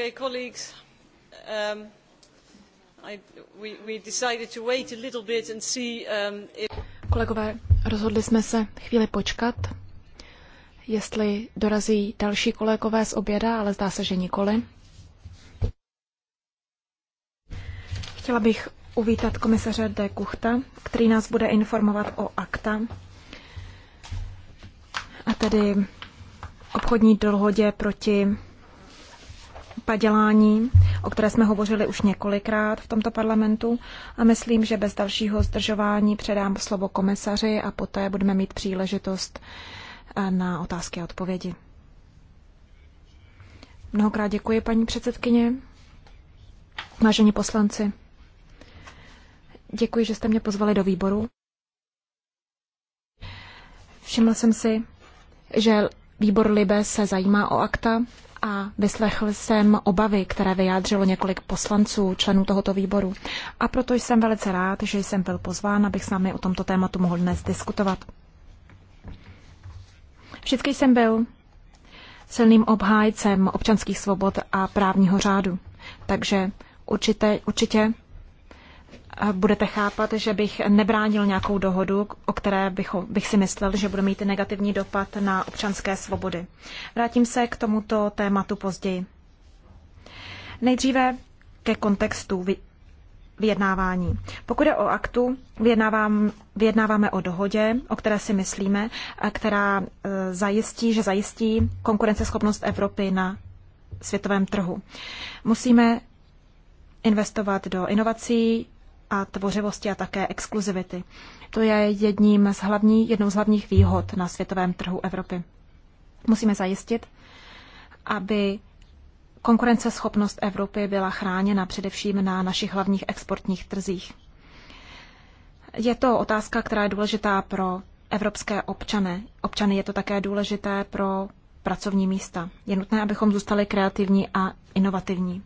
Okay, colleagues, um, I, we, we decided to wait a little bit and see um, if... Kolegové, rozhodli jsme se chvíli počkat, jestli dorazí další kolegové z oběda, ale zdá se, že nikoli. Chtěla bych uvítat komisaře D. Kuchta, který nás bude informovat o akta, a tedy obchodní dohodě proti padělání, o které jsme hovořili už několikrát v tomto parlamentu a myslím, že bez dalšího zdržování předám slovo komisaři a poté budeme mít příležitost eh, na otázky a odpovědi. Mnohokrát děkuji, paní předsedkyně. Vážení poslanci, děkuji, že jste mě pozvali do výboru. Všimla jsem si, že výbor Libe se zajímá o akta a vyslechl jsem obavy, které vyjádřilo několik poslanců, členů tohoto výboru. A proto jsem velice rád, že jsem byl pozván, abych s námi o tomto tématu mohl dnes diskutovat. Vždycky jsem byl silným obhájcem občanských svobod a právního řádu. Takže určitě, určitě budete chápat, že bych nebránil nějakou dohodu, o které bych, bych si myslel, že bude mít negativní dopad na občanské svobody. Vrátím se k tomuto tématu později. Nejdříve ke kontextu vyjednávání. Pokud je o aktu, vyjednávám, vyjednáváme o dohodě, o které si myslíme, a která e, zajistí, že zajistí konkurenceschopnost Evropy na světovém trhu. Musíme investovat do inovací, a tvořivosti a také exkluzivity. To je jedním z hlavní, jednou z hlavních výhod na světovém trhu Evropy. Musíme zajistit, aby konkurenceschopnost Evropy byla chráněna především na našich hlavních exportních trzích. Je to otázka, která je důležitá pro evropské občany. Občany je to také důležité pro pracovní místa. Je nutné, abychom zůstali kreativní a inovativní.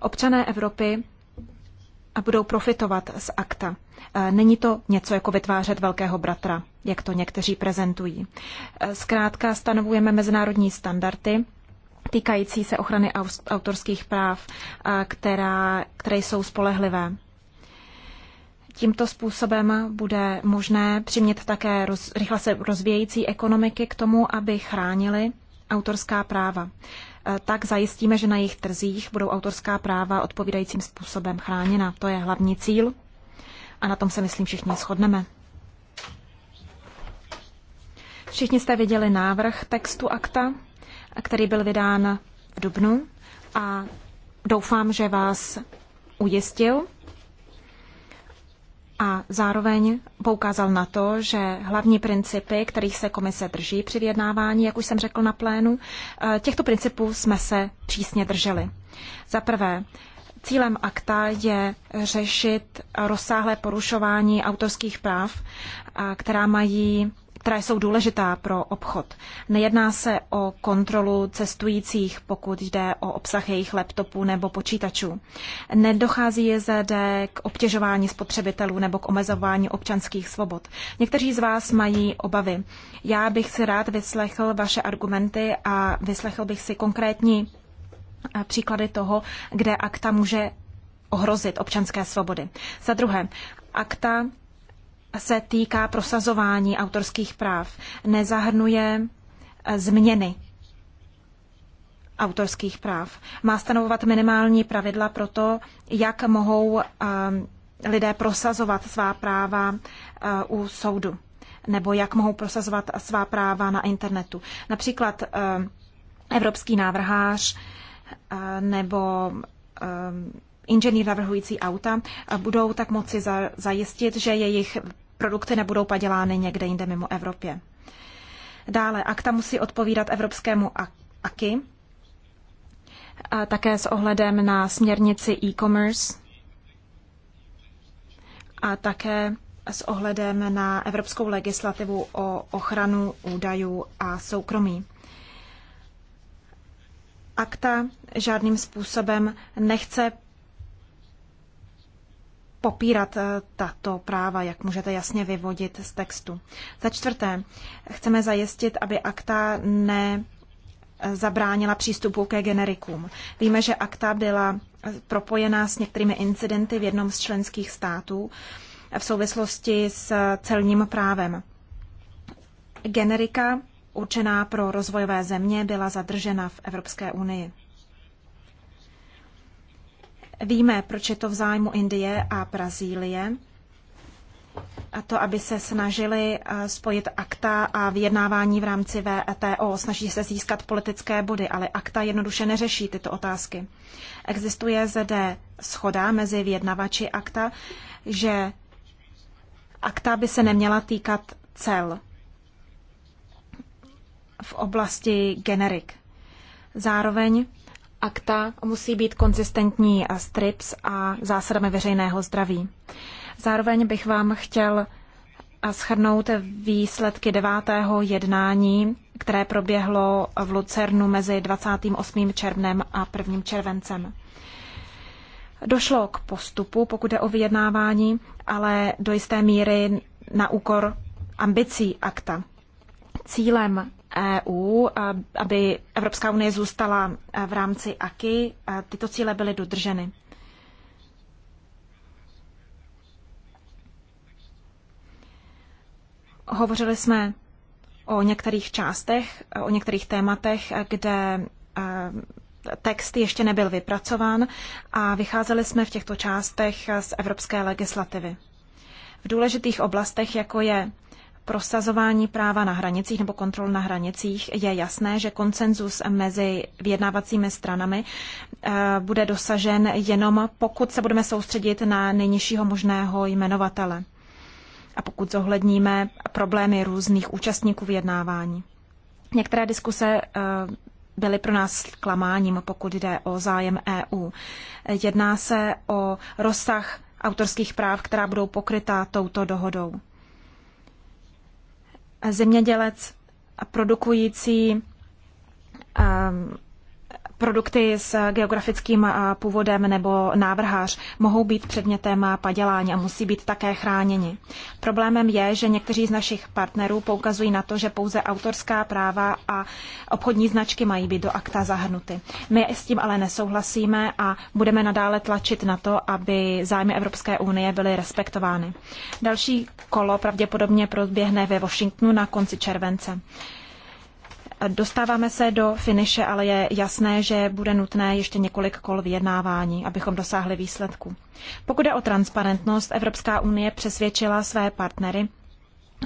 Občané Evropy a budou profitovat z akta. E, není to něco jako vytvářet velkého bratra, jak to někteří prezentují. E, zkrátka stanovujeme mezinárodní standardy týkající se ochrany autorských práv, e, která, které jsou spolehlivé. Tímto způsobem bude možné přimět také roz, rychle se rozvíjející ekonomiky k tomu, aby chránili autorská práva. Eh, tak zajistíme, že na jejich trzích budou autorská práva odpovídajícím způsobem chráněna. To je hlavní cíl a na tom se, myslím, všichni shodneme. Všichni jste viděli návrh textu akta, který byl vydán v Dubnu a doufám, že vás ujistil, a zároveň poukázal na to, že hlavní principy, kterých se komise drží při vyjednávání, jak už jsem řekl na plénu, eh, těchto principů jsme se přísně drželi. Za prvé, cílem akta je řešit rozsáhlé porušování autorských práv, eh, která mají která jsou důležitá pro obchod. Nejedná se o kontrolu cestujících, pokud jde o obsah jejich laptopů nebo počítačů. Nedochází je zde k obtěžování spotřebitelů nebo k omezování občanských svobod. Někteří z vás mají obavy. Já bych si rád vyslechl vaše argumenty a vyslechl bych si konkrétní eh, příklady toho, kde akta může ohrozit občanské svobody. Za druhé, akta se týká prosazování autorských práv. Nezahrnuje eh, změny autorských práv. Má stanovovat minimální pravidla pro to, jak mohou eh, lidé prosazovat svá práva eh, u soudu nebo jak mohou prosazovat svá práva na internetu. Například evropský návrhář nebo inženýr navrhující auta budou tak moci zajistit, že jejich produkty nebudou padělány někde jinde mimo Evropě. Dále, akta musí odpovídat evropskému AKI, a také s ohledem na směrnici e-commerce a také s ohledem na evropskou legislativu o ochranu údajů a soukromí. Akta žádným způsobem nechce popírat eh, tato práva, jak můžete jasně vyvodit z textu. Za čtvrté, chceme zajistit, aby akta ne eh, zabránila přístupu ke generikům. Víme, že akta byla eh, propojená s některými incidenty v jednom z členských států v souvislosti s celním právem. Generika určená pro rozvojové země byla zadržena v Evropské unii. Víme, proč je to v zájmu Indie a Brazílie. A to, aby se snažili eh, spojit akta a vyjednávání v rámci VETO. Snaží se získat politické body, ale akta jednoduše neřeší tyto otázky. Existuje zde schoda mezi vyjednavači akta, že akta by se neměla týkat cel v oblasti generik. Zároveň akta musí být konzistentní s TRIPS a zásadami veřejného zdraví. Zároveň bych vám chtěl eh, schrnout výsledky devátého jednání, které proběhlo v Lucernu mezi 28. červnem a 1. červencem. Došlo k postupu, pokud je o vyjednávání, ale do jisté míry na úkor ambicí akta. Cílem EU, aby Evropská unie zůstala v rámci AKI, tyto cíle byly dodrženy. Hovořili jsme o některých částech, o některých tématech, kde text ještě nebyl vypracován a vycházeli jsme v těchto částech z evropské legislativy. V důležitých oblastech, jako je prosazování práva na hranicích nebo kontrol na hranicích je jasné, že konsenzus mezi vyjednávacími stranami eh, bude dosažen jenom pokud se budeme soustředit na nejnižšího možného jmenovatele a pokud zohledníme problémy různých účastníků vyjednávání. Některé diskuse eh, byly pro nás klamáním, pokud jde o zájem EU. Jedná se o rozsah autorských práv, která budou pokrytá touto dohodou zemědělec produkující produkty s geografickým původem nebo návrhář mohou být předmětem padělání a musí být také chráněni. Problémem je, že někteří z našich partnerů poukazují na to, že pouze autorská práva a obchodní značky mají být do akta zahrnuty. My s tím ale nesouhlasíme a budeme nadále tlačit na to, aby zájmy Evropské unie byly respektovány. Další kolo pravděpodobně proběhne ve Washingtonu na konci července. Dostáváme se do finiše, ale je jasné, že bude nutné ještě několik kol vyjednávání, abychom dosáhli výsledku. Pokud je o transparentnost, Evropská unie přesvědčila své partnery,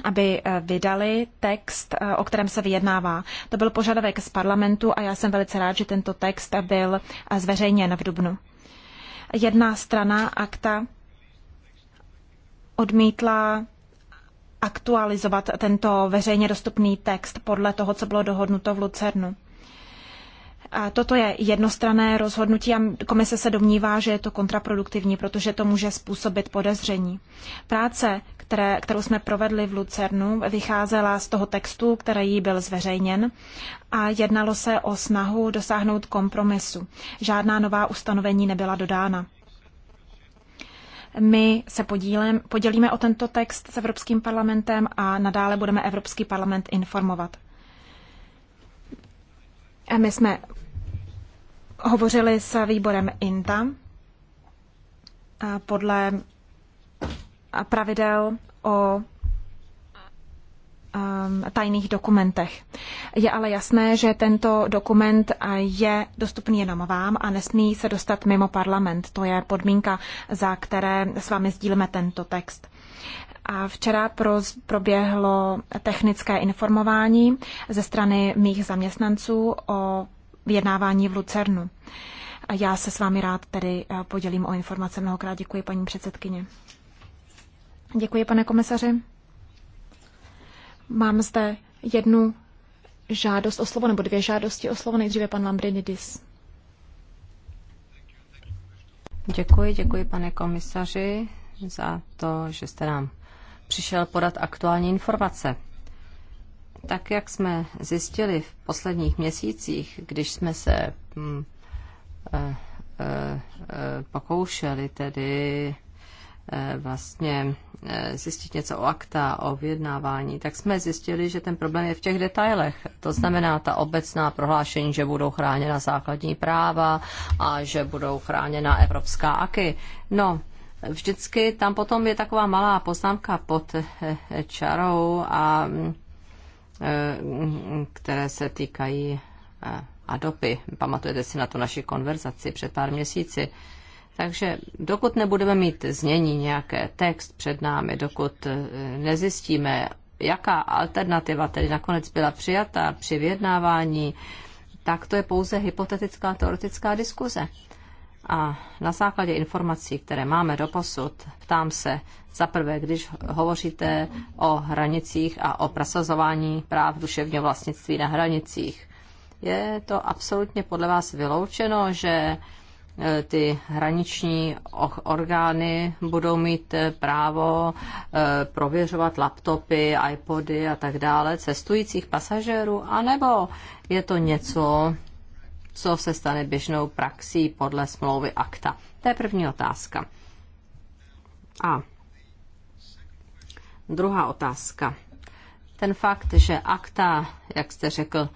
aby eh, vydali text, eh, o kterém se vyjednává. To byl požadavek z parlamentu a já jsem velice rád, že tento text byl eh, zveřejněn v Dubnu. Jedna strana akta odmítla aktualizovat tento veřejně dostupný text podle toho, co bylo dohodnuto v Lucernu. A toto je jednostrané rozhodnutí a komise se domnívá, že je to kontraproduktivní, protože to může způsobit podezření. Práce, které, kterou jsme provedli v Lucernu, vycházela z toho textu, který jí byl zveřejněn a jednalo se o snahu dosáhnout kompromisu. Žádná nová ustanovení nebyla dodána. My se podílem, podělíme o tento text s Evropským parlamentem a nadále budeme Evropský parlament informovat. My jsme hovořili s výborem INTA podle pravidel o Um, tajných dokumentech. Je ale jasné, že tento dokument je dostupný jenom vám a nesmí se dostat mimo parlament. To je podmínka, za které s vámi sdílíme tento text. A včera proběhlo technické informování ze strany mých zaměstnanců o vyjednávání v Lucernu. A já se s vámi rád tedy eh, podělím o informace. Mnohokrát děkuji, paní předsedkyně. Děkuji, pane komisaři. Mám zde jednu žádost o slovo, nebo dvě žádosti o slovo. Nejdříve pan Lambrinidis. Děkuji, děkuji pane komisaři za to, že jste nám přišel podat aktuální informace. Tak jak jsme zjistili v posledních měsících, když jsme se hm, eh, eh, pokoušeli tedy Eh, vlastně eh, zjistit něco o akta, o vyjednávání, tak jsme zjistili, že ten problém je v těch detailech. To znamená ta obecná prohlášení, že budou chráněna základní práva a že budou chráněna evropská aky. No, vždycky tam potom je taková malá poznámka pod eh, čarou, a, které se týkají adopy. Pamatujete si na tu naši konverzaci před pár měsíci. Takže dokud nebudeme mít znění nějaké text před námi, dokud eh, nezjistíme, jaká alternativa tedy nakonec byla přijata při vyjednávání, tak to je pouze hypotetická teoretická diskuze. A na základě informací, které máme do posud, ptám se, zaprvé, když hovoříte o hranicích a o prasazování práv duševního vlastnictví na hranicích, je to absolutně podle vás vyloučeno, že Eh, ty hraniční orgány budou mít eh, právo eh, prověřovat laptopy, iPody a tak dále cestujících pasažérů, anebo je to něco, co se stane běžnou praxí podle smlouvy akta? To je první otázka. A druhá otázka. Ten fakt, že akta, jak jste řekl,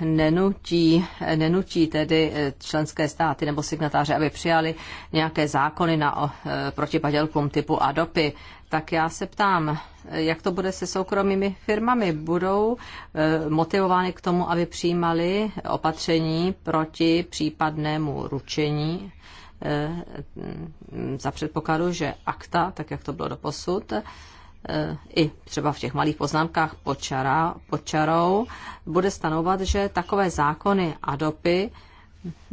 nenutí, nenutí tedy eh, členské státy nebo signatáře, aby přijali nějaké zákony na, eh, proti padělkům typu ADOPy, tak já se ptám, eh, jak to bude se soukromými firmami? Budou motivovány k tomu, aby přijímali opatření proti případnému ručení za předpokladu, že akta, tak jak to bylo doposud, posud, i třeba v těch malých poznámkách pod, čara, pod čarou, bude stanovat, že takové zákony dopy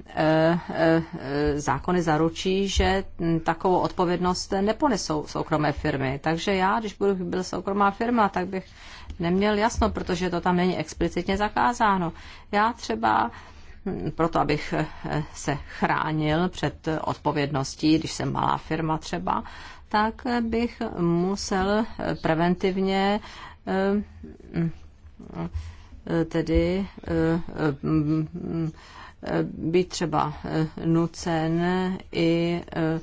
eh, eh, zákony zaručí, že takovou odpovědnost neponesou soukromé firmy. Takže já, když budu byl soukromá firma, tak bych neměl jasno, protože to tam není explicitně zakázáno. Já třeba hm, proto, abych eh, se chránil před odpovědností, když jsem malá firma třeba, tak bych musel preventivně eh, tedy eh, být třeba nucen i eh,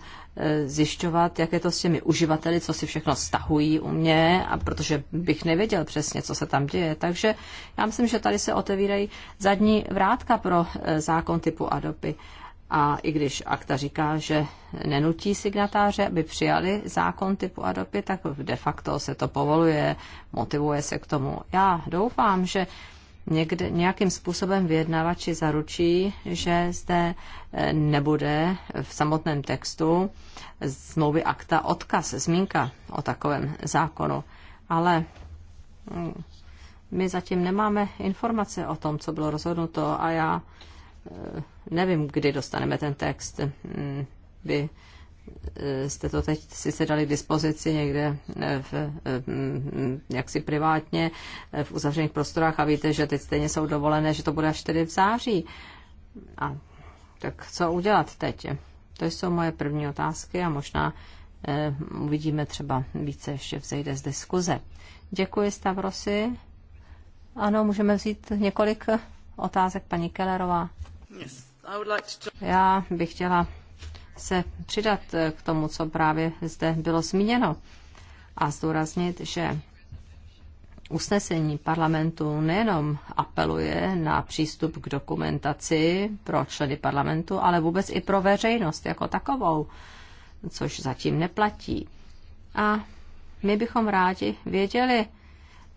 zjišťovat, jak je to s těmi uživateli, co si všechno stahují u mě, a protože bych nevěděl přesně, co se tam děje. Takže já myslím, že tady se otevírají zadní vrátka pro zákon typu Adopy. A i když akta říká, že nenutí signatáře, aby přijali zákon typu adopy, tak de facto se to povoluje, motivuje se k tomu. Já doufám, že někde, nějakým způsobem vyjednavači zaručí, že zde eh, nebude v samotném textu smlouvy akta odkaz, zmínka o takovém zákonu. Ale hm, my zatím nemáme informace o tom, co bylo rozhodnuto a já Eh, nevím, kdy dostaneme ten text. Hmm, vy eh, jste to teď se dali k dispozici někde eh, v, hmm, jaksi privátně v uzavřených prostorách a víte, že teď stejně jsou dovolené, že to bude až tedy v září. A tak co udělat teď? To jsou moje první otázky a možná eh, uvidíme třeba více ještě vzejde z diskuze. Děkuji Stavrosi. Ano, můžeme vzít několik otázek paní Kellerová. Já bych chtěla se přidat eh, k tomu, co právě zde bylo zmíněno a zdůraznit, že usnesení parlamentu nejenom apeluje na přístup k dokumentaci pro členy parlamentu, ale vůbec i pro veřejnost jako takovou, což zatím neplatí. A my bychom rádi věděli,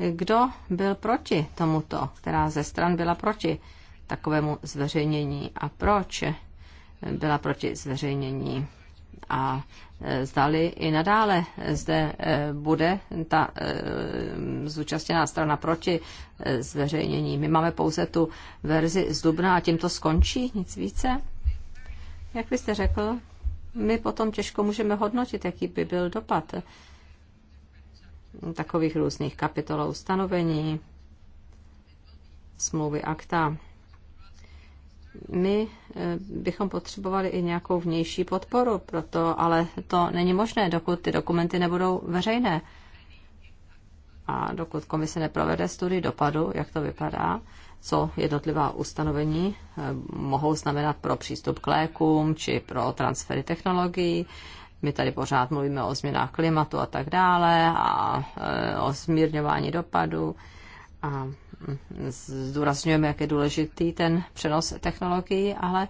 kdo byl proti tomuto, která ze stran byla proti takovému zveřejnění a proč byla proti zveřejnění. A e, zdali i nadále zde e, bude ta e, zúčastněná strana proti zveřejnění. My máme pouze tu verzi z Dubna a tím to skončí, nic více. Jak byste řekl, my potom těžko můžeme hodnotit, jaký by byl dopad takových různých kapitol ustanovení, smlouvy akta. My eh, bychom potřebovali i nějakou vnější podporu, proto, ale to není možné, dokud ty dokumenty nebudou veřejné. A dokud komise neprovede studii dopadu, jak to vypadá, co jednotlivá ustanovení eh, mohou znamenat pro přístup k lékům či pro transfery technologií, my tady pořád mluvíme o změnách klimatu a tak dále a e, o smírňování dopadu a mm, zdůrazňujeme, jak je důležitý ten přenos technologií, ale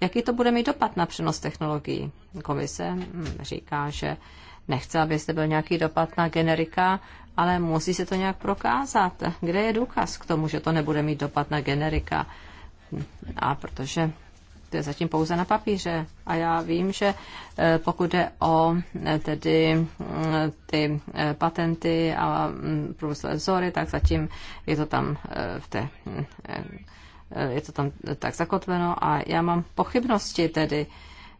jaký to bude mít dopad na přenos technologií. Komise mm, říká, že nechce, aby zde byl nějaký dopad na generika, ale musí se to nějak prokázat. Kde je důkaz k tomu, že to nebude mít dopad na generika? A protože to je zatím pouze na papíře. A já vím, že eh, pokud jde o eh, tedy mm, ty eh, patenty a mm, průmyslové vzory, tak zatím je to tam v té mm, je to tam tak zakotveno a já mám pochybnosti tedy.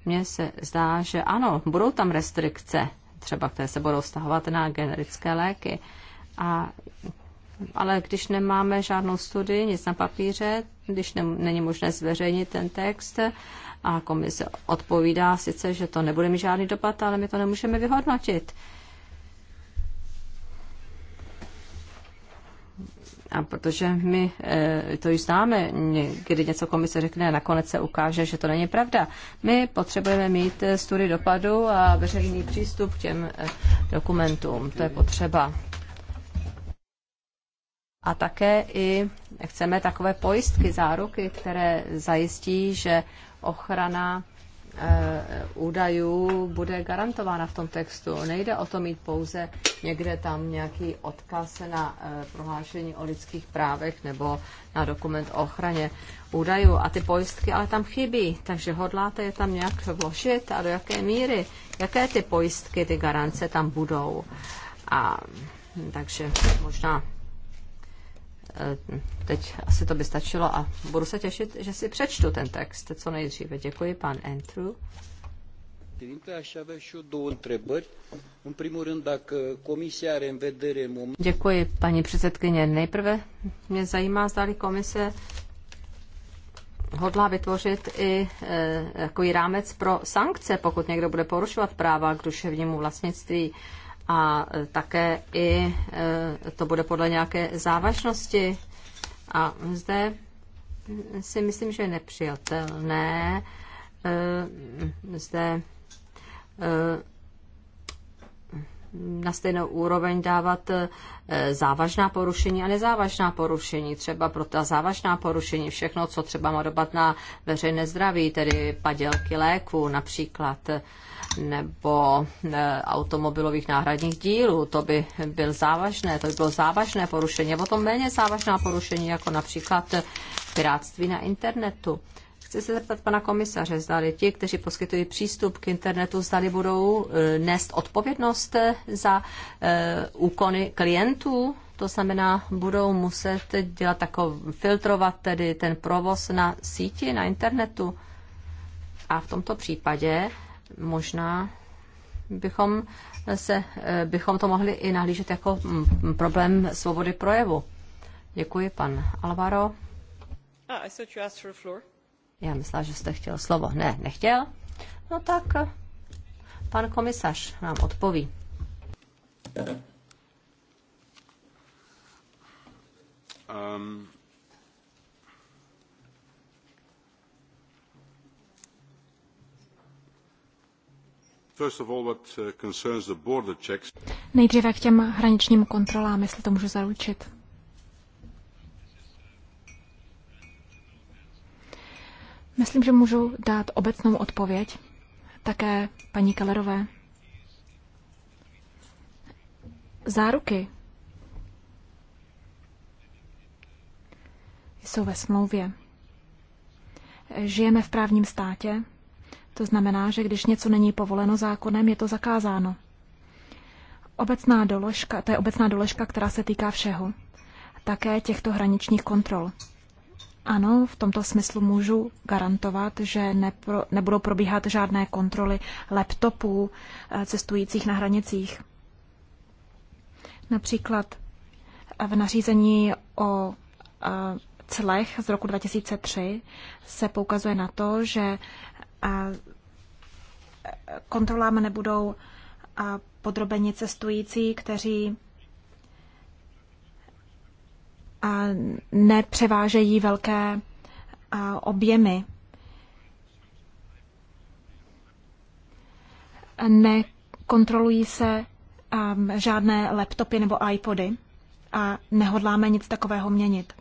Mně se zdá, že ano, budou tam restrikce, třeba které se budou stahovat na generické léky. A ale když nemáme žádnou studii, nic na papíře, když ne, není možné zveřejnit ten text a komise odpovídá sice, že to nebude mít žádný dopad, ale my to nemůžeme vyhodnotit. A protože my e, to už známe, kdy něco komise řekne a nakonec se ukáže, že to není pravda. My potřebujeme mít eh, studii dopadu a veřejný přístup k těm e, dokumentům. To je potřeba. A také i chceme takové pojistky, záruky, které zajistí, že ochrana eh, údajů bude garantována v tom textu. Nejde o to mít pouze někde tam nějaký odkaz na eh, prohlášení o lidských právech nebo na dokument o ochraně údajů a ty pojistky, ale tam chybí, takže hodláte je tam nějak vložit a do jaké míry, jaké ty pojistky, ty garance tam budou. A takže možná Eh, teď asi to by stačilo a budu se těšit, že si přečtu ten text co nejdříve. Děkuji, pan Andrew. Děkuji, paní předsedkyně. Nejprve mě zajímá, zdali komise hodlá vytvořit i eh, takový rámec pro sankce, pokud někdo bude porušovat práva k duševnímu vlastnictví. E, a e, také i e, to bude podle nějaké závažnosti. A zde si myslím, že je nepřijatelné e, zde na stejnou úroveň dávat eh, závažná porušení a nezávažná porušení. Třeba pro ta závažná porušení všechno, co třeba má dopad na veřejné zdraví, tedy padělky léku například, nebo eh, automobilových náhradních dílů. To by byl závažné, to by bylo závažné porušení, nebo to méně závažná porušení, jako například eh, piráctví na internetu. Chci se zeptat pana komisaře, zdali ti, kteří poskytují přístup k internetu, zdali budou e, nést odpovědnost e, za e, úkony klientů? To znamená, budou muset dělat takový filtrovat tedy ten provoz na síti, na internetu. A v tomto případě možná bychom, se, bychom to mohli i nahlížet jako problém svobody projevu. Děkuji, pan Alvaro. Ah, I thought you asked for the floor. Já myslela, že jste chtěl slovo. Ne, nechtěl. No tak eh, pan komisař nám odpoví. Um, uh, Nejdříve k těm hraničním kontrolám, jestli to můžu zaručit. Myslím, že můžu dát obecnou odpověď také paní Kellerové. Záruky jsou ve smlouvě. Žijeme v právním státě, to znamená, že když něco není povoleno zákonem, je to zakázáno. Obecná doložka, to je obecná doložka, která se týká všeho, také těchto hraničních kontrol. Ano, v tomto smyslu můžu garantovat, že nepro, nebudou probíhat žádné kontroly laptopů eh, cestujících na hranicích. Například eh, v nařízení o eh, clech z roku 2003 se poukazuje na to, že kontrolám nebudou podrobeni cestující, kteří nepřevážejí velké objemy. Nekontrolují se žádné laptopy nebo iPody a nehodláme nic takového měnit.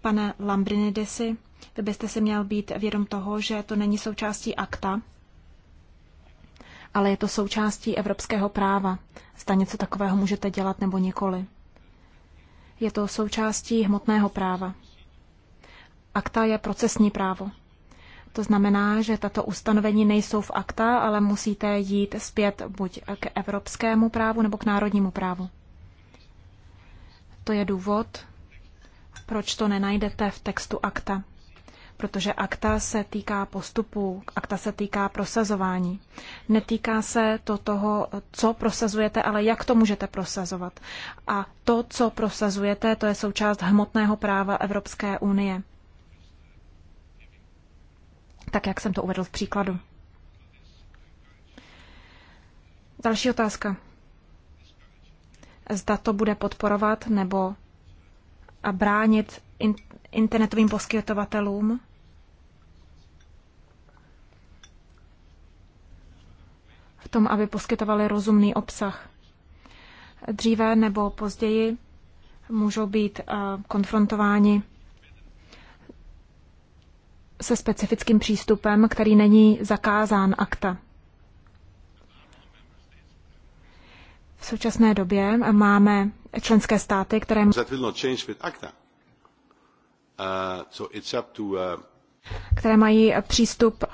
Pane Lambrinidisi, vy byste si měl být vědom toho, že to není součástí akta, ale je to součástí evropského práva. Zda něco takového můžete dělat nebo nikoli. Je to součástí hmotného práva. Akta je procesní právo. To znamená, že tato ustanovení nejsou v akta, ale musíte jít zpět buď k evropskému právu nebo k národnímu právu. To je důvod, proč to nenajdete v textu akta protože akta se týká postupu, akta se týká prosazování. Netýká se to toho, co prosazujete, ale jak to můžete prosazovat. A to, co prosazujete, to je součást hmotného práva Evropské unie. Tak, jak jsem to uvedl v příkladu. Další otázka. Zda to bude podporovat nebo a bránit internetovým poskytovatelům tom, aby poskytovali rozumný obsah. Dříve nebo později můžou být eh, konfrontováni se specifickým přístupem, který není zakázán akta. V současné době máme členské státy, které eh, eh, které mají přístup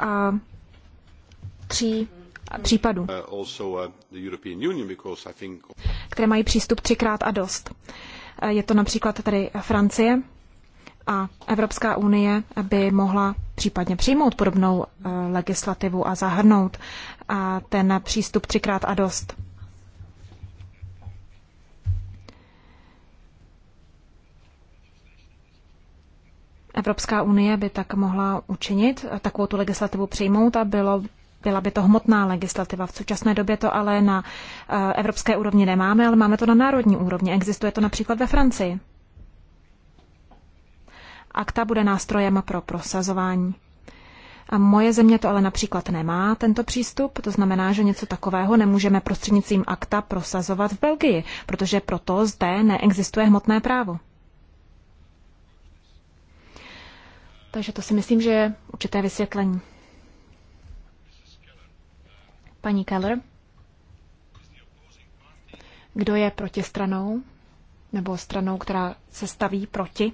tří případů, uh, uh, které mají přístup třikrát a dost. Uh, je to například tady Francie a Evropská unie by mohla případně přijmout podobnou legislativu a zahrnout ten přístup třikrát a dost. Evropská unie by tak mohla učinit, takovou tu legislativu přijmout a bylo byla by to hmotná legislativa. V současné době to ale na eh, evropské úrovni nemáme, ale máme to na národní úrovni. Existuje to například ve Francii. Akta bude nástrojem pro prosazování. A moje země to ale například nemá, tento přístup, to znamená, že něco takového nemůžeme prostřednictvím akta prosazovat v Belgii, protože proto zde neexistuje hmotné právo. Takže to si myslím, že je určité vysvětlení. Paní Keller, kdo je protistranou nebo stranou, která se staví proti?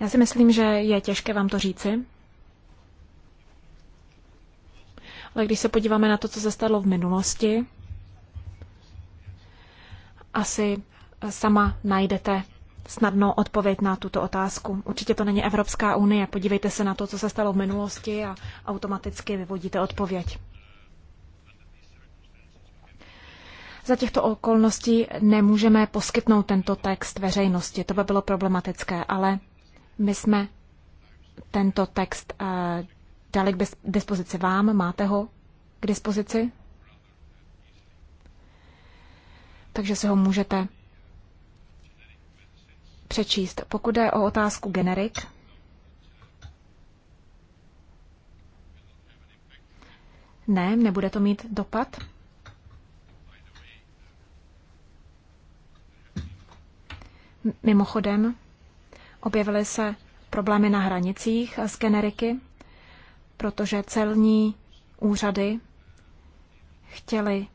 Já si myslím, že je těžké vám to říci. Ale když se podíváme na to, co se stalo v minulosti, asi sama najdete snadnou odpověď na tuto otázku. Určitě to není Evropská unie. Podívejte se na to, co se stalo v minulosti a automaticky vyvodíte odpověď. Za těchto okolností nemůžeme poskytnout tento text veřejnosti, to by bylo problematické, ale my jsme tento text eh, dali k dispozici vám, máte ho k dispozici? Takže si ho můžete přečíst. Pokud je o otázku generik, ne, nebude to mít dopad. Mimochodem, objevily se problémy na hranicích s generiky, protože celní úřady chtěly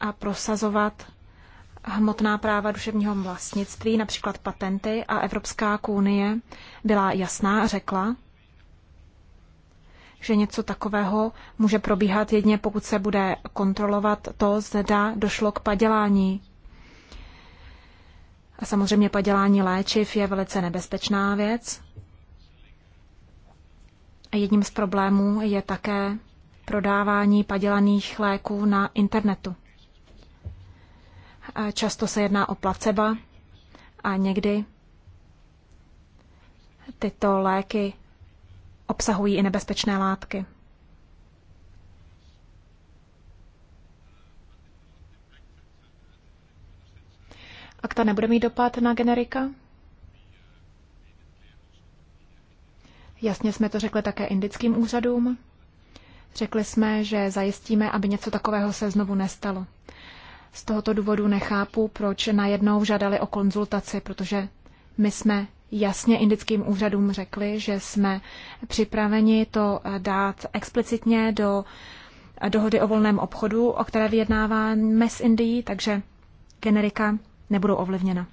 a prosazovat hmotná práva duševního vlastnictví, například patenty a Evropská kůnie byla jasná a řekla, že něco takového může probíhat jedně, pokud se bude kontrolovat to, zda došlo k padělání a samozřejmě padělání léčiv je velice nebezpečná věc. A jedním z problémů je také prodávání padělaných léků na internetu. A často se jedná o placebo a někdy tyto léky obsahují i nebezpečné látky. A ta nebude mít dopad na generika? Jasně jsme to řekli také indickým úřadům. Řekli jsme, že zajistíme, aby něco takového se znovu nestalo. Z tohoto důvodu nechápu, proč najednou žádali o konzultaci, protože my jsme jasně indickým úřadům řekli, že jsme připraveni to dát explicitně do dohody o volném obchodu, o které vyjednáváme s Indií, takže generika nebudou ovlivněna.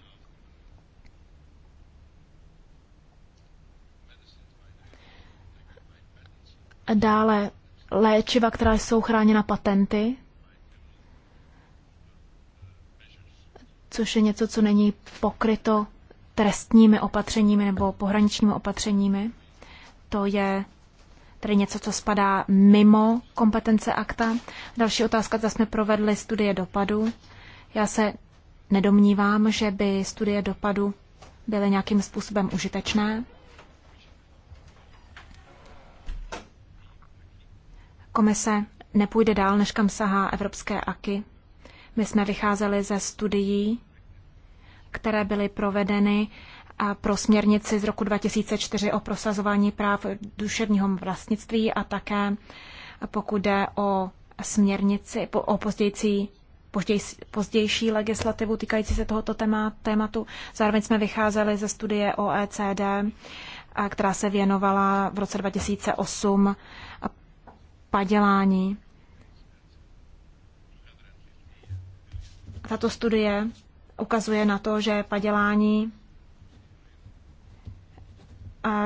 Dále léčiva, která jsou chráněna patenty, což je něco, co není pokryto trestními opatřeními nebo pohraničními opatřeními. To je tedy něco, co spadá mimo kompetence akta. Další otázka, zase jsme provedli studie dopadu. Já se nedomnívám, že by studie dopadu byly nějakým způsobem užitečné. Komise nepůjde dál, než kam sahá evropské AKY. My jsme vycházeli ze studií, které byly provedeny a pro směrnici z roku 2004 o prosazování práv duševního vlastnictví a také pokud jde o směrnici, o pozdějící pozděj, pozdější legislativu týkající se tohoto tématu. Zároveň jsme vycházeli ze studie OECD, která se věnovala v roce 2008 padělání. Tato studie ukazuje na to, že padělání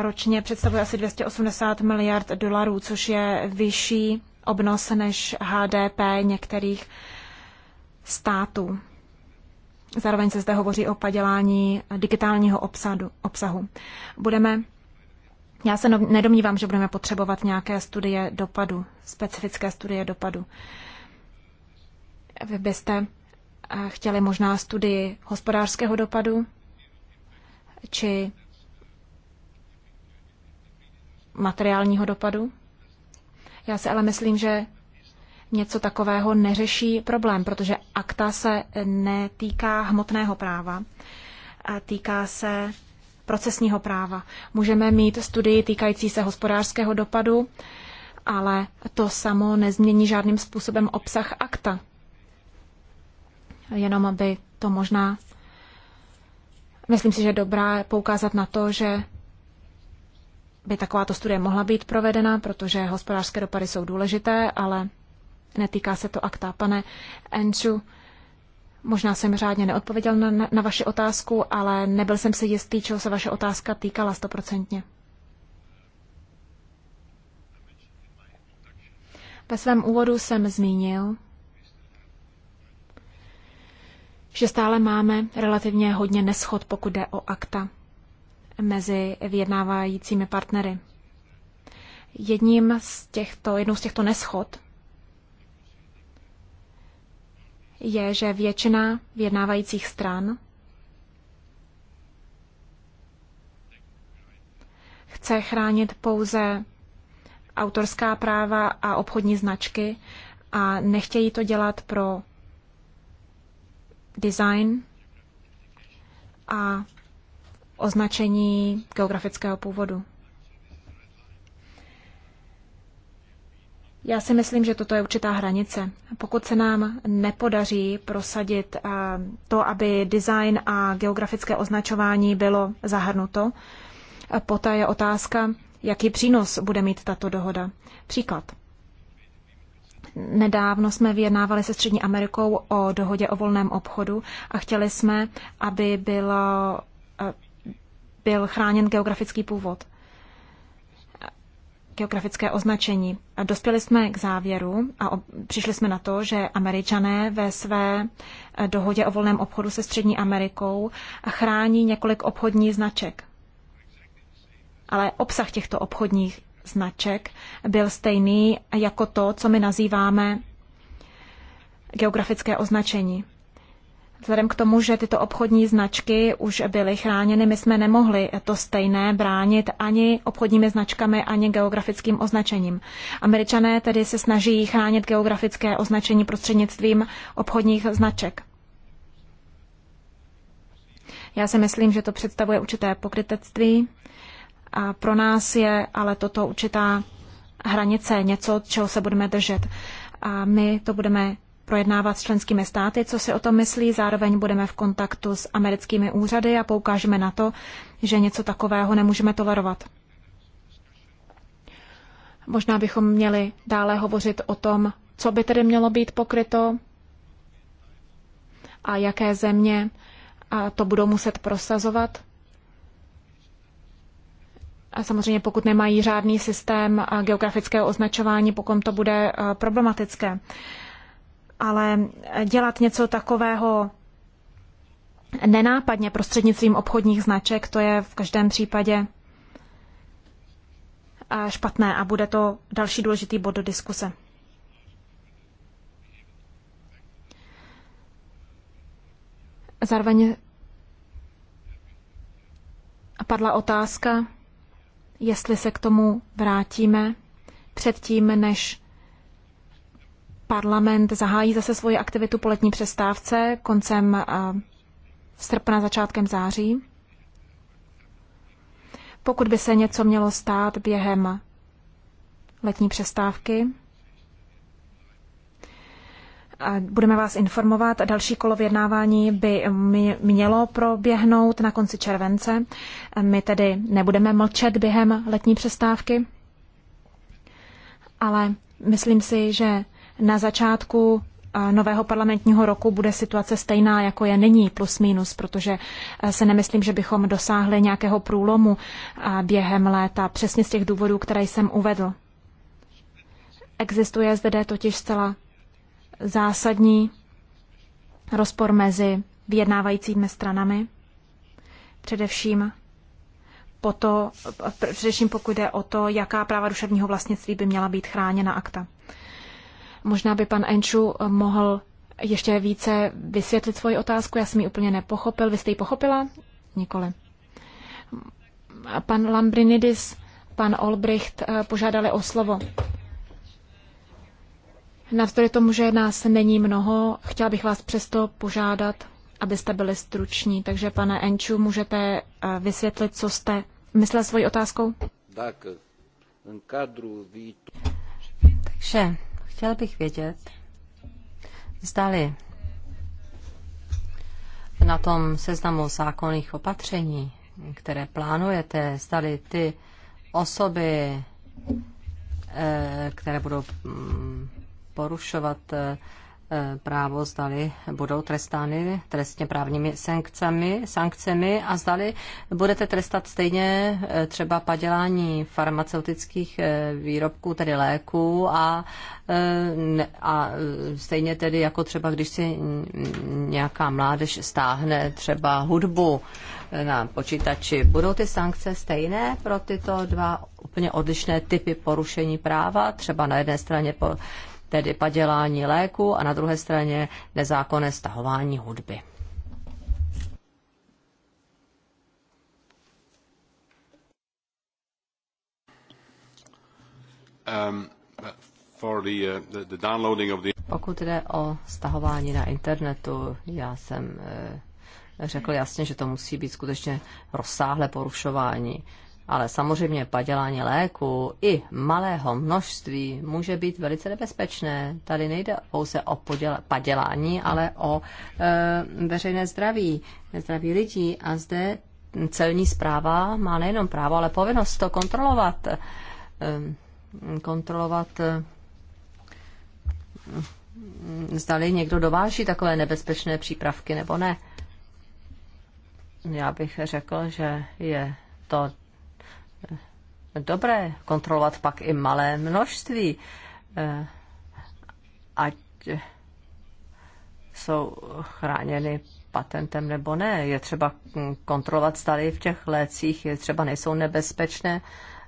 ročně představuje asi 280 miliard dolarů, což je vyšší obnos než HDP některých státu. Zároveň se zde hovoří o padělání digitálního obsadu, obsahu. Budeme, já se nedomnívám, že budeme potřebovat nějaké studie dopadu, specifické studie dopadu. Vy byste eh, chtěli možná studii hospodářského dopadu, či materiálního dopadu. Já se ale myslím, že něco takového neřeší problém, protože akta se netýká hmotného práva, a týká se procesního práva. Můžeme mít studii týkající se hospodářského dopadu, ale to samo nezmění žádným způsobem obsah akta. Jenom aby to možná. Myslím si, že dobrá poukázat na to, že by takováto studie mohla být provedena, protože hospodářské dopady jsou důležité, ale netýká se to akta. Pane Enču, možná jsem řádně neodpověděl na, na vaši otázku, ale nebyl jsem si jistý, čeho se vaše otázka týkala stoprocentně. Ve svém úvodu jsem zmínil, že stále máme relativně hodně neschod, pokud jde o akta mezi vyjednávajícími partnery. Jedním z těchto, jednou z těchto neschod je, že většina vyjednávajících stran chce chránit pouze autorská práva a obchodní značky a nechtějí to dělat pro design a označení geografického původu. Já si myslím, že toto je určitá hranice. Pokud se nám nepodaří prosadit eh, to, aby design a geografické označování bylo zahrnuto, poté je otázka, jaký přínos bude mít tato dohoda. Příklad. Nedávno jsme vyjednávali se Střední Amerikou o dohodě o volném obchodu a chtěli jsme, aby bylo, eh, byl chráněn geografický původ geografické označení. Dospěli jsme k závěru a přišli jsme na to, že američané ve své eh, dohodě o volném obchodu se Střední Amerikou eh, chrání několik obchodních značek. Ale obsah těchto obchodních značek byl stejný jako to, co my nazýváme geografické označení. Vzhledem k tomu, že tyto obchodní značky už byly chráněny, my jsme nemohli to stejné bránit ani obchodními značkami, ani geografickým označením. Američané tedy se snaží chránit geografické označení prostřednictvím obchodních značek. Já si myslím, že to představuje určité pokrytectví. A pro nás je ale toto určitá hranice, něco, čeho se budeme držet. A my to budeme projednávat s členskými státy, co si o tom myslí. Zároveň budeme v kontaktu s americkými úřady a poukážeme na to, že něco takového nemůžeme tolerovat. Možná bychom měli dále hovořit o tom, co by tedy mělo být pokryto a jaké země a to budou muset prosazovat. A samozřejmě pokud nemají řádný systém geografického označování, pokud to bude eh, problematické ale dělat něco takového nenápadně prostřednictvím obchodních značek, to je v každém případě eh, špatné a bude to další důležitý bod do diskuse. Zároveň padla otázka, jestli se k tomu vrátíme předtím, než Parlament zahájí zase svoji aktivitu po letní přestávce koncem eh, srpna, začátkem září. Pokud by se něco mělo stát během letní přestávky, Budeme vás informovat. Další kolo vyjednávání by mělo proběhnout na konci července. My tedy nebudeme mlčet během letní přestávky, ale myslím si, že na začátku nového parlamentního roku bude situace stejná, jako je nyní, plus minus, protože se nemyslím, že bychom dosáhli nějakého průlomu během léta, přesně z těch důvodů, které jsem uvedl. Existuje zde totiž zcela zásadní rozpor mezi vyjednávajícími stranami, především po to, především pokud jde o to, jaká práva duševního vlastnictví by měla být chráněna akta. Možná by pan Enču mohl ještě více vysvětlit svoji otázku. Já jsem ji úplně nepochopil. Vy jste ji pochopila? Nikoli. Pan Lambrinidis, pan Olbricht eh, požádali o slovo. Navzdory tomu, že nás není mnoho, chtěla bych vás přesto požádat, abyste byli struční. Takže, pane Enču, můžete eh, vysvětlit, co jste myslel svojí otázkou? Takže Chtěl bych vědět, zdali na tom seznamu zákonných opatření, které plánujete, zdali ty osoby, eh, které budou mm, porušovat eh, právo, zdali budou trestány trestně právními sankcemi, sankcemi a zdali budete trestat stejně eh, třeba padělání farmaceutických eh, výrobků, tedy léků a, eh, a stejně tedy jako třeba, když si nějaká mládež stáhne třeba hudbu na počítači. Budou ty sankce stejné pro tyto dva úplně odlišné typy porušení práva? Třeba na jedné straně po tedy padělání léku a na druhé straně nezákonné stahování hudby. Um, for the, uh, the, the downloading of the... Pokud jde o stahování na internetu, já jsem eh, řekl jasně, že to musí být skutečně rozsáhlé porušování ale samozřejmě padělání léku i malého množství může být velice nebezpečné. Tady nejde pouze o padělání, ale o e, veřejné zdraví, zdraví lidí. A zde celní zpráva má nejenom právo, ale povinnost to kontrolovat. E, kontrolovat e, zdali někdo dováží takové nebezpečné přípravky nebo ne. Já bych řekl, že je to dobré kontrolovat pak i malé množství, eh, ať jsou chráněny patentem nebo ne. Je třeba kontrolovat, stále v těch lécích je třeba nejsou nebezpečné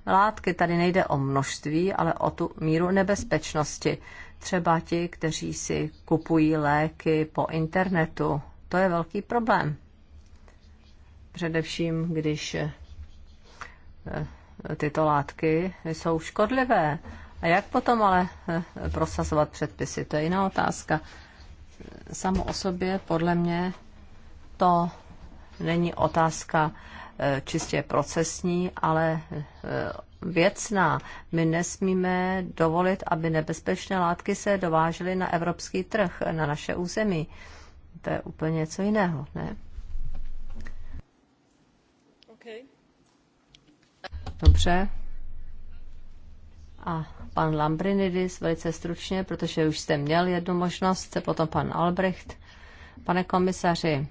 látky. Tady nejde o množství, ale o tu míru nebezpečnosti. Třeba ti, kteří si kupují léky po internetu, to je velký problém. Především, když Eh, tyto látky jsou škodlivé. A jak potom ale eh, prosazovat předpisy? To je jiná otázka. Samo o sobě, podle mě, to není otázka eh, čistě procesní, ale věcná. My nesmíme dovolit, aby nebezpečné látky se dovážely na evropský trh, na naše území. To je úplně něco jiného, ne? Dobře. A pan Lambrinidis velice stručně, protože už jste měl jednu možnost, se potom pan Albrecht. Pane komisaři,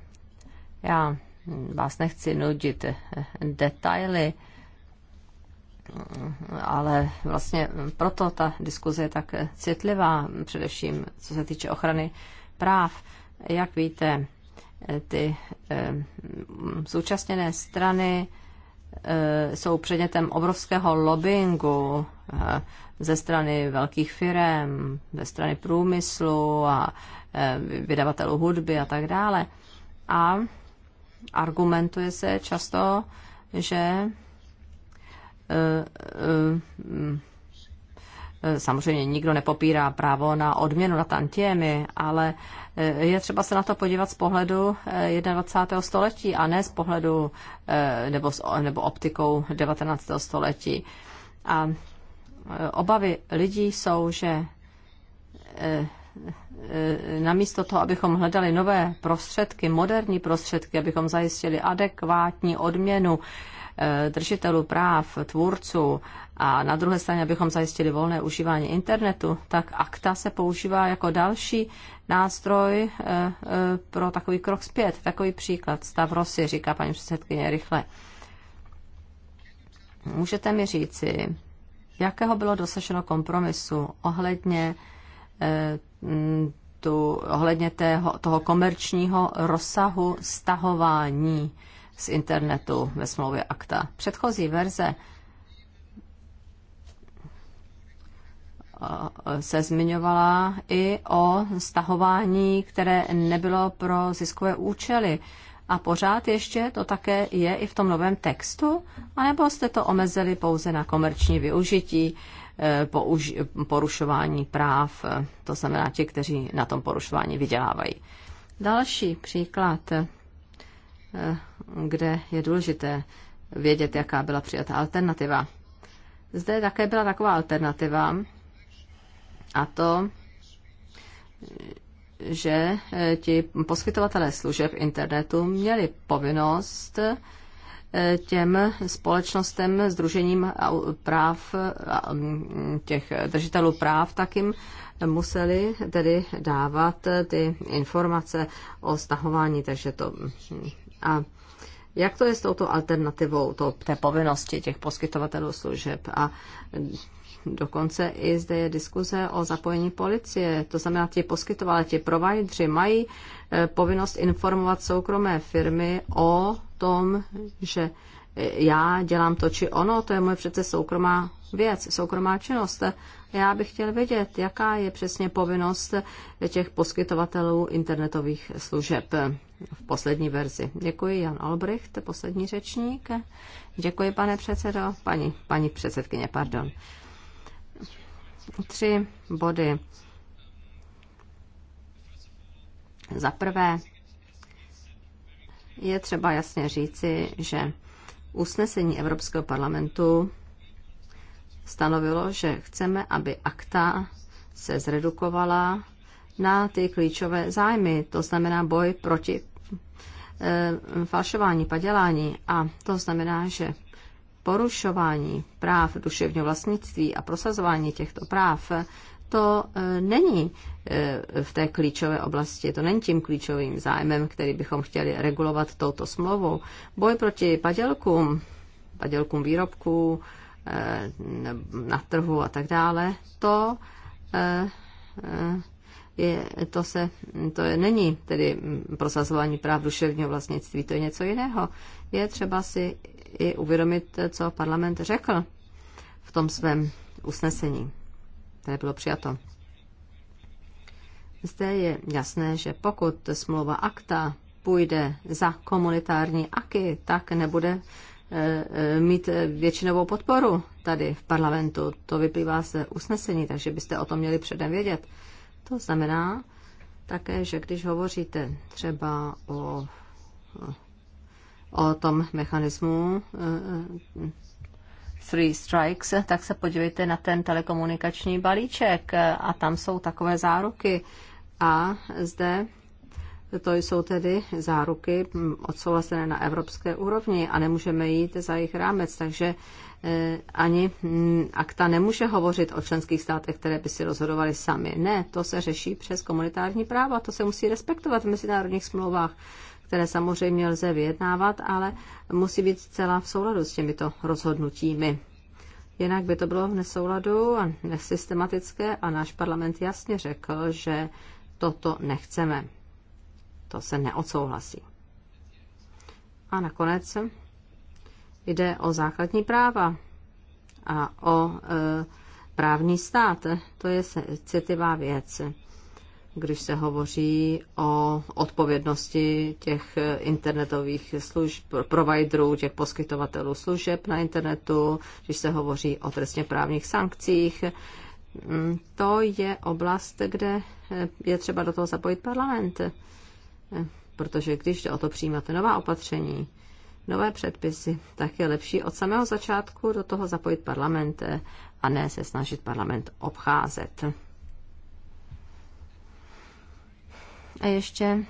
já vás nechci nudit detaily, ale vlastně proto ta diskuze je tak citlivá, především co se týče ochrany práv. Jak víte, ty eh, zúčastněné strany Eh, jsou předmětem obrovského lobbyingu eh, ze strany velkých firm, ze strany průmyslu a eh, vydavatelů hudby a tak dále. A argumentuje se často, že Eh, samozřejmě nikdo nepopírá právo na odměnu na tantiemy, ale eh, je třeba se na to podívat z pohledu 21. Eh, století a ne z pohledu nebo, nebo optikou 19. století. A obavy lidí jsou, že namísto toho, abychom hledali nové prostředky, moderní prostředky, abychom zajistili adekvátní odměnu držitelů práv, tvůrců, a na druhé straně, abychom zajistili volné užívání internetu, tak akta se používá jako další nástroj eh, eh, pro takový krok zpět. Takový příklad. Stavrosy, říká paní předsedkyně rychle. Můžete mi říci, jakého bylo dosaženo kompromisu ohledně eh, tu, ohledně tého, toho komerčního rozsahu stahování z internetu ve smlouvě akta. Předchozí verze se zmiňovala i o stahování, které nebylo pro ziskové účely. A pořád ještě to také je i v tom novém textu? A nebo jste to omezili pouze na komerční využití eh, porušování práv, eh, to znamená ti, kteří na tom porušování vydělávají? Další příklad, eh, kde je důležité vědět, jaká byla přijata alternativa. Zde také byla taková alternativa, a to, že eh, ti poskytovatelé služeb internetu měli povinnost eh, těm společnostem, združením práv, mm, těch držitelů práv, tak jim museli tedy dávat eh, ty informace o stahování, takže to mm, a jak to je s touto alternativou to, té povinnosti těch poskytovatelů služeb a Dokonce i zde je diskuze o zapojení policie. To znamená, ti poskytovatelé, ti provajdři mají eh, povinnost informovat soukromé firmy o tom, že eh, já dělám to či ono, to je moje přece soukromá věc, soukromá činnost. Já bych chtěl vědět, jaká je přesně povinnost těch poskytovatelů internetových služeb v poslední verzi. Děkuji, Jan Albrecht, poslední řečník. Děkuji, pane předsedo, paní, paní předsedkyně, pardon tři body. Za prvé, je třeba jasně říci, že usnesení Evropského parlamentu stanovilo, že chceme, aby akta se zredukovala na ty klíčové zájmy, to znamená boj proti e, falšování, padělání. A to znamená, že porušování práv duševního vlastnictví a prosazování těchto práv, to e, není e, v té klíčové oblasti, to není tím klíčovým zájmem, který bychom chtěli regulovat touto smlouvou. Boj proti padělkům, padělkům výrobků e, na trhu a tak dále, to je, to, se, to je, není tedy prosazování práv duševního vlastnictví, to je něco jiného. Je třeba si i uvědomit, co parlament řekl v tom svém usnesení, které bylo přijato. Zde je jasné, že pokud smlouva akta půjde za komunitární aky, tak nebude eh, eh, mít většinovou podporu tady v parlamentu. To vyplývá z usnesení, takže byste o tom měli předem vědět. To znamená také, že když hovoříte třeba o o tom mechanismu Three eh, Strikes, tak se podívejte na ten telekomunikační balíček a tam jsou takové záruky. A zde to jsou tedy záruky odsouhlasené na evropské úrovni a nemůžeme jít za jejich rámec, takže eh, ani hm, akta nemůže hovořit o členských státech, které by si rozhodovaly sami. Ne, to se řeší přes komunitární práva, to se musí respektovat v mezinárodních smlouvách které samozřejmě lze vyjednávat, ale musí být zcela v souladu s těmito rozhodnutími. Jinak by to bylo v nesouladu a nesystematické a náš parlament jasně řekl, že toto nechceme. To se neodsouhlasí. A nakonec jde o základní práva a o e, právní stát. To je citivá věc když se hovoří o odpovědnosti těch internetových služb, providerů, těch poskytovatelů služeb na internetu, když se hovoří o trestně právních sankcích. Mm, to je oblast, kde je třeba do toho zapojit parlament. Protože když jde o to přijímat nová opatření, nové předpisy, tak je lepší od samého začátku do toho zapojit parlament a ne se snažit parlament obcházet. A ještě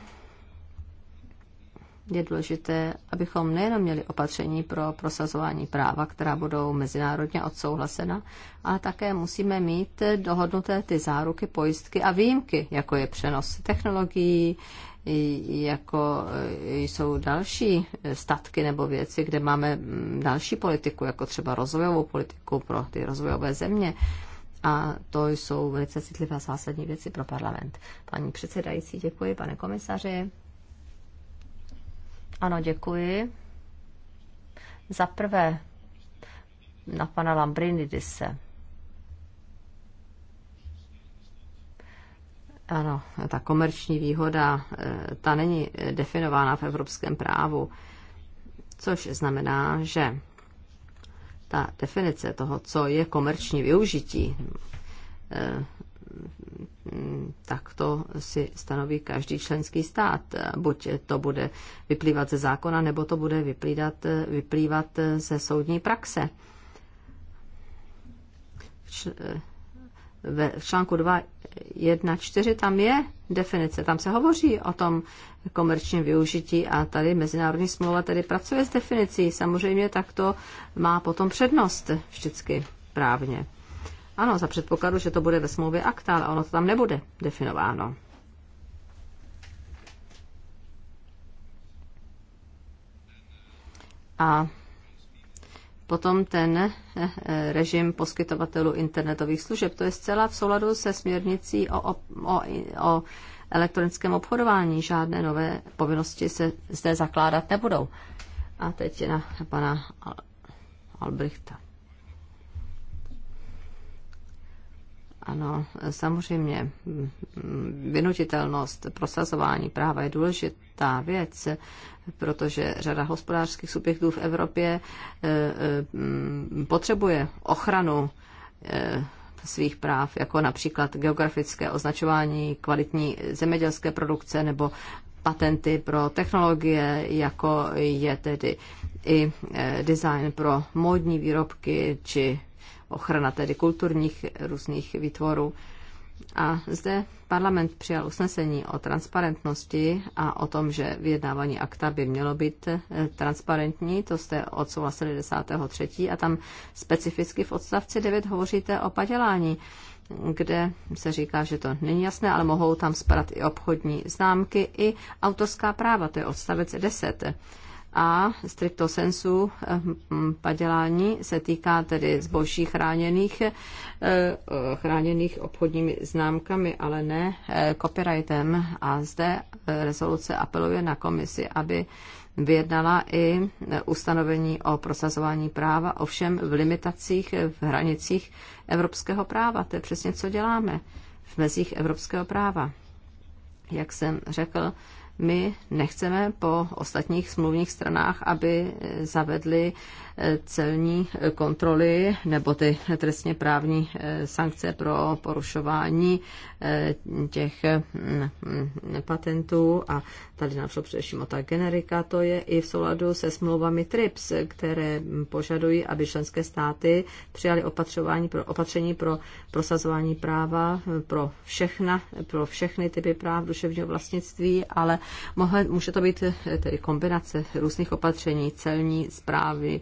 je důležité, abychom nejenom měli opatření pro prosazování práva, která budou mezinárodně odsouhlasena, ale také musíme mít dohodnuté ty záruky, pojistky a výjimky, jako je přenos technologií, jako jsou další statky nebo věci, kde máme další politiku, jako třeba rozvojovou politiku pro ty rozvojové země. A to jsou velice citlivé a zásadní věci pro parlament. Paní předsedající, děkuji, pane komisaři. Ano, děkuji. Za prvé na pana Lambrinidise. Ano, ta komerční výhoda, eh, ta není definována v evropském právu, což znamená, že ta definice toho, co je komerční využití, eh, tak to si stanoví každý členský stát. Buď to bude vyplývat ze zákona, nebo to bude vyplývat, vyplývat ze soudní praxe. Eh, ve v článku 2.1.4 tam je definice, tam se hovoří o tom komerčním využití a tady mezinárodní smlouva tedy pracuje s definicí. Samozřejmě tak to má potom přednost vždycky právně. Ano, za předpokladu, že to bude ve smlouvě akta, ale ono to tam nebude definováno. A Potom ten eh, eh, režim poskytovatelů internetových služeb, to je zcela v souladu se směrnicí o, o, o, o elektronickém obchodování. Žádné nové povinnosti se zde zakládat nebudou. A teď na pana Albrechta. Ano, samozřejmě, vynutitelnost prosazování práva je důležitá věc, protože řada hospodářských subjektů v Evropě eh, eh, potřebuje ochranu eh, svých práv, jako například geografické označování, kvalitní zemědělské produkce nebo patenty pro technologie, jako je tedy i design pro módní výrobky či ochrana tedy kulturních různých výtvorů. A zde parlament přijal usnesení o transparentnosti a o tom, že vyjednávání akta by mělo být eh, transparentní. To jste odsouhlasili 10.3. a tam specificky v odstavci 9 hovoříte o padělání kde se říká, že to není jasné, ale mohou tam spadat i obchodní známky, i autorská práva, to je odstavec 10 a stricto sensu ehm, padělání se týká tedy zboží chráněných, eh, eh, chráněných obchodními známkami, ale ne eh, copyrightem. A zde rezoluce apeluje na komisi, aby vyjednala i ustanovení o prosazování práva, ovšem v limitacích, v hranicích evropského práva. To je přesně, co děláme v mezích evropského práva. Jak jsem řekl, my nechceme po ostatních smluvních stranách, aby zavedli celní kontroly nebo ty trestně právní eh, sankce pro porušování eh, těch mm, mm, patentů a tady nám šlo především o ta generika, to je i v souladu se smlouvami TRIPS, které požadují, aby členské státy přijaly opatřování pro, opatření pro prosazování práva eh, pro, všechna, pro všechny typy práv duševního vlastnictví, ale mohle, může to být tedy kombinace různých opatření, celní zprávy,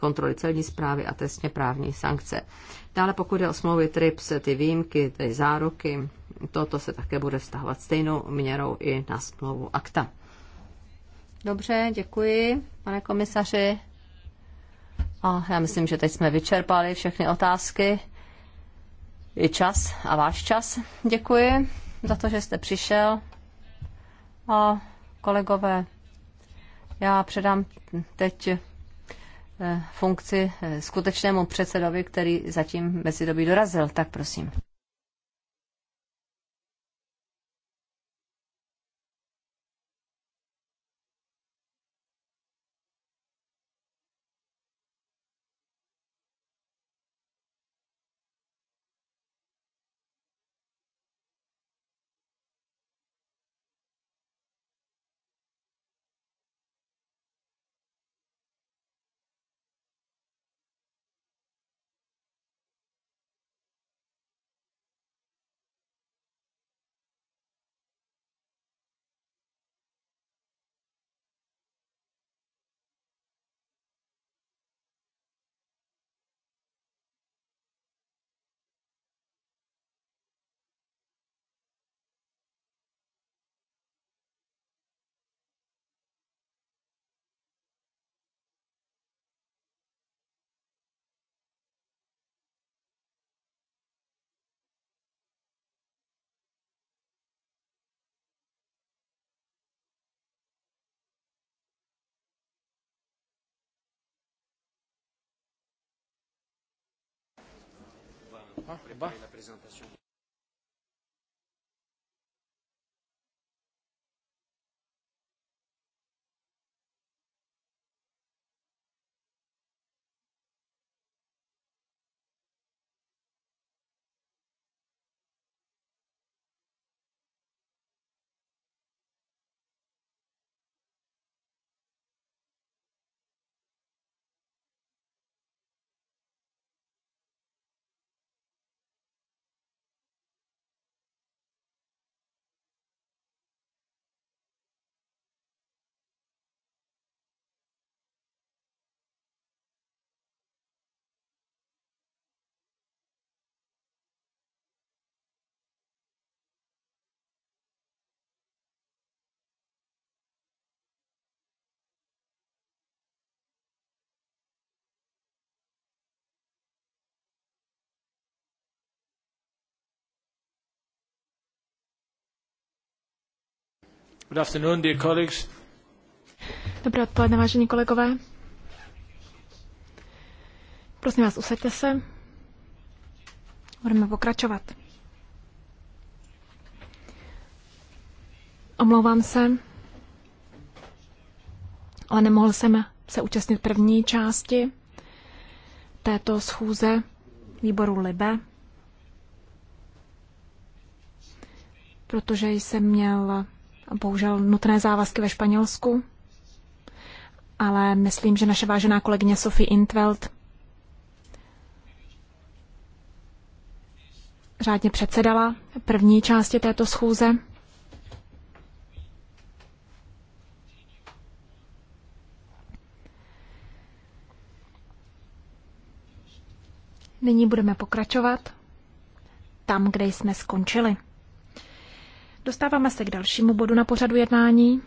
kontroly celní zprávy a trestně právní sankce. Dále pokud jde o smlouvy TRIPS, ty výjimky, ty záruky, toto se také bude vztahovat stejnou měrou i na smlouvu akta. Dobře, děkuji, pane komisaři. A já myslím, že teď jsme vyčerpali všechny otázky i čas a váš čas. Děkuji za to, že jste přišel. A kolegové, já předám teď Eh, funkci eh, skutečnému předsedovi, který zatím mezi dobí dorazil. Tak prosím. bah, bah. Dobré odpoledne, vážení kolegové. Prosím vás, usaďte se. Budeme pokračovat. Omlouvám se, ale nemohl jsem se účastnit první části této schůze výboru Libe, protože jsem měl bohužel nutné závazky ve Španělsku, ale myslím, že naše vážená kolegyně Sophie Intveld řádně předsedala první části této schůze. Nyní budeme pokračovat tam, kde jsme skončili. Dostáváme se k dalšímu bodu na pořadu jednání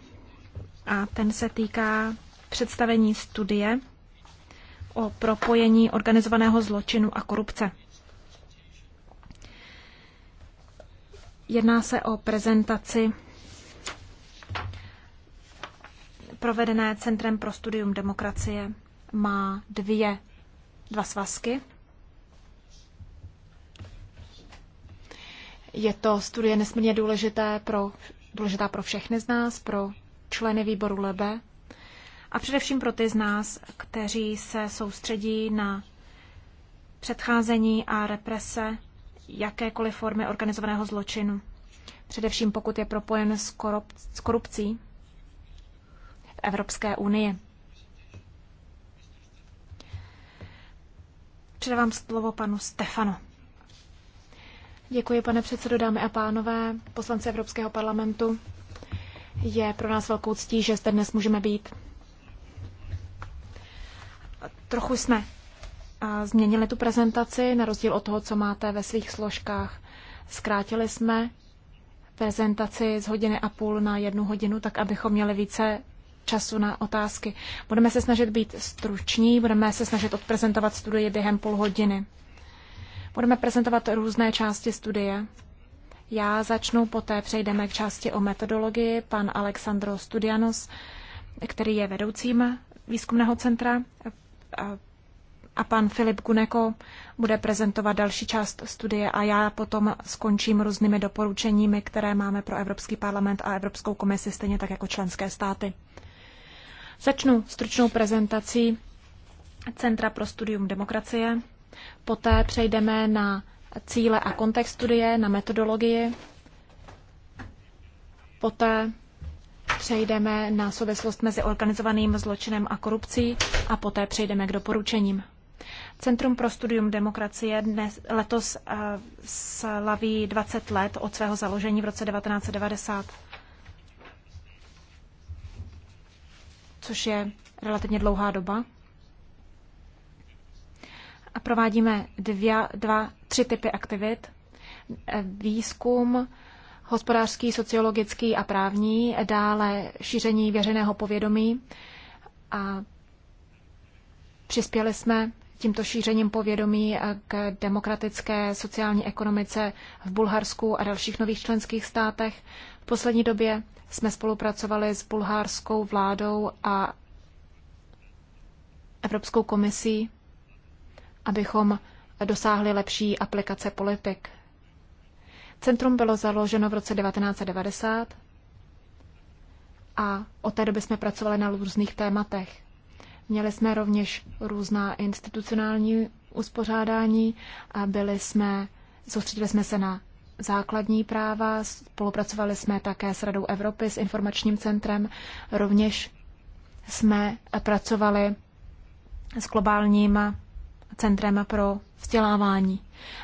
a ten se týká představení studie o propojení organizovaného zločinu a korupce. Jedná se o prezentaci provedené Centrem pro studium demokracie. Má dvě, dva svazky. Je to studie nesmírně důležité pro, důležitá pro všechny z nás, pro členy výboru LEBE a především pro ty z nás, kteří se soustředí na předcházení a represe jakékoliv formy organizovaného zločinu, především pokud je propojen s, korup- s korupcí v Evropské unii. Předávám slovo panu Stefano. Děkuji, pane předsedo, dámy a pánové, poslanci Evropského parlamentu. Je pro nás velkou ctí, že zde dnes můžeme být. Trochu jsme změnili tu prezentaci, na rozdíl od toho, co máte ve svých složkách. Zkrátili jsme prezentaci z hodiny a půl na jednu hodinu, tak abychom měli více času na otázky. Budeme se snažit být struční, budeme se snažit odprezentovat studii během půl hodiny. Budeme prezentovat různé části studie. Já začnu, poté přejdeme k části o metodologii. Pan Alexandro Studianos, který je vedoucím výzkumného centra, a pan Filip Guneko bude prezentovat další část studie a já potom skončím různými doporučeními, které máme pro Evropský parlament a Evropskou komisi, stejně tak jako členské státy. Začnu stručnou prezentací Centra pro studium demokracie Poté přejdeme na cíle a kontext studie, na metodologii. Poté přejdeme na souvislost mezi organizovaným zločinem a korupcí a poté přejdeme k doporučením. Centrum pro studium demokracie dnes, letos uh, slaví 20 let od svého založení v roce 1990, což je relativně dlouhá doba a provádíme dvě, dva, tři typy aktivit. Výzkum, hospodářský, sociologický a právní, dále šíření věřeného povědomí. A přispěli jsme tímto šířením povědomí k demokratické sociální ekonomice v Bulharsku a dalších nových členských státech. V poslední době jsme spolupracovali s bulharskou vládou a Evropskou komisí abychom dosáhli lepší aplikace politik. Centrum bylo založeno v roce 1990 a od té doby jsme pracovali na různých tématech. Měli jsme rovněž různá institucionální uspořádání a byli jsme, soustředili jsme se na základní práva, spolupracovali jsme také s Radou Evropy, s informačním centrem, rovněž jsme pracovali s globálníma centrem pro vzdělávání.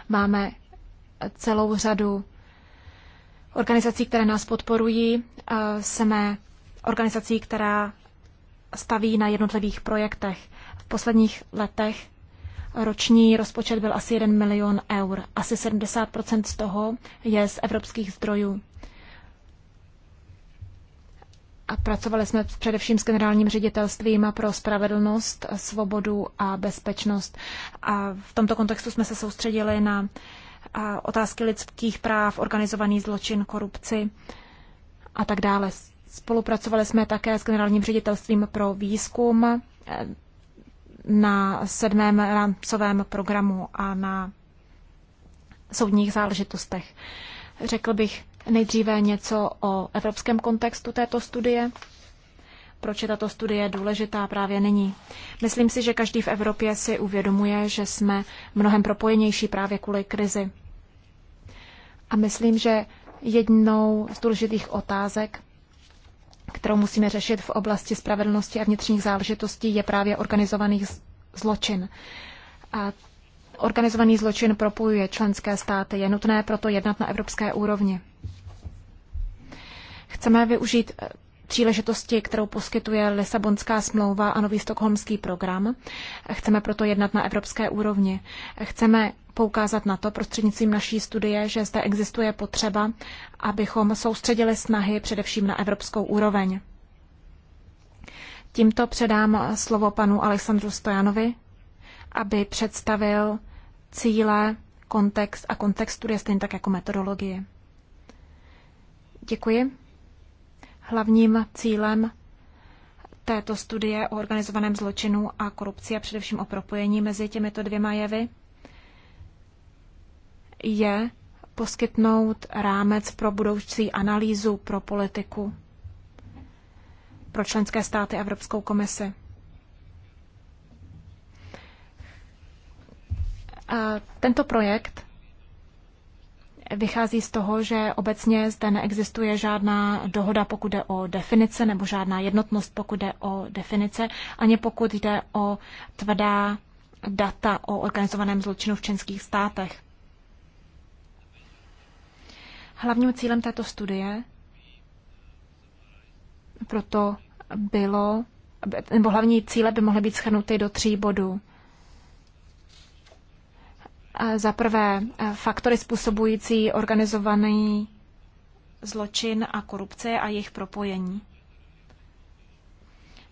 Máme celou řadu organizací, které nás podporují. Eh, jsme organizací, která staví na jednotlivých projektech. V posledních letech roční rozpočet byl asi 1 milion eur. Asi 70 z toho je z evropských zdrojů. A pracovali jsme především s generálním ředitelstvím pro spravedlnost, svobodu a bezpečnost. A v tomto kontextu jsme se soustředili na otázky lidských práv, organizovaný zločin, korupci a tak dále. Spolupracovali jsme také s generálním ředitelstvím pro výzkum e, na sedmém rámcovém programu a na soudních záležitostech. Řekl bych, Nejdříve něco o evropském kontextu této studie. Proč je tato studie důležitá právě nyní? Myslím si, že každý v Evropě si uvědomuje, že jsme mnohem propojenější právě kvůli krizi. A myslím, že jednou z důležitých otázek, kterou musíme řešit v oblasti spravedlnosti a vnitřních záležitostí, je právě organizovaný zločin. A organizovaný zločin propojuje členské státy. Je nutné proto jednat na evropské úrovni. Chceme využít eh, příležitosti, kterou poskytuje Lisabonská smlouva a nový stokholmský program. Chceme proto jednat na evropské úrovni. Chceme poukázat na to prostřednictvím naší studie, že zde existuje potřeba, abychom soustředili snahy především na evropskou úroveň. Tímto předám slovo panu Alexandru Stojanovi, aby představil cíle, kontext a kontext studie stejně tak jako metodologie. Děkuji. Hlavním cílem této studie o organizovaném zločinu a korupci a především o propojení mezi těmito dvěma jevy je poskytnout rámec pro budoucí analýzu pro politiku pro členské státy a Evropskou komisi. tento projekt vychází z toho, že obecně zde neexistuje žádná dohoda, pokud jde o definice, nebo žádná jednotnost, pokud jde o definice, ani pokud jde o tvrdá data o organizovaném zločinu v českých státech. Hlavním cílem této studie proto bylo, nebo hlavní cíle by mohly být schrnuty do tří bodů. Za prvé e, faktory způsobující organizovaný zločin a korupce a jejich propojení.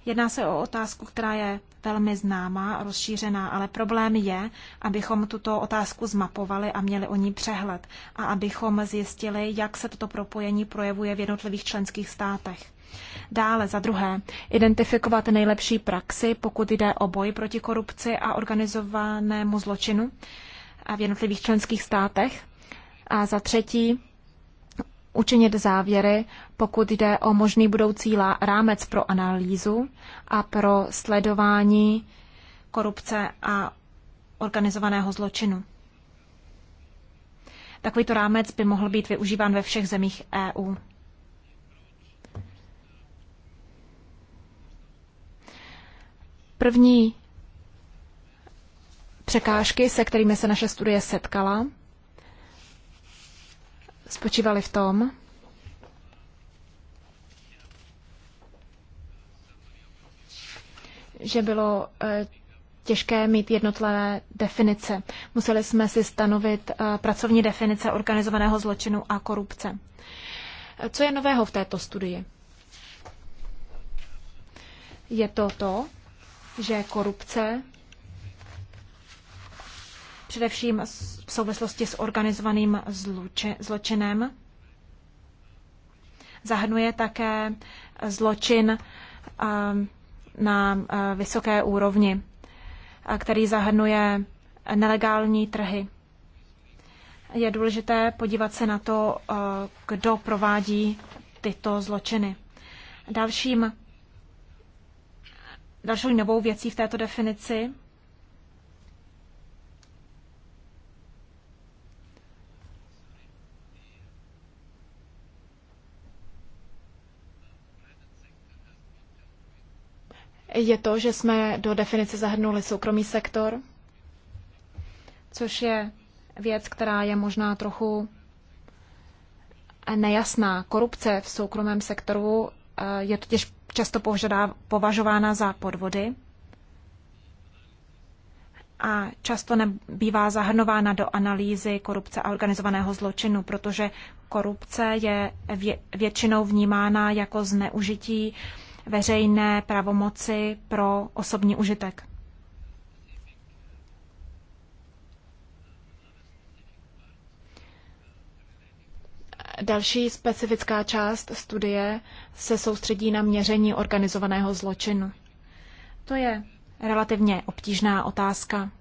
Jedná se o otázku, která je velmi známá, rozšířená, ale problém je, abychom tuto otázku zmapovali a měli o ní přehled a abychom zjistili, jak se toto propojení projevuje v jednotlivých členských státech. Dále za druhé, identifikovat nejlepší praxi, pokud jde o boj proti korupci a organizovanému zločinu a v jednotlivých členských státech. A za třetí, učinit závěry, pokud jde o možný budoucí rámec pro analýzu a pro sledování korupce a organizovaného zločinu. Takovýto rámec by mohl být využíván ve všech zemích EU. První Překážky, se kterými se naše studie setkala, spočívaly v tom, že bylo eh, těžké mít jednotlivé definice. Museli jsme si stanovit eh, pracovní definice organizovaného zločinu a korupce. Eh, co je nového v této studii? Je to to, že korupce především v souvislosti s organizovaným zluče, zločinem. Zahrnuje také zločin na vysoké úrovni, který zahrnuje nelegální trhy. Je důležité podívat se na to, kdo provádí tyto zločiny. Dalším, dalším novou věcí v této definici je to, že jsme do definice zahrnuli soukromý sektor, což je věc, která je možná trochu nejasná. Korupce v soukromém sektoru eh, je totiž často považována za podvody a často nebývá zahrnována do analýzy korupce a organizovaného zločinu, protože korupce je většinou vnímána jako zneužití veřejné pravomoci pro osobní užitek. Další specifická část studie se soustředí na měření organizovaného zločinu. To je relativně obtížná otázka.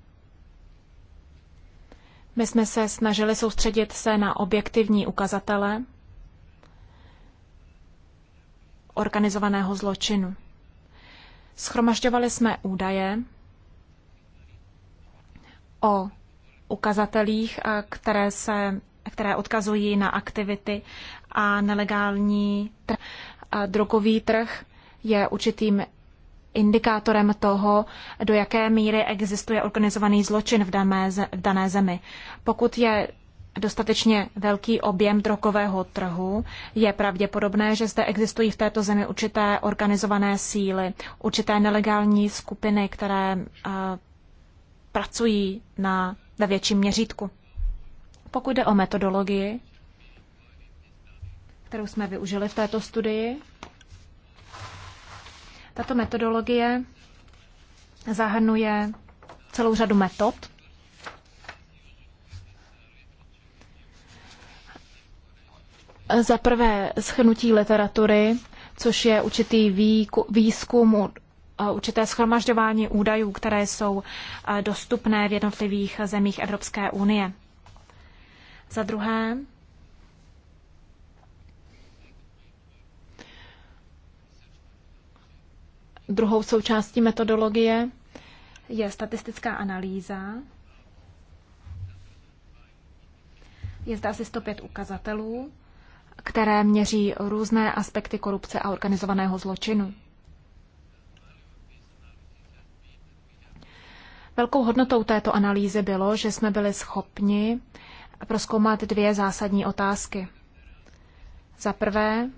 My jsme se snažili soustředit se na objektivní ukazatele, organizovaného zločinu. Schromažďovali jsme údaje o ukazatelích, eh, které, se, které odkazují na aktivity a nelegální trh. Drogový trh je určitým indikátorem toho, do jaké míry existuje organizovaný zločin v dané zemi. Pokud je dostatečně velký objem drogového trhu, je pravděpodobné, že zde existují v této zemi určité organizované síly, určité nelegální skupiny, které eh, pracují na, na větším měřítku. Pokud jde o metodologii, kterou jsme využili v této studii, tato metodologie zahrnuje celou řadu metod, Za prvé schrnutí literatury, což je určitý výzkum, určité schromažďování údajů, které jsou dostupné v jednotlivých zemích Evropské unie. Za druhé, druhou součástí metodologie je statistická analýza. Je zde asi 105 ukazatelů které měří různé aspekty korupce a organizovaného zločinu. Velkou hodnotou této analýzy bylo, že jsme byli schopni proskoumat dvě zásadní otázky. Za prvé,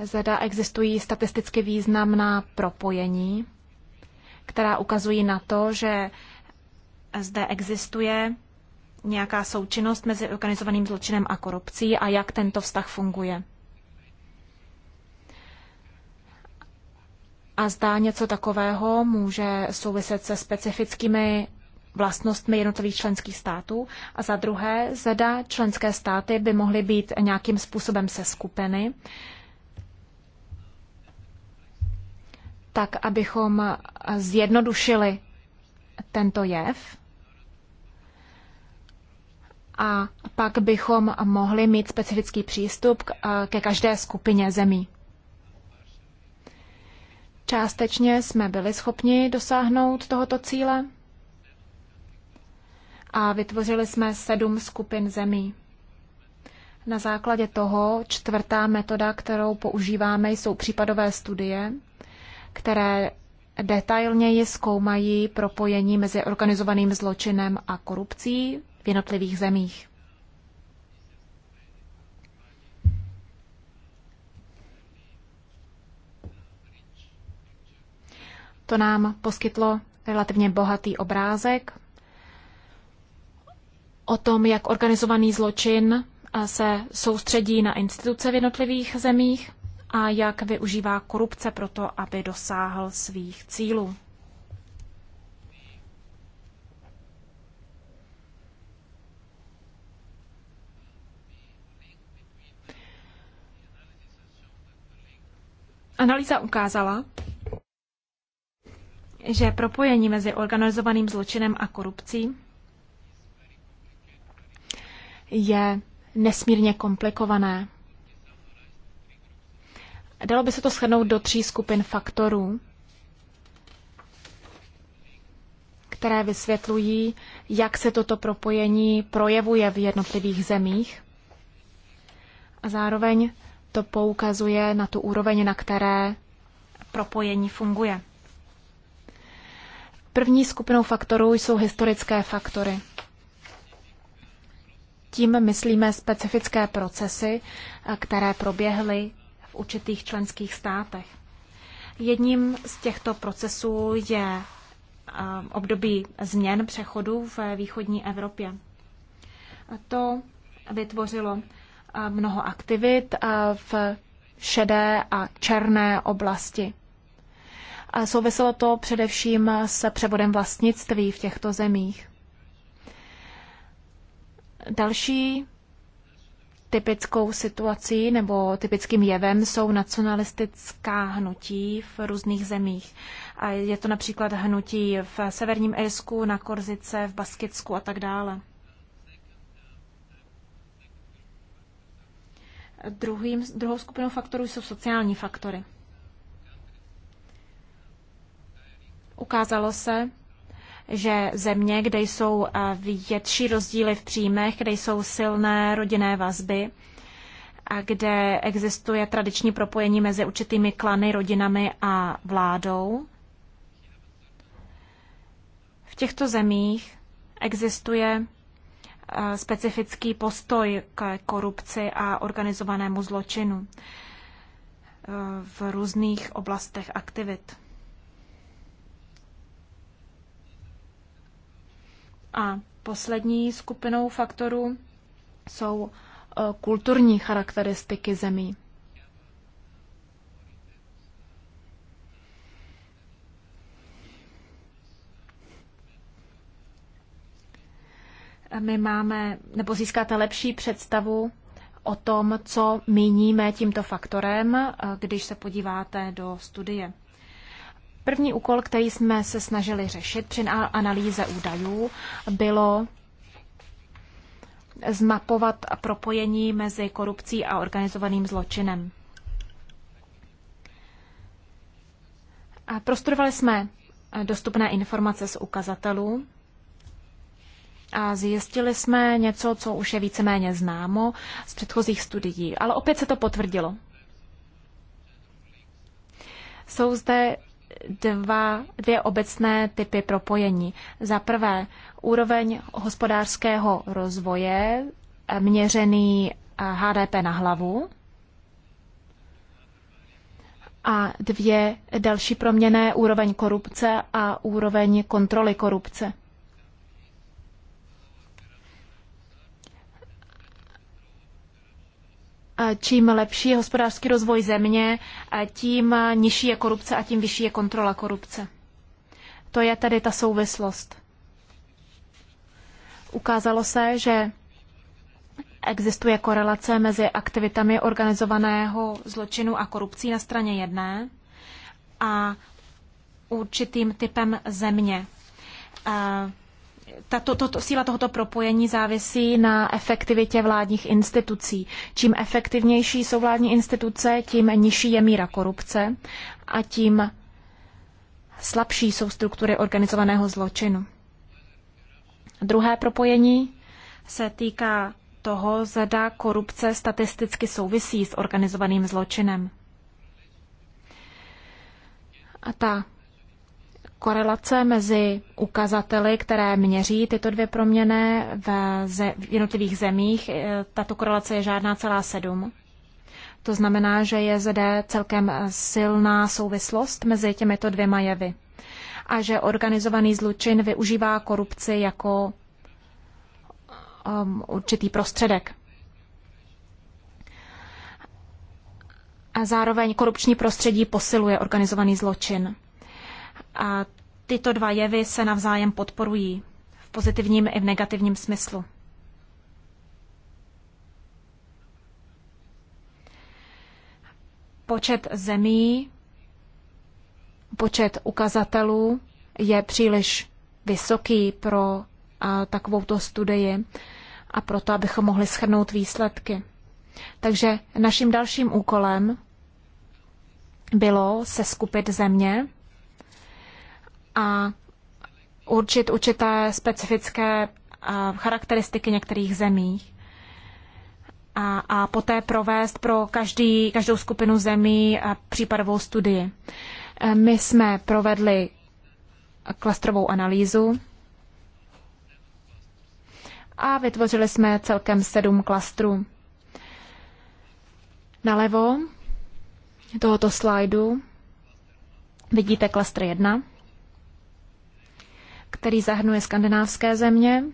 zda existují statisticky významná propojení, která ukazují na to, že zde existuje nějaká součinnost mezi organizovaným zločinem a korupcí a jak tento vztah funguje. A zdá něco takového může souviset se specifickými vlastnostmi jednotlivých členských států. A za druhé, zda členské státy by mohly být nějakým způsobem seskupeny, tak abychom zjednodušili tento jev a pak bychom mohli mít specifický přístup ke každé skupině zemí. Částečně jsme byli schopni dosáhnout tohoto cíle a vytvořili jsme sedm skupin zemí. Na základě toho čtvrtá metoda, kterou používáme, jsou případové studie, které detailněji zkoumají propojení mezi organizovaným zločinem a korupcí v jednotlivých zemích. To nám poskytlo relativně bohatý obrázek o tom, jak organizovaný zločin se soustředí na instituce v jednotlivých zemích a jak využívá korupce pro to, aby dosáhl svých cílů. Analýza ukázala, že propojení mezi organizovaným zločinem a korupcí je nesmírně komplikované. Dalo by se to shrnout do tří skupin faktorů, které vysvětlují, jak se toto propojení projevuje v jednotlivých zemích a zároveň to poukazuje na tu úroveň, na které propojení funguje. První skupinou faktorů jsou historické faktory. Tím myslíme specifické procesy, které proběhly v určitých členských státech. Jedním z těchto procesů je eh, období změn přechodu v východní Evropě. A to vytvořilo mnoho aktivit v šedé a černé oblasti. A souviselo to především s převodem vlastnictví v těchto zemích. Další typickou situací nebo typickým jevem jsou nacionalistická hnutí v různých zemích. A je to například hnutí v severním Irsku, na Korzice, v Baskicku a tak dále. Druhým, druhou skupinou faktorů jsou sociální faktory. Ukázalo se, že země, kde jsou eh, větší rozdíly v příjmech, kde jsou silné rodinné vazby a kde existuje tradiční propojení mezi určitými klany, rodinami a vládou, v těchto zemích existuje Eh, specifický postoj k korupci a organizovanému zločinu eh, v různých oblastech aktivit. A poslední skupinou faktorů jsou eh, kulturní charakteristiky zemí. my máme, nebo získáte lepší představu o tom, co míníme tímto faktorem, eh, když se podíváte do studie. První úkol, který jsme se snažili řešit při analýze údajů, bylo zmapovat propojení mezi korupcí a organizovaným zločinem. A prostudovali jsme eh, dostupné informace z ukazatelů, a zjistili jsme něco, co už je víceméně známo z předchozích studií, ale opět se to potvrdilo. Jsou zde dva, dvě obecné typy propojení. Za prvé úroveň hospodářského rozvoje měřený HDP eh, na hlavu a dvě další proměné úroveň korupce a úroveň kontroly korupce. čím lepší je hospodářský rozvoj země, tím nižší je korupce a tím vyšší je kontrola korupce. To je tedy ta souvislost. Ukázalo se, že existuje korelace mezi aktivitami organizovaného zločinu a korupcí na straně jedné a určitým typem země tato, to, to, síla tohoto propojení závisí na efektivitě vládních institucí. Čím efektivnější jsou vládní instituce, tím nižší je míra korupce a tím slabší jsou struktury organizovaného zločinu. Druhé propojení se týká toho, zda korupce statisticky souvisí s organizovaným zločinem. A ta korelace mezi ukazateli, které měří tyto dvě proměny v jednotlivých zemích, e, tato korelace je žádná celá sedm. To znamená, že je zde celkem silná souvislost mezi těmito dvěma jevy a že organizovaný zločin využívá korupci jako um, určitý prostředek. A zároveň korupční prostředí posiluje organizovaný zločin. A tyto dva jevy se navzájem podporují v pozitivním i v negativním smyslu. Počet zemí, počet ukazatelů je příliš vysoký pro takovouto studii a proto, abychom mohli schrnout výsledky. Takže naším dalším úkolem bylo se skupit země, a určit určité specifické eh, charakteristiky některých zemí a, a poté provést pro každý, každou skupinu zemí eh, případovou studii. Eh, my jsme provedli klastrovou analýzu a vytvořili jsme celkem sedm klastrů. Nalevo tohoto slajdu vidíte klastr 1 který zahrnuje skandinávské země.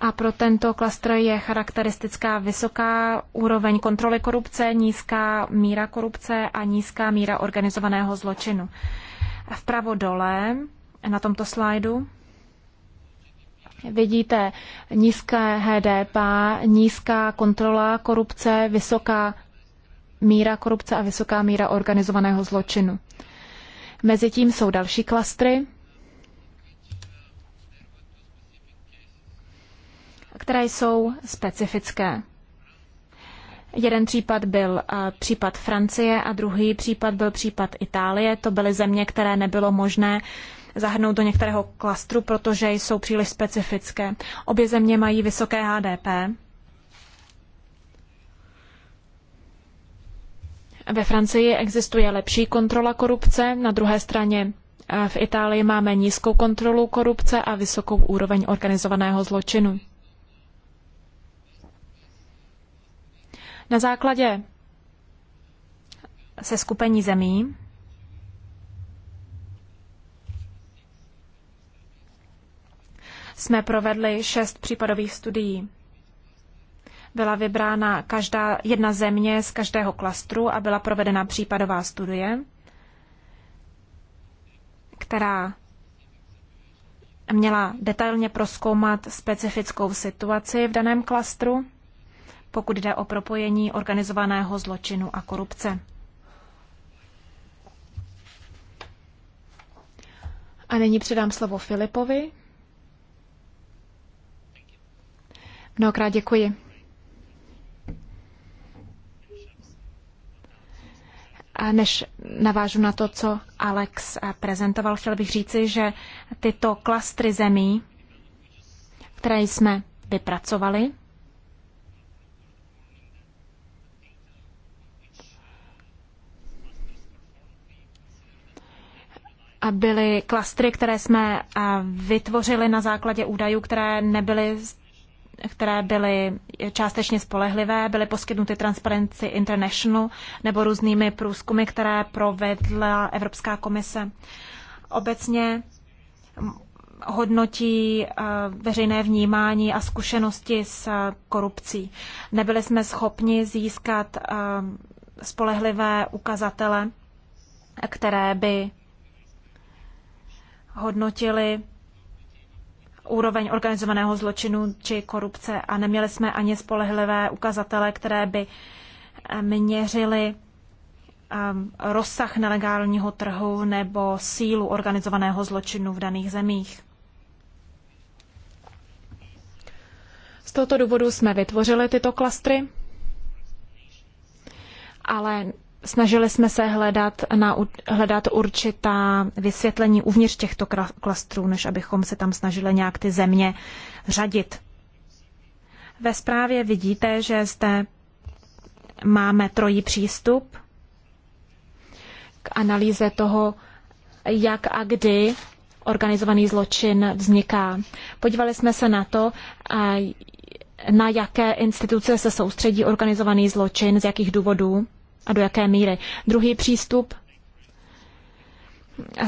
A pro tento klastr je charakteristická vysoká úroveň kontroly korupce, nízká míra korupce a nízká míra organizovaného zločinu. Vpravo dole na tomto slajdu vidíte nízké HDP, nízká kontrola korupce, vysoká míra korupce a vysoká míra organizovaného zločinu. Mezitím jsou další klastry, které jsou specifické. Jeden případ byl eh, případ Francie a druhý případ byl případ Itálie. To byly země, které nebylo možné zahrnout do některého klastru, protože jsou příliš specifické. Obě země mají vysoké HDP Ve Francii existuje lepší kontrola korupce, na druhé straně eh, v Itálii máme nízkou kontrolu korupce a vysokou úroveň organizovaného zločinu. Na základě se skupení zemí jsme provedli šest případových studií. Byla vybrána každá jedna země z každého klastru a byla provedena případová studie, která měla detailně proskoumat specifickou situaci v daném klastru, pokud jde o propojení organizovaného zločinu a korupce. A nyní předám slovo Filipovi. Mnohokrát děkuji. Než navážu na to, co Alex prezentoval, chtěl bych říci, že tyto klastry zemí, které jsme vypracovali, byly klastry, které jsme vytvořili na základě údajů, které nebyly které byly částečně spolehlivé, byly poskytnuty Transparency International nebo různými průzkumy, které provedla Evropská komise. Obecně hodnotí eh, veřejné vnímání a zkušenosti s korupcí. Nebyli jsme schopni získat eh, spolehlivé ukazatele, které by hodnotili úroveň organizovaného zločinu či korupce a neměli jsme ani spolehlivé ukazatele, které by eh, měřily ehm, rozsah nelegálního trhu nebo sílu organizovaného zločinu v daných zemích. Z tohoto důvodu jsme vytvořili tyto klastry, ale Snažili jsme se hledat, na, hledat určitá vysvětlení uvnitř těchto klastrů, než abychom se tam snažili nějak ty země řadit. Ve zprávě vidíte, že zde máme trojí přístup k analýze toho, jak a kdy organizovaný zločin vzniká. Podívali jsme se na to, na jaké instituce se soustředí organizovaný zločin, z jakých důvodů a do jaké míry. Druhý přístup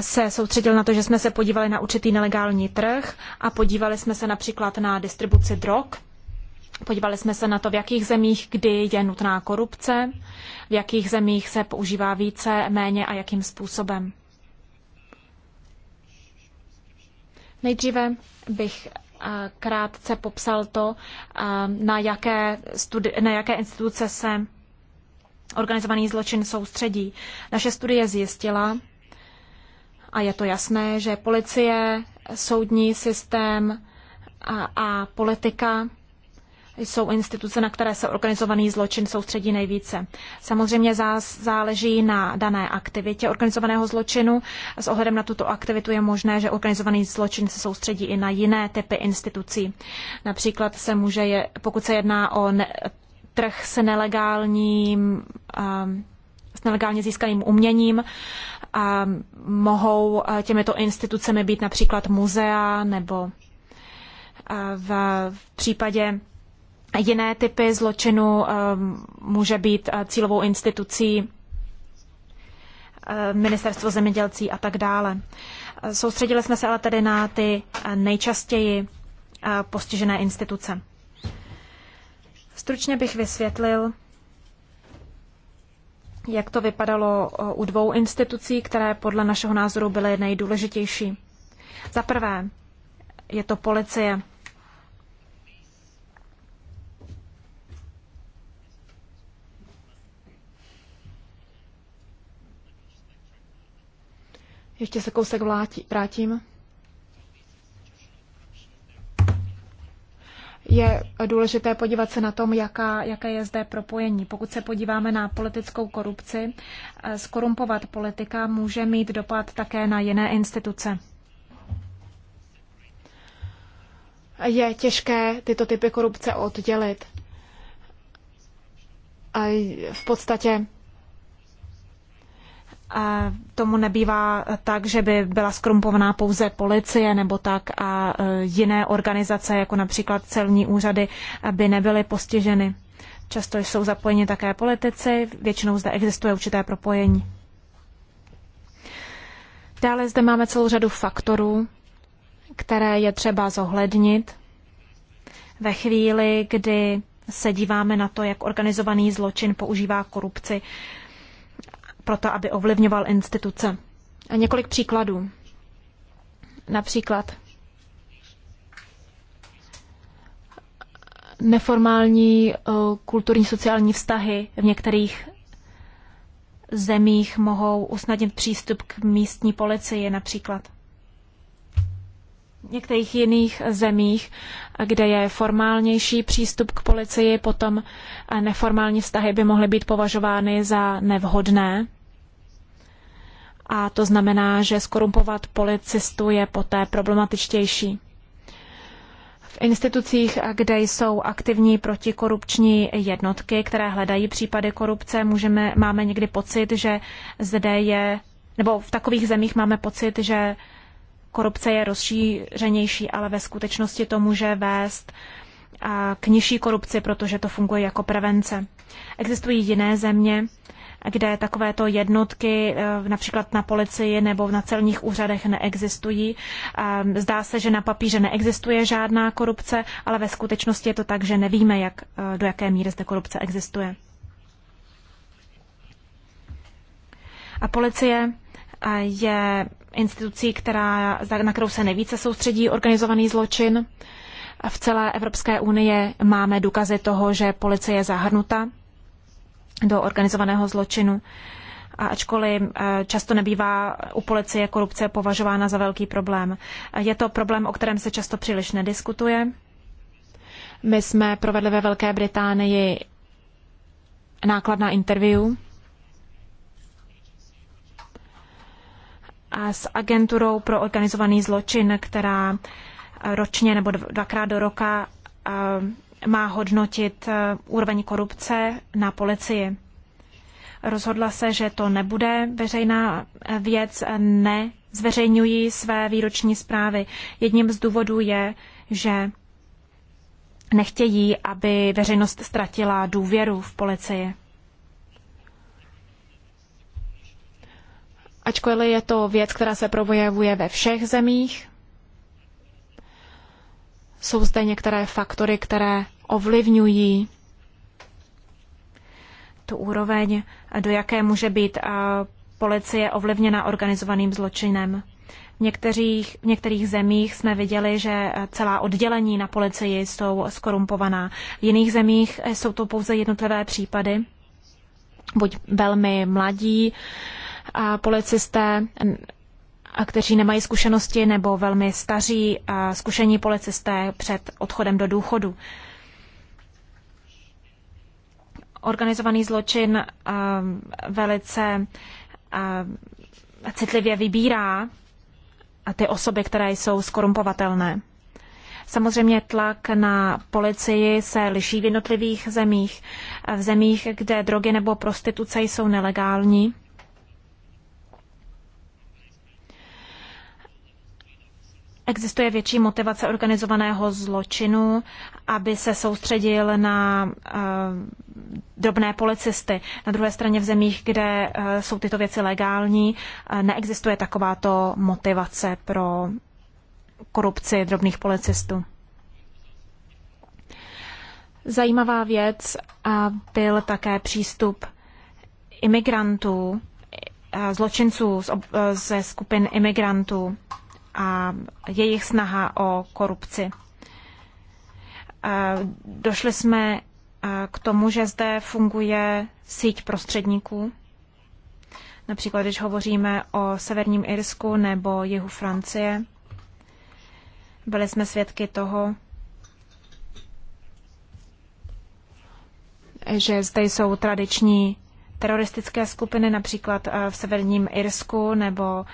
se soustředil na to, že jsme se podívali na určitý nelegální trh a podívali jsme se například na distribuci drog. Podívali jsme se na to, v jakých zemích, kdy je nutná korupce, v jakých zemích se používá více, méně a jakým způsobem. Nejdříve bych krátce popsal to, na jaké, studi- na jaké instituce se organizovaný zločin soustředí. Naše studie zjistila, a je to jasné, že policie, soudní systém a, a politika jsou instituce, na které se organizovaný zločin soustředí nejvíce. Samozřejmě zás záleží na dané aktivitě organizovaného zločinu. S ohledem na tuto aktivitu je možné, že organizovaný zločin se soustředí i na jiné typy institucí. Například se může, je, pokud se jedná o ne, trh s nelegálním, um, s nelegálně získaným uměním. A um, mohou uh, těmito institucemi být například muzea nebo uh, v, v případě jiné typy zločinu um, může být uh, cílovou institucí ministerstvo zemědělcí a tak dále. Soustředili jsme se ale tedy na ty nejčastěji postižené instituce. Stručně bych vysvětlil, jak to vypadalo eh, u dvou institucí, které podle našeho názoru byly nejdůležitější. Za prvé je to policie. Ještě se kousek vlátí, vrátím. je důležité podívat se na tom, jaká, jaké je zde propojení. Pokud se podíváme na politickou korupci, eh, skorumpovat politika může mít dopad také na jiné instituce. Je těžké tyto typy korupce oddělit. A v podstatě tomu nebývá tak, že by byla skrumpovaná pouze policie nebo tak a e, jiné organizace, jako například celní úřady, by nebyly postiženy. Často jsou zapojeni také politici, většinou zde existuje určité propojení. Dále zde máme celou řadu faktorů, které je třeba zohlednit ve chvíli, kdy se díváme na to, jak organizovaný zločin používá korupci proto, aby ovlivňoval instituce. A několik příkladů. Například neformální eh, kulturní sociální vztahy v některých zemích mohou usnadnit přístup k místní policii například. V některých jiných zemích, kde je formálnější přístup k policii, potom neformální vztahy by mohly být považovány za nevhodné a to znamená, že skorumpovat policistu je poté problematičtější. V institucích, kde jsou aktivní protikorupční jednotky, které hledají případy korupce, můžeme, máme někdy pocit, že zde je, nebo v takových zemích máme pocit, že korupce je rozšířenější, ale ve skutečnosti to může vést k nižší korupci, protože to funguje jako prevence. Existují jiné země, kde takovéto jednotky eh, například na policii nebo na celních úřadech neexistují. Mm, zdá se, že na papíře neexistuje žádná korupce, ale ve skutečnosti je to tak, že nevíme, jak, eh, do jaké míry zde korupce existuje. A policie eh, je institucí, která, na kterou se nejvíce soustředí organizovaný zločin. V celé Evropské unii máme důkazy toho, že policie je zahrnuta do organizovaného zločinu. A ačkoliv eh, často nebývá u policie korupce považována za velký problém. Je to problém, o kterém se často příliš nediskutuje. My jsme provedli ve Velké Británii nákladná interview a s agenturou pro organizovaný zločin, která ročně nebo dvakrát do roka eh, má hodnotit eh, úroveň korupce na policii. Rozhodla se, že to nebude veřejná eh, věc, ne zveřejňují své výroční zprávy. Jedním z důvodů je, že nechtějí, aby veřejnost ztratila důvěru v policii. Ačkoliv je to věc, která se projevuje ve všech zemích, jsou zde některé faktory, které ovlivňují tu úroveň, do jaké může být policie ovlivněna organizovaným zločinem. V některých, v některých zemích jsme viděli, že celá oddělení na policii jsou skorumpovaná. V jiných zemích jsou to pouze jednotlivé případy, buď velmi mladí a policisté a kteří nemají zkušenosti nebo velmi staří a zkušení policisté před odchodem do důchodu. Organizovaný zločin velice citlivě vybírá ty osoby, které jsou skorumpovatelné. Samozřejmě tlak na policii se liší v jednotlivých zemích. V zemích, kde drogy nebo prostituce jsou nelegální, Existuje větší motivace organizovaného zločinu, aby se soustředil na uh, drobné policisty. Na druhé straně v zemích, kde uh, jsou tyto věci legální, uh, neexistuje takováto motivace pro korupci drobných policistů. Zajímavá věc byl také přístup imigrantů, zločinců ze skupin imigrantů a jejich snaha o korupci. Eh, došli jsme eh, k tomu, že zde funguje síť prostředníků. Například, když hovoříme o severním Irsku nebo jihu Francie, byli jsme svědky toho, že zde jsou tradiční teroristické skupiny, například eh, v severním Irsku nebo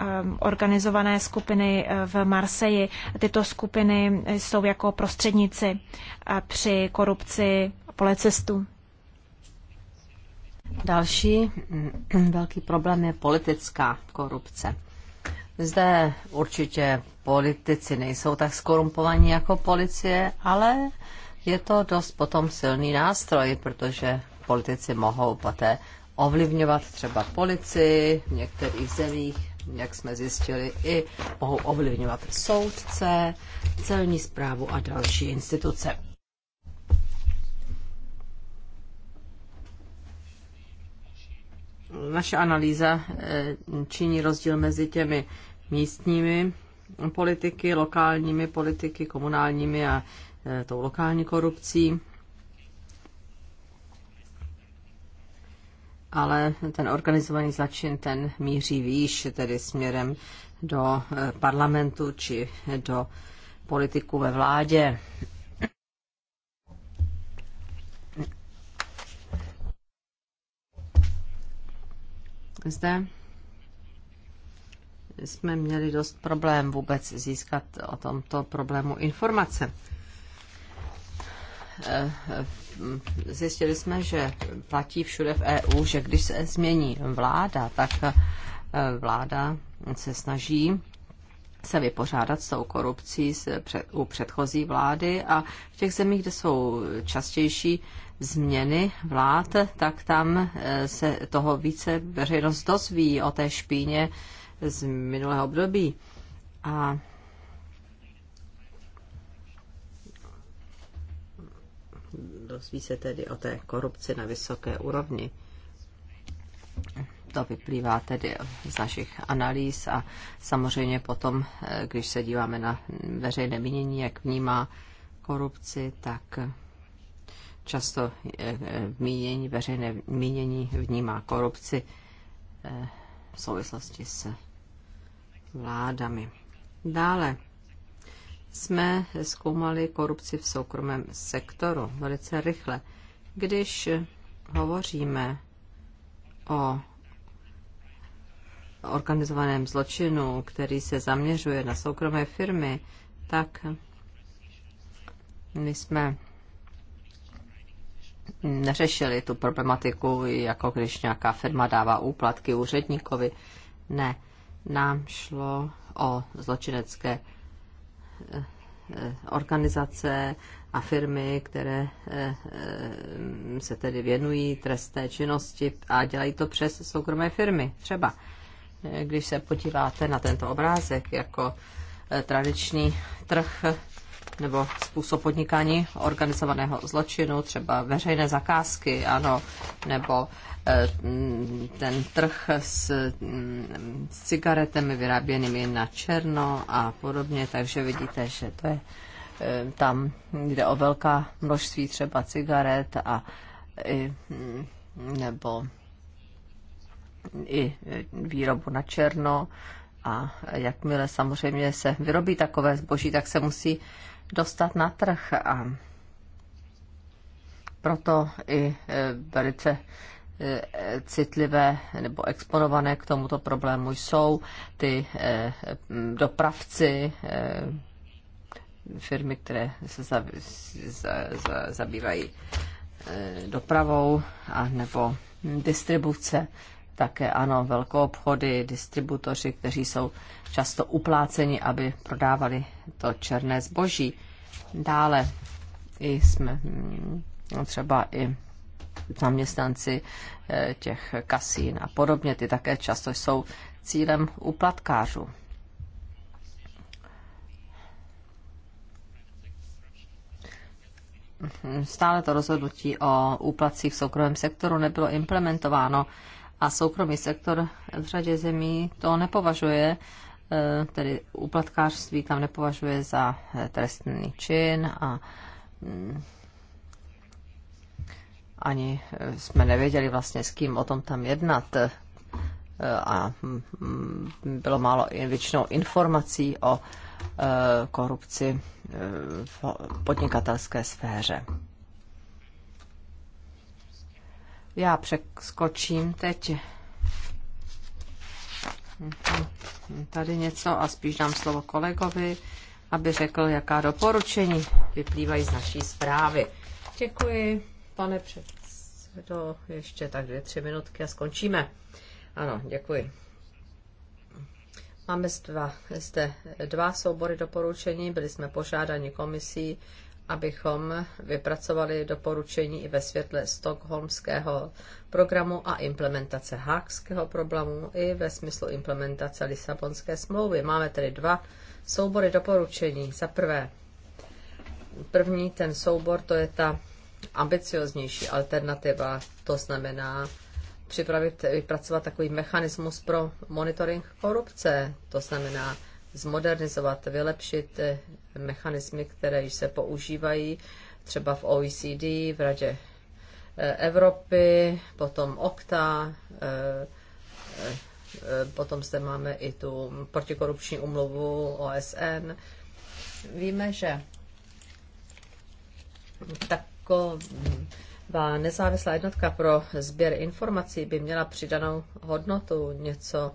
Um, organizované skupiny eh, v Marseji. Tyto skupiny jsou jako prostředníci eh, při korupci policistů. Další mm, velký problém je politická korupce. Zde určitě politici nejsou tak skorumpovaní jako policie, ale je to dost potom silný nástroj, protože politici mohou poté ovlivňovat třeba policii v některých zemích jak jsme zjistili, i mohou ovlivňovat soudce, celní zprávu a další instituce. Naše analýza eh, činí rozdíl mezi těmi místními politiky, lokálními politiky, komunálními a eh, tou lokální korupcí ale ten organizovaný zločin ten míří výš, tedy směrem do eh, parlamentu či do politiků ve vládě. Zde jsme měli dost problém vůbec získat o tomto problému informace. Eh, zjistili jsme, že platí všude v EU, že když se změní vláda, tak eh, vláda se snaží se vypořádat s tou korupcí u předchozí vlády a v těch zemích, kde jsou častější změny vlád, tak tam eh, se toho více veřejnost dozví o té špíně z minulého období. A dozví se tedy o té korupci na vysoké úrovni. To vyplývá tedy z našich analýz a samozřejmě potom, eh, když se díváme na veřejné mínění, jak vnímá korupci, tak eh, často eh, mínění, veřejné mínění vnímá korupci v souvislosti s vládami. Dále jsme zkoumali korupci v soukromém sektoru velice rychle. Když hovoříme o organizovaném zločinu, který se zaměřuje na soukromé firmy, tak my jsme neřešili tu problematiku, jako když nějaká firma dává úplatky úředníkovi. Ne, nám šlo o zločinecké Eh, organizace a firmy, které eh, se tedy věnují trestné činnosti a dělají to přes soukromé firmy. Třeba eh, když se podíváte na tento obrázek jako tradiční trh nebo způsob podnikání organizovaného zločinu, třeba veřejné zakázky, ano, nebo eh, mm, ten trh s, mm, s cigaretami vyráběnými na černo a podobně, takže vidíte, že to je eh, tam jde o velká množství třeba cigaret a i, mm, nebo i eh, výrobu na černo a jakmile samozřejmě se vyrobí takové zboží, tak se musí dostat na trh. A proto i e, velice e, citlivé nebo exponované k tomuto problému jsou ty e, dopravci, firmy, které se zabývají dopravou a nebo distribuce také ano, velkou obchody, distributoři, kteří jsou často upláceni, aby prodávali to černé zboží. Dále i jsme mm, třeba i zaměstnanci eh, těch kasín a podobně, ty také často jsou cílem uplatkářů. Hm, stále to rozhodnutí o úplacích v soukromém sektoru nebylo implementováno a soukromý sektor v řadě zemí to nepovažuje, eh, tedy uplatkářství tam nepovažuje za eh, trestný čin a mm, ani eh, jsme nevěděli vlastně s kým o tom tam jednat a mm, bylo málo většinou informací o korupci v podnikatelské sféře. Já přeskočím teď tady něco a spíš dám slovo kolegovi, aby řekl, jaká doporučení vyplývají z naší zprávy. Děkuji, pane předsedo. Ještě tak dvě, tři minutky a skončíme. Ano, děkuji. Máme zde dva, zde dva soubory doporučení, byli jsme požádáni komisí abychom vypracovali doporučení i ve světle Stockholmského programu a implementace hákského problému i ve smyslu implementace Lisabonské smlouvy. Máme tedy dva soubory doporučení. Za prvé, první ten soubor, to je ta ambicioznější alternativa, to znamená připravit, vypracovat takový mechanismus pro monitoring korupce, to znamená zmodernizovat, vylepšit eh, mechanismy, které již se používají, třeba v OECD, v Radě eh, Evropy, potom OKTA, eh, potom zde máme i tu protikorupční umluvu OSN. Víme, že taková nezávislá jednotka pro sběr informací by měla přidanou hodnotu, něco,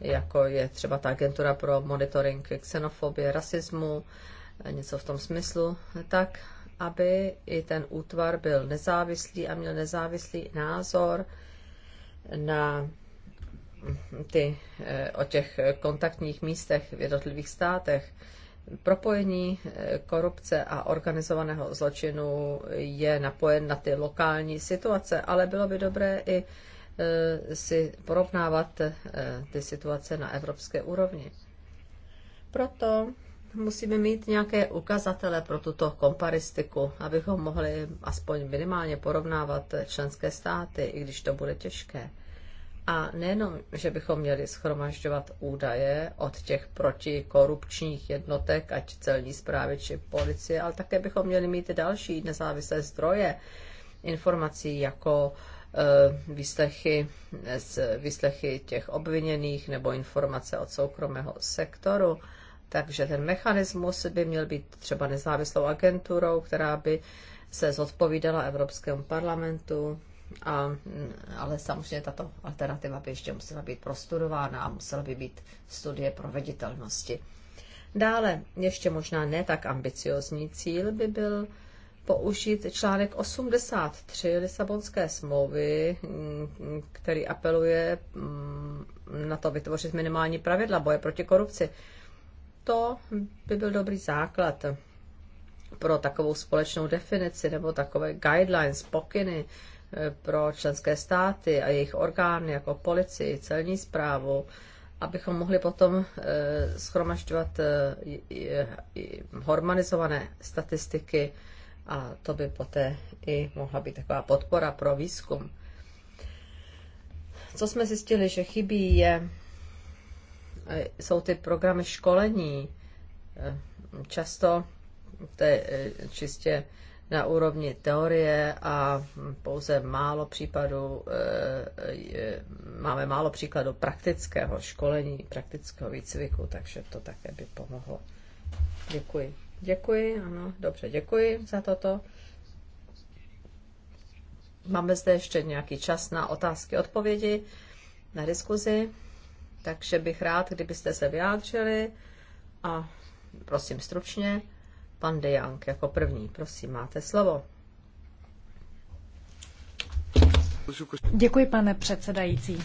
jako je třeba ta agentura pro monitoring xenofobie, rasismu, něco v tom smyslu, tak aby i ten útvar byl nezávislý a měl nezávislý názor na ty, eh, o těch kontaktních místech v jednotlivých státech. Propojení eh, korupce a organizovaného zločinu je napojen na ty lokální situace, ale bylo by dobré i Eh, si porovnávat eh, ty situace na evropské úrovni. Proto musíme mít nějaké ukazatele pro tuto komparistiku, abychom mohli aspoň minimálně porovnávat členské státy, i když to bude těžké. A nejenom, že bychom měli schromažďovat údaje od těch protikorupčních jednotek, ať celní zprávy či policie, ale také bychom měli mít další nezávislé zdroje informací, jako uh, Eh, výslechy, z výslechy těch obviněných nebo informace od soukromého sektoru. Takže ten mechanismus by měl být třeba nezávislou agenturou, která by se zodpovídala Evropskému parlamentu, a, ale samozřejmě tato alternativa by ještě musela být prostudována a musela by být studie proveditelnosti. Dále, ještě možná ne tak ambiciozní cíl by byl použít článek 83 Lisabonské smlouvy, mm, který apeluje mm, na to vytvořit minimální pravidla boje proti korupci. To by byl dobrý základ pro takovou společnou definici nebo takové guidelines, pokyny e, pro členské státy a jejich orgány jako policii, celní zprávu, abychom mohli potom e, schromažďovat e, harmonizované statistiky a to by poté i mohla být taková podpora pro výzkum. Co jsme zjistili, že chybí, je, e, jsou ty programy školení. E, často to je e, čistě na úrovni teorie a pouze málo případů, máme málo příkladů praktického školení, praktického výcviku, takže to také by pomohlo. Děkuji. Děkuji, ano, dobře, děkuji za toto. Máme zde ještě nějaký čas na otázky, odpovědi, na diskuzi, takže bych rád, kdybyste se vyjádřili a prosím stručně, pan Dejang jako první, prosím, máte slovo. Děkuji, pane předsedající.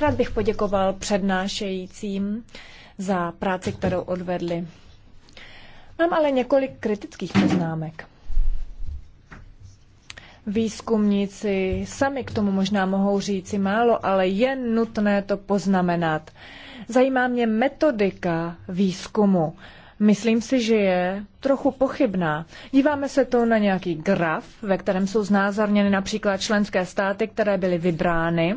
Rád bych poděkoval přednášejícím za práci, kterou odvedli. Mám ale několik kritických poznámek. Výzkumníci sami k tomu možná mohou říci málo, ale je nutné to poznamenat. Zajímá mě metodika výzkumu. Myslím si, že je trochu pochybná. Díváme se to na nějaký graf, ve kterém jsou znázorněny například členské státy, které byly vybrány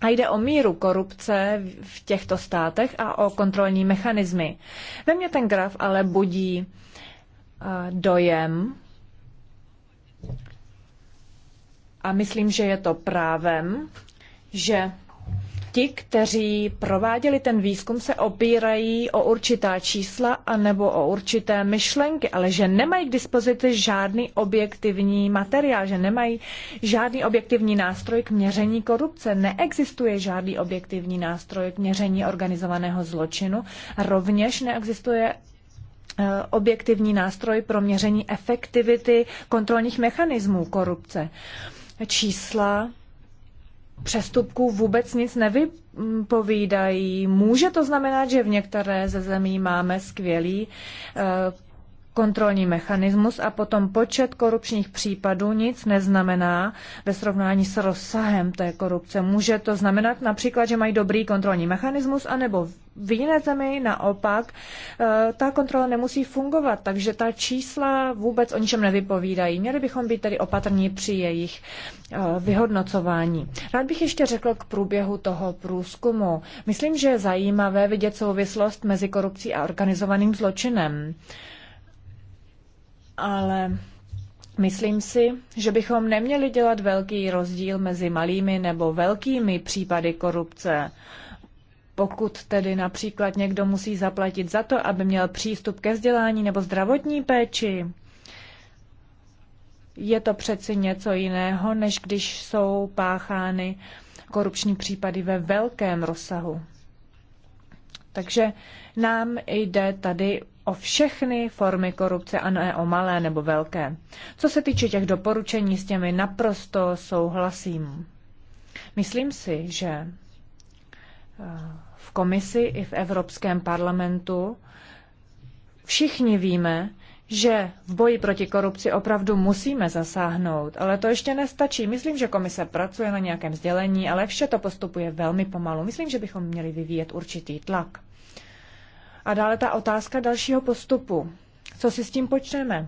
a jde o míru korupce v těchto státech a o kontrolní mechanismy. Ve mně ten graf ale budí eh, dojem, a myslím, že je to právem, že ti, kteří prováděli ten výzkum, se opírají o určitá čísla anebo o určité myšlenky, ale že nemají k dispozici žádný objektivní materiál, že nemají žádný objektivní nástroj k měření korupce. Neexistuje žádný objektivní nástroj k měření organizovaného zločinu. Rovněž neexistuje eh, objektivní nástroj pro měření efektivity kontrolních mechanismů korupce. Čísla přestupků vůbec nic nevypovídají. Může to znamenat, že v některé ze zemí máme skvělý eh, kontrolní mechanismus a potom počet korupčních případů nic neznamená ve srovnání s rozsahem té korupce. Může to znamenat například, že mají dobrý kontrolní mechanismus, anebo v jiné zemi naopak eh, ta kontrola nemusí fungovat, takže ta čísla vůbec o ničem nevypovídají. Měli bychom být tedy opatrní při jejich eh, vyhodnocování. Rád bych ještě řekl k průběhu toho průzkumu. Myslím, že je zajímavé vidět souvislost mezi korupcí a organizovaným zločinem ale myslím si, že bychom neměli dělat velký rozdíl mezi malými nebo velkými případy korupce. Pokud tedy například někdo musí zaplatit za to, aby měl přístup ke vzdělání nebo zdravotní péči, je to přeci něco jiného, než když jsou páchány korupční případy ve velkém rozsahu. Takže nám jde tady o všechny formy korupce a ne o malé nebo velké. Co se týče těch doporučení, s těmi naprosto souhlasím. Myslím si, že eh, v komisi i v Evropském parlamentu všichni víme, že v boji proti korupci opravdu musíme zasáhnout, ale to ještě nestačí. Myslím, že komise pracuje na nějakém sdělení, ale vše to postupuje velmi pomalu. Myslím, že bychom měli vyvíjet určitý tlak. A dále ta otázka dalšího postupu. Co si s tím počneme?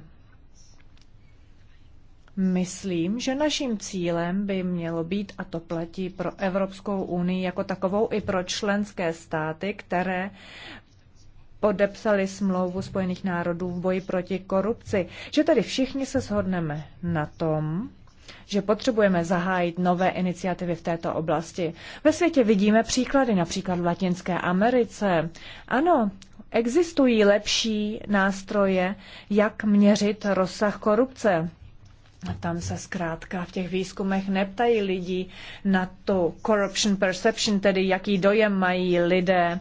Myslím, že naším cílem by mělo být, a to platí pro Evropskou unii jako takovou i pro členské státy, které podepsali smlouvu Spojených národů v boji proti korupci, že tady všichni se shodneme na tom, že potřebujeme zahájit nové iniciativy v této oblasti. Ve světě vidíme příklady, například v Latinské Americe. Ano, existují lepší nástroje, jak měřit rozsah korupce. A tam se zkrátka v těch výzkumech neptají lidí na to corruption perception, tedy jaký dojem mají lidé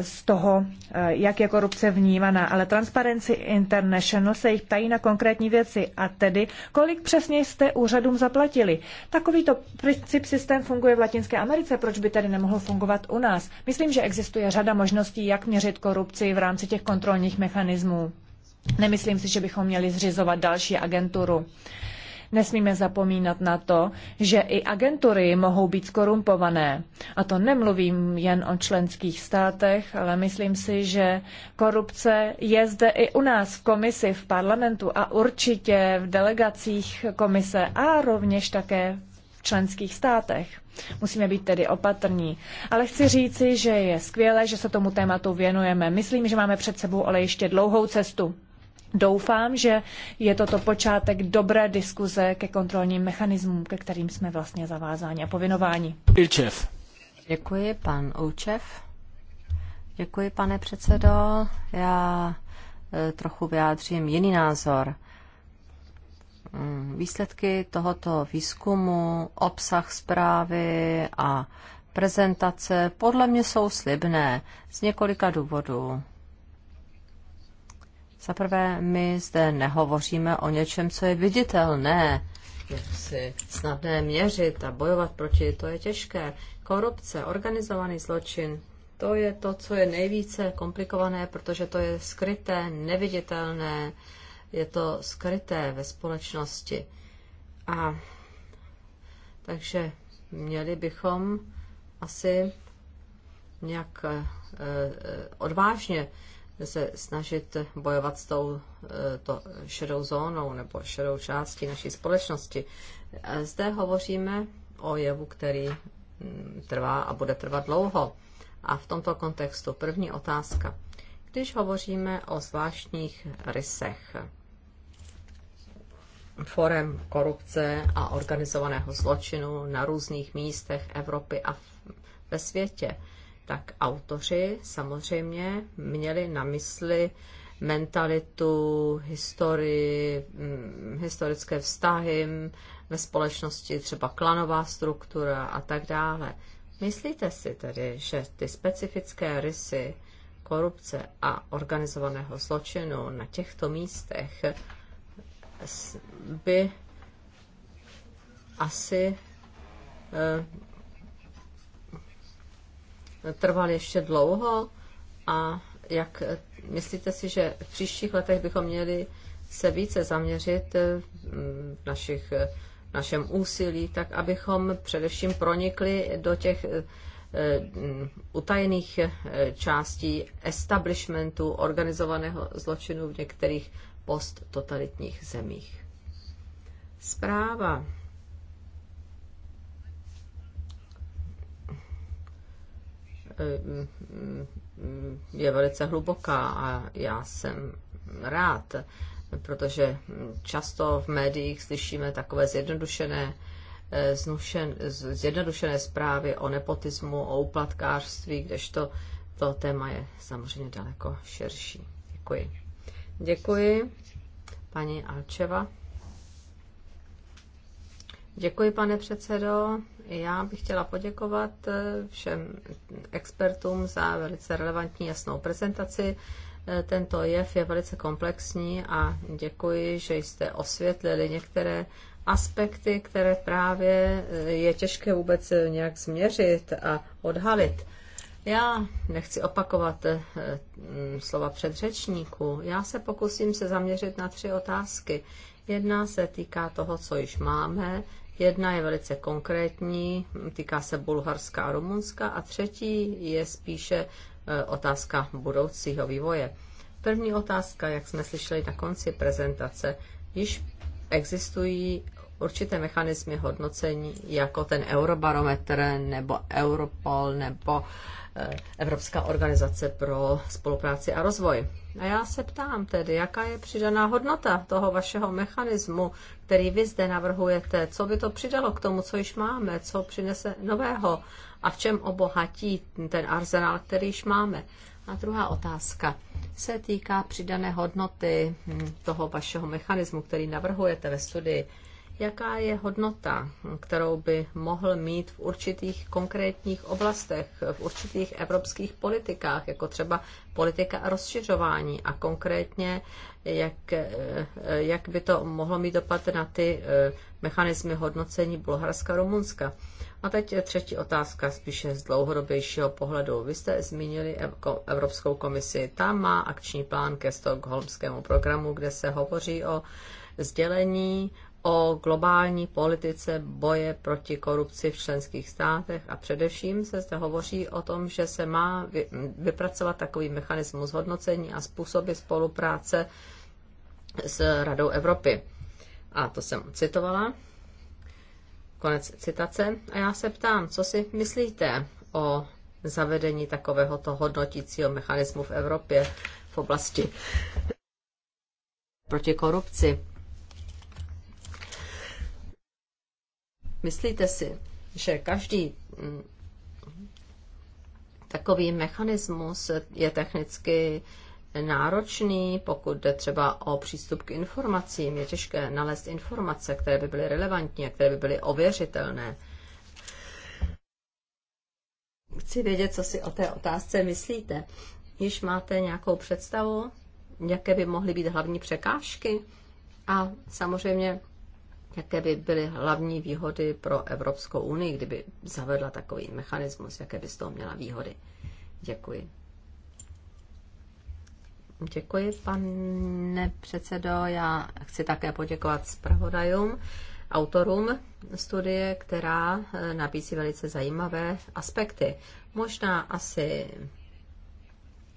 z toho, eh, jak je korupce vnímaná. Ale Transparency International se jich ptají na konkrétní věci a tedy, kolik přesně jste úřadům zaplatili. Takovýto princip systém funguje v Latinské Americe, proč by tedy nemohl fungovat u nás? Myslím, že existuje řada možností, jak měřit korupci v rámci těch kontrolních mechanismů. Nemyslím si, že bychom měli zřizovat další agenturu. Nesmíme zapomínat na to, že i agentury mohou být skorumpované. A to nemluvím jen o členských státech, ale myslím si, že korupce je zde i u nás v komisi, v parlamentu a určitě v delegacích komise a rovněž také v členských státech. Musíme být tedy opatrní. Ale chci říci, že je skvělé, že se tomu tématu věnujeme. Myslím, že máme před sebou ale ještě dlouhou cestu. Doufám, že je toto počátek dobré diskuze ke kontrolním mechanismům, ke kterým jsme vlastně zavázáni a povinováni. Ilčev. Děkuji, pan Ulčev. Děkuji, pane předsedo. Já eh, trochu vyjádřím jiný názor. Mm, výsledky tohoto výzkumu, obsah zprávy a prezentace podle mě jsou slibné z několika důvodů. Za prvé, my zde nehovoříme o něčem, co je viditelné, jak si snadné měřit a bojovat proti, to je těžké. Korupce, organizovaný zločin, to je to, co je nejvíce komplikované, protože to je skryté, neviditelné, je to skryté ve společnosti. A takže měli bychom asi nějak eh, eh, odvážně se snažit bojovat s tou eh, to šedou zónou nebo šedou částí naší společnosti. Zde hovoříme o jevu, který mm, trvá a bude trvat dlouho. A v tomto kontextu první otázka. Když hovoříme o zvláštních rysech forem korupce a organizovaného zločinu na různých místech Evropy a ve světě, tak autoři samozřejmě měli na mysli mentalitu, historii, mm, historické vztahy ve společnosti, třeba klanová struktura a tak dále. Myslíte si tedy, že ty specifické rysy korupce a organizovaného zločinu na těchto místech by asi eh, trval ještě dlouho a jak eh, myslíte si, že v příštích letech bychom měli se více zaměřit eh, v našich, eh, v našem úsilí, tak abychom především pronikli do těch mm, utajených částí establishmentu organizovaného zločinu v některých posttotalitních zemích. Zpráva je velice hluboká a já jsem rád, protože často v médiích slyšíme takové zjednodušené eh, znušen, zjednodušené zprávy o nepotismu, o uplatkářství, kdežto to téma je samozřejmě daleko širší. Děkuji. Děkuji, paní Alčeva. Děkuji, pane předsedo. Já bych chtěla poděkovat eh, všem expertům za velice relevantní jasnou prezentaci. Eh, tento jev je velice komplexní a děkuji, že jste osvětlili některé aspekty, které právě eh, je těžké vůbec nějak změřit a odhalit. Já nechci opakovat mm, slova předřečníků. Já se pokusím se zaměřit na tři otázky. Jedna se týká toho, co již máme, jedna je velice konkrétní, týká se Bulharska a Rumunska a třetí je spíše e, otázka budoucího vývoje. První otázka, jak jsme slyšeli na konci prezentace, již existují určité mechanismy hodnocení, jako ten Eurobarometr nebo Europol nebo e, Evropská organizace pro spolupráci a rozvoj. A já se ptám tedy, jaká je přidaná hodnota toho vašeho mechanismu, který vy zde navrhujete? Co by to přidalo k tomu, co již máme? Co přinese nového? A v čem obohatí ten arzenál, který již máme? A druhá otázka se týká přidané hodnoty hm, toho vašeho mechanismu, který navrhujete ve studii jaká je hodnota, kterou by mohl mít v určitých konkrétních oblastech, v určitých evropských politikách, jako třeba politika rozšiřování a konkrétně, jak, jak by to mohlo mít dopad na ty eh, mechanismy hodnocení Bulharska a Rumunska. A teď třetí otázka, spíše z dlouhodobějšího pohledu. Vy jste zmínili Evropskou komisi. Ta má akční plán ke stokholmskému programu, kde se hovoří o sdělení o globální politice boje proti korupci v členských státech a především se zde hovoří o tom, že se má vypracovat takový mechanismus hodnocení a způsoby spolupráce s Radou Evropy. A to jsem citovala. Konec citace. A já se ptám, co si myslíte o zavedení takovéhoto hodnotícího mechanismu v Evropě v oblasti proti korupci Myslíte si, že každý mm, takový mechanismus je technicky náročný, pokud jde třeba o přístup k informacím. Je těžké nalézt informace, které by byly relevantní a které by byly ověřitelné. Chci vědět, co si o té otázce myslíte. Již máte nějakou představu, jaké by mohly být hlavní překážky? A samozřejmě Jaké by byly hlavní výhody pro Evropskou unii, kdyby zavedla takový mechanismus? Jaké by z toho měla výhody? Děkuji. Děkuji, pane předsedo. Já chci také poděkovat zpravodajům, autorům studie, která nabízí velice zajímavé aspekty. Možná asi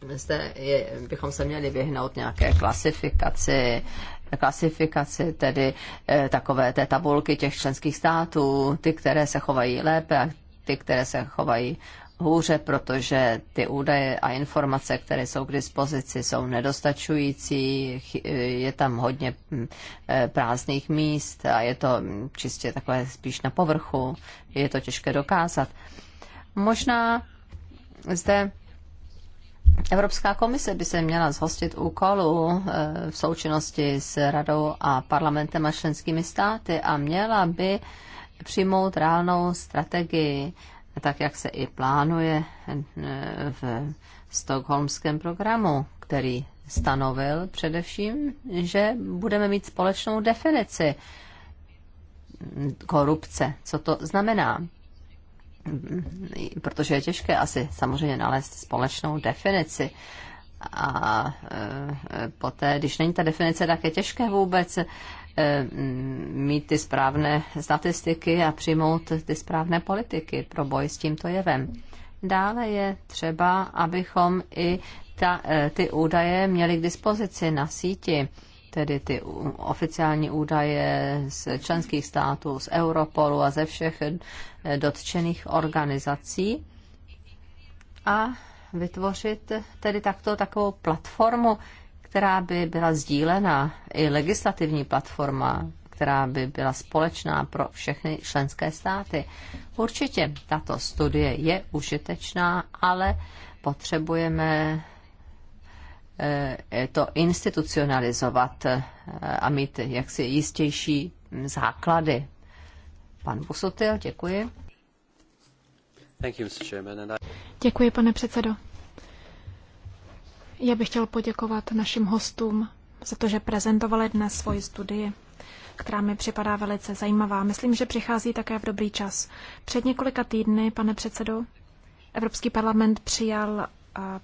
zde je, bychom se měli vyhnout nějaké klasifikaci, klasifikaci tedy e, takové té tabulky těch členských států, ty, které se chovají lépe a ty, které se chovají hůře, protože ty údaje a informace, které jsou k dispozici, jsou nedostačující, je tam hodně hm, eh, prázdných míst a je to čistě takové spíš na povrchu, je to těžké dokázat. Možná zde Evropská komise by se měla zhostit úkolu eh, v součinnosti s radou a parlamentem a členskými státy a měla by přijmout reálnou strategii, tak jak se i plánuje eh, v stokholmském programu, který stanovil především, že budeme mít společnou definici korupce. Co to znamená? protože je těžké asi samozřejmě nalézt společnou definici. A e, e, poté, když není ta definice, tak je těžké vůbec e, mít ty správné statistiky a přijmout ty správné politiky pro boj s tímto jevem. Dále je třeba, abychom i ta, ty údaje měli k dispozici na síti tedy ty oficiální údaje z členských států, z Europolu a ze všech eh, dotčených organizací a vytvořit tedy takto takovou platformu, která by byla sdílená, i legislativní platforma, která by byla společná pro všechny členské státy. Určitě tato studie je užitečná, ale potřebujeme Eh, to institucionalizovat eh, a mít jaksi jistější základy. Pan Busotil, děkuji. Děkuji, pane předsedo. Já bych chtěl poděkovat našim hostům za to, že prezentovali dnes svoji studii, která mi připadá velice zajímavá. Myslím, že přichází také v dobrý čas. Před několika týdny, pane předsedo, Evropský parlament přijal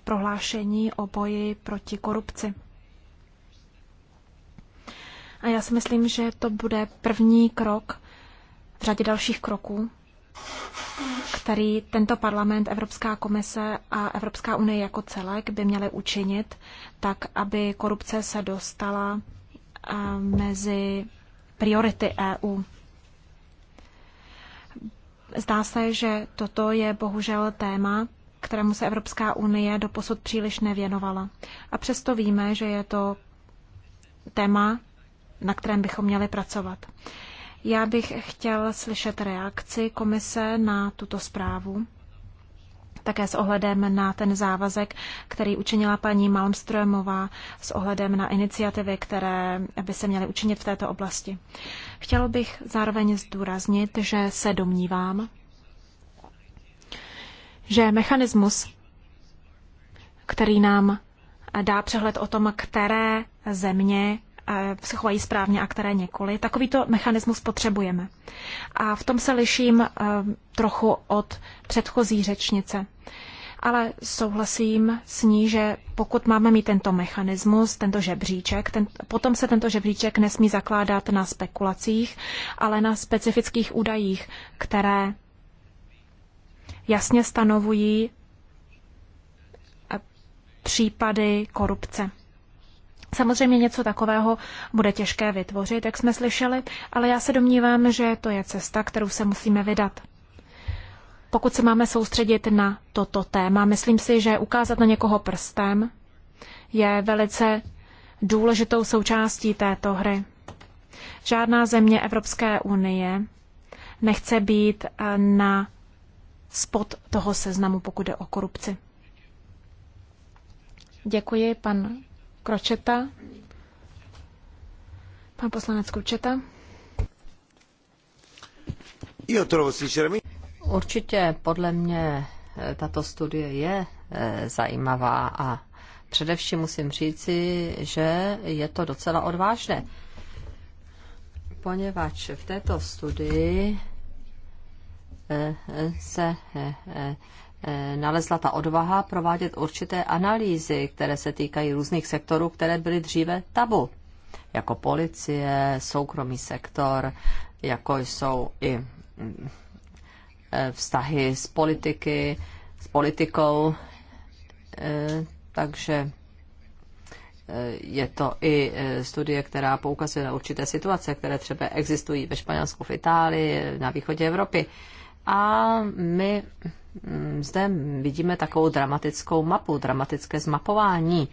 prohlášení o boji proti korupci. A já si myslím, že to bude první krok v řadě dalších kroků, který tento parlament, Evropská komise a Evropská unie jako celek by měly učinit, tak aby korupce se dostala eh, mezi priority EU. Zdá se, že toto je bohužel téma, kterému se Evropská unie doposud příliš nevěnovala. A přesto víme, že je to téma, na kterém bychom měli pracovat. Já bych chtěl slyšet reakci komise na tuto zprávu, také s ohledem na ten závazek, který učinila paní Malmströmová s ohledem na iniciativy, které by se měly učinit v této oblasti. Chtěl bych zároveň zdůraznit, že se domnívám, že mechanismus, který nám eh, dá přehled o tom, které země eh, se chovají správně a které nikoli. Takovýto mechanismus potřebujeme. A v tom se liším eh, trochu od předchozí řečnice. Ale souhlasím s ní, že pokud máme mít tento mechanismus, tento žebříček, ten, potom se tento žebříček nesmí zakládat na spekulacích, ale na specifických údajích, které jasně stanovují eh, případy korupce. Samozřejmě něco takového bude těžké vytvořit, jak jsme slyšeli, ale já se domnívám, že to je cesta, kterou se musíme vydat. Pokud se máme soustředit na toto téma, myslím si, že ukázat na někoho prstem je velice důležitou součástí této hry. Žádná země Evropské unie nechce být eh, na spod toho seznamu, pokud jde o korupci. Děkuji, pan Kročeta. Pan poslanec Kročeta. Určitě podle mě eh, tato studie je eh, zajímavá a především musím říci, že je to docela odvážné, poněvadž v této studii se eh, eh, nalezla ta odvaha provádět určité analýzy, které se týkají různých sektorů, které byly dříve tabu, jako policie, soukromý sektor, jako jsou i eh, vztahy s politiky, s politikou, takže je to i studie, která poukazuje na určité situace, které třeba existují ve Španělsku, v Itálii, na východě Evropy. A my mm, zde vidíme takovou dramatickou mapu, dramatické zmapování.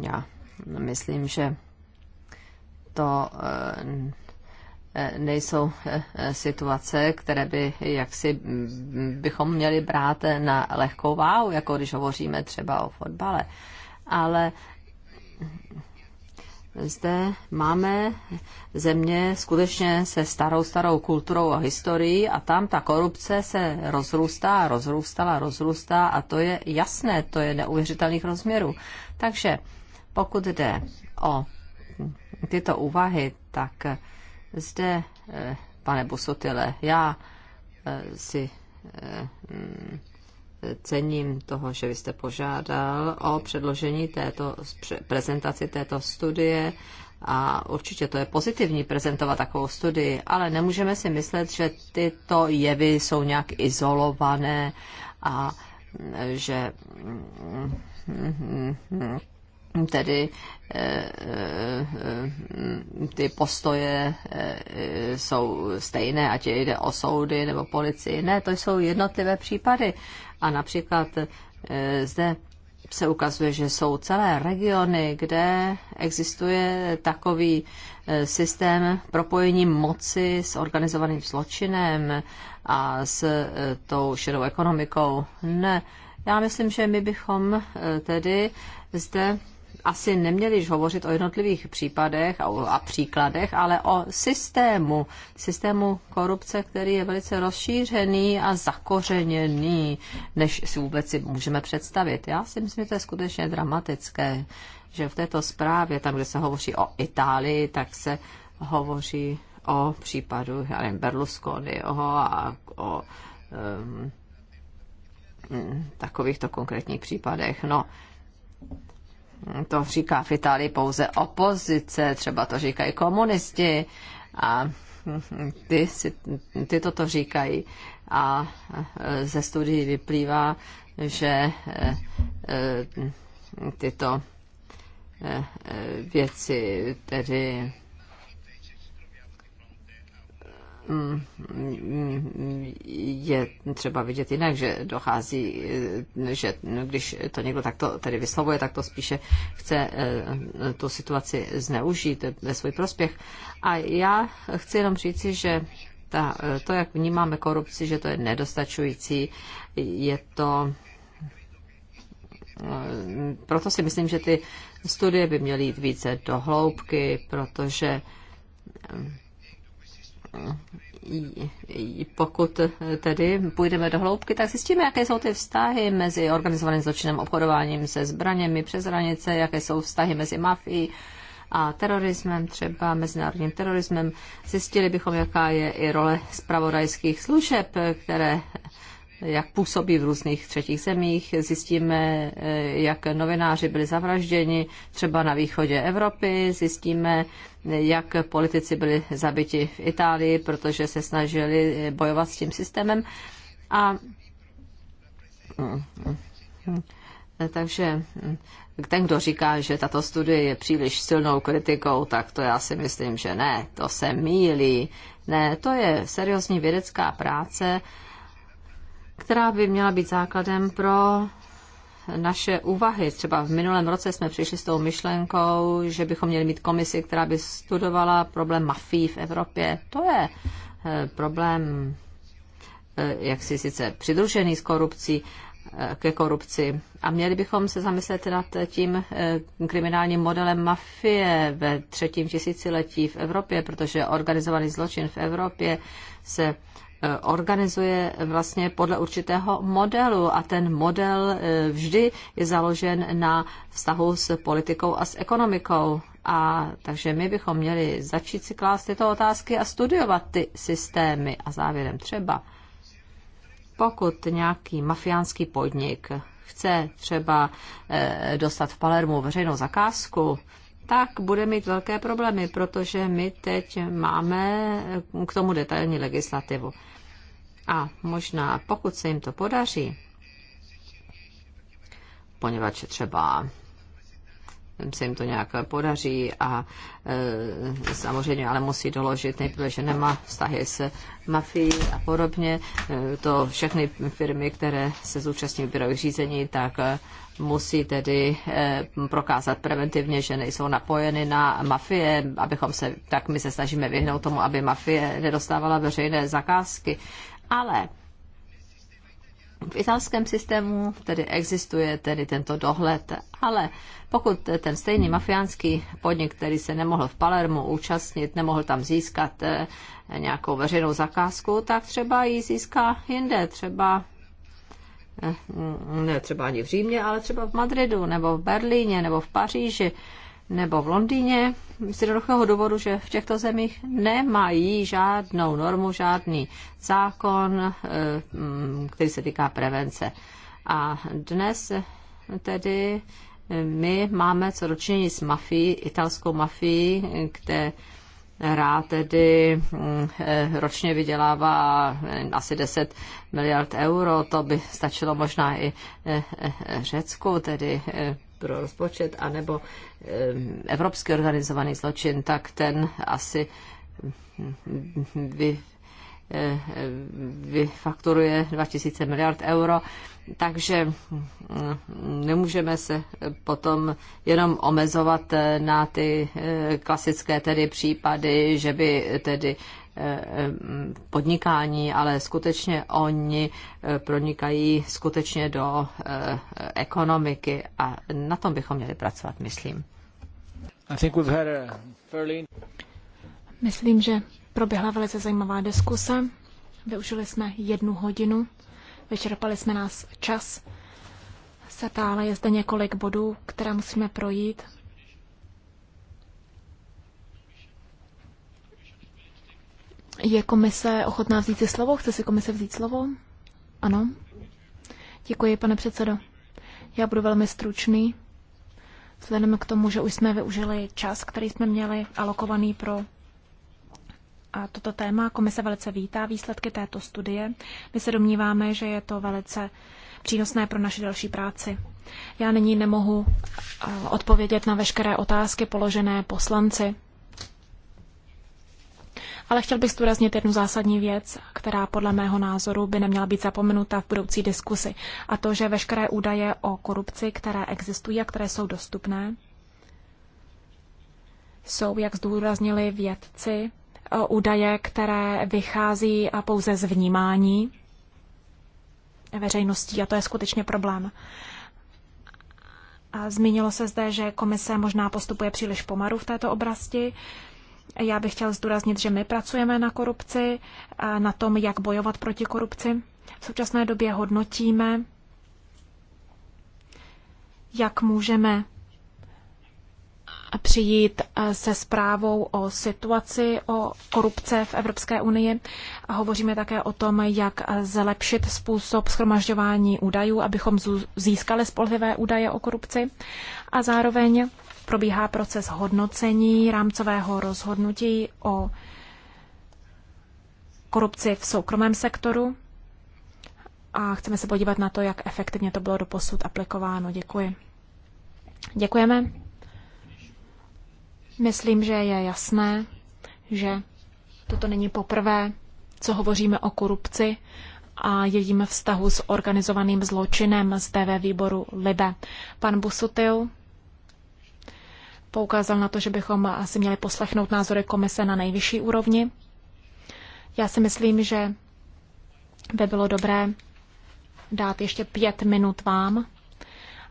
Já myslím, že to eh, eh, nejsou eh, situace, které by jaksi mm, bychom měli brát na lehkou váhu, jako když hovoříme třeba o fotbale. Ale zde máme země skutečně se starou, starou kulturou a historií a tam ta korupce se rozrůstá, rozrůstala, rozrůstá a to je jasné, to je neuvěřitelných rozměrů. Takže pokud jde o tyto úvahy, tak zde, eh, pane Busotile, já eh, si eh, hmm, cením toho, že vy jste požádal o předložení této prezentaci této studie a určitě to je pozitivní prezentovat takovou studii, ale nemůžeme si myslet, že tyto jevy jsou nějak izolované a že tedy eh, eh, ty postoje eh, jsou stejné, ať jde o soudy nebo policii. Ne, to jsou jednotlivé případy. A například zde se ukazuje, že jsou celé regiony, kde existuje takový systém propojení moci s organizovaným zločinem a s tou šedou ekonomikou. Ne, já myslím, že my bychom tedy zde asi neměli již hovořit o jednotlivých případech a, a příkladech, ale o systému, systému korupce, který je velice rozšířený a zakořeněný, než si vůbec si můžeme představit. Já si myslím, že to je skutečně dramatické, že v této zprávě, tam, kde se hovoří o Itálii, tak se hovoří o případu, já nevím, Berlusconiho a o um, takovýchto konkrétních případech. No, to říká v Itálii pouze opozice, třeba to říkají komunisti a ty, si, ty toto říkají. A ze studií vyplývá, že eh, eh, tyto eh, věci tedy je třeba vidět jinak, že dochází, že když to někdo takto tedy vyslovuje, tak to spíše chce eh, tu situaci zneužít ve svůj prospěch. A já chci jenom říci, že ta, to, jak vnímáme korupci, že to je nedostačující, je to eh, proto si myslím, že ty studie by měly jít více do hloubky, protože eh, pokud tedy půjdeme do hloubky, tak zjistíme, jaké jsou ty vztahy mezi organizovaným zločinem, obchodováním se zbraněmi přes hranice, jaké jsou vztahy mezi mafií a terorismem, třeba mezinárodním terorismem. Zjistili bychom, jaká je i role spravodajských služeb, které jak působí v různých třetích zemích. Zjistíme, eh, jak novináři byli zavražděni třeba na východě Evropy. Zjistíme, jak politici byli zabiti v Itálii, protože se snažili eh, bojovat s tím systémem. A eh, takže ten, kdo říká, že tato studie je příliš silnou kritikou, tak to já si myslím, že ne, to se mílí. Ne, to je seriózní vědecká práce, která by měla být základem pro naše úvahy. Třeba v minulém roce jsme přišli s tou myšlenkou, že bychom měli mít komisi, která by studovala problém mafií v Evropě. To je eh, problém eh, jak si sice přidružený s korupcí, eh, ke korupci. A měli bychom se zamyslet nad tím kriminálním modelem mafie ve třetím tisíciletí v Evropě, protože organizovaný zločin v Evropě se Eh, organizuje vlastně podle určitého modelu a ten model eh, vždy je založen na vztahu s politikou a s ekonomikou. A takže my bychom měli začít si klást tyto otázky a studovat ty systémy. A závěrem třeba, pokud nějaký mafiánský podnik chce třeba eh, dostat v Palermu veřejnou zakázku, tak bude mít velké problémy, protože my teď máme k tomu detailní legislativu. A možná, pokud se jim to podaří, poněvadž třeba se jim to nějak podaří a e, samozřejmě ale musí doložit nejprve, že nemá vztahy s mafií a podobně. E, to všechny firmy, které se zúčastní výběrových řízení, tak e, musí tedy eh, prokázat preventivně, že nejsou napojeny na mafie, abychom se, tak my se snažíme vyhnout tomu, aby mafie nedostávala veřejné zakázky. Ale v italském systému tedy existuje tedy tento dohled, ale pokud ten stejný mafiánský podnik, který se nemohl v Palermu účastnit, nemohl tam získat eh, nějakou veřejnou zakázku, tak třeba ji získá jinde, třeba Mm, ne třeba ani v Římě, ale třeba v Madridu, nebo v Berlíně, nebo v Paříži, nebo v Londýně, z jednoduchého důvodu, že v těchto zemích nemají žádnou normu, žádný zákon, eh, mm, který se týká prevence. A dnes tedy eh, my máme co dočinění s mafií, italskou mafií, které rád tedy hm, eh, ročně vydělává eh, asi 10 miliard euro, to by stačilo možná i eh, Řecku, tedy pro rozpočet, anebo evropský organizovaný zločin, tak ten asi hm, vyfakturuje 2000 miliard euro takže mm, nemůžeme se potom jenom omezovat eh, na ty eh, klasické tedy případy, že by tedy eh, mm, podnikání, ale skutečně oni pronikají skutečně do ekonomiky a na tom bychom měli pracovat, myslím. Myslím, že proběhla velice zajímavá diskuse. Využili jsme jednu hodinu vyčerpali jsme nás čas. Setále je zde několik bodů, které musíme projít. Je komise ochotná vzít si slovo? Chce si komise vzít slovo? Ano. Děkuji, pane předsedo. Já budu velmi stručný. Vzhledem k tomu, že už jsme využili čas, který jsme měli alokovaný pro a toto téma. Komise velice vítá výsledky této studie. My se domníváme, že je to velice přínosné pro naši další práci. Já nyní nemohu eh, odpovědět na veškeré otázky položené poslanci. Ale chtěl bych zdůraznit jednu zásadní věc, která podle mého názoru by neměla být zapomenuta v budoucí diskusi, a to, že veškeré údaje o korupci, které existují a které jsou dostupné, jsou, jak zdůraznili vědci, údaje, které vychází pouze z vnímání veřejností a to je skutečně problém. A zmínilo se zde, že komise možná postupuje příliš pomalu v této oblasti. Já bych chtěl zdůraznit, že my pracujeme na korupci, na tom, jak bojovat proti korupci. V současné době hodnotíme, jak můžeme přijít eh, se zprávou o situaci o korupce v Evropské unii. A hovoříme také o tom, jak eh, zlepšit způsob schromažďování údajů, abychom získali spolehlivé údaje o korupci. A zároveň probíhá proces hodnocení rámcového rozhodnutí o korupci v soukromém sektoru. A chceme se podívat na to, jak efektivně to bylo doposud aplikováno. Děkuji. Děkujeme. Myslím, že je jasné, že toto není poprvé, co hovoříme o korupci a jejím vztahu s organizovaným zločinem zde ve výboru LIBE. Pan Busutil poukázal na to, že bychom asi měli poslechnout názory komise na nejvyšší úrovni. Já si myslím, že by bylo dobré dát ještě pět minut vám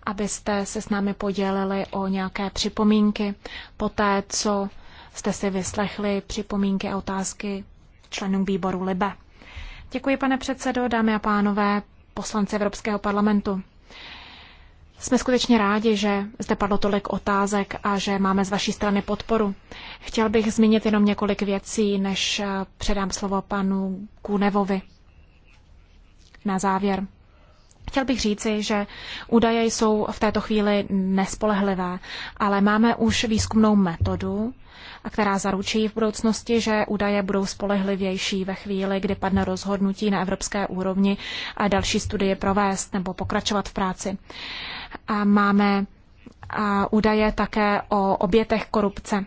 abyste se s námi podělili o nějaké připomínky po té, co jste si vyslechli připomínky a otázky členům výboru LIBE. Děkuji, pane předsedo, dámy a pánové, poslanci Evropského parlamentu. Jsme skutečně rádi, že zde padlo tolik otázek a že máme z vaší strany podporu. Chtěl bych zmínit jenom několik věcí, než předám slovo panu Kunevovi. Na závěr. Chtěl bych říci, že údaje jsou v této chvíli nespolehlivé, ale máme už výzkumnou metodu, která zaručí v budoucnosti, že údaje budou spolehlivější ve chvíli, kdy padne rozhodnutí na evropské úrovni a další studie provést nebo pokračovat v práci. A máme a údaje také o obětech korupce.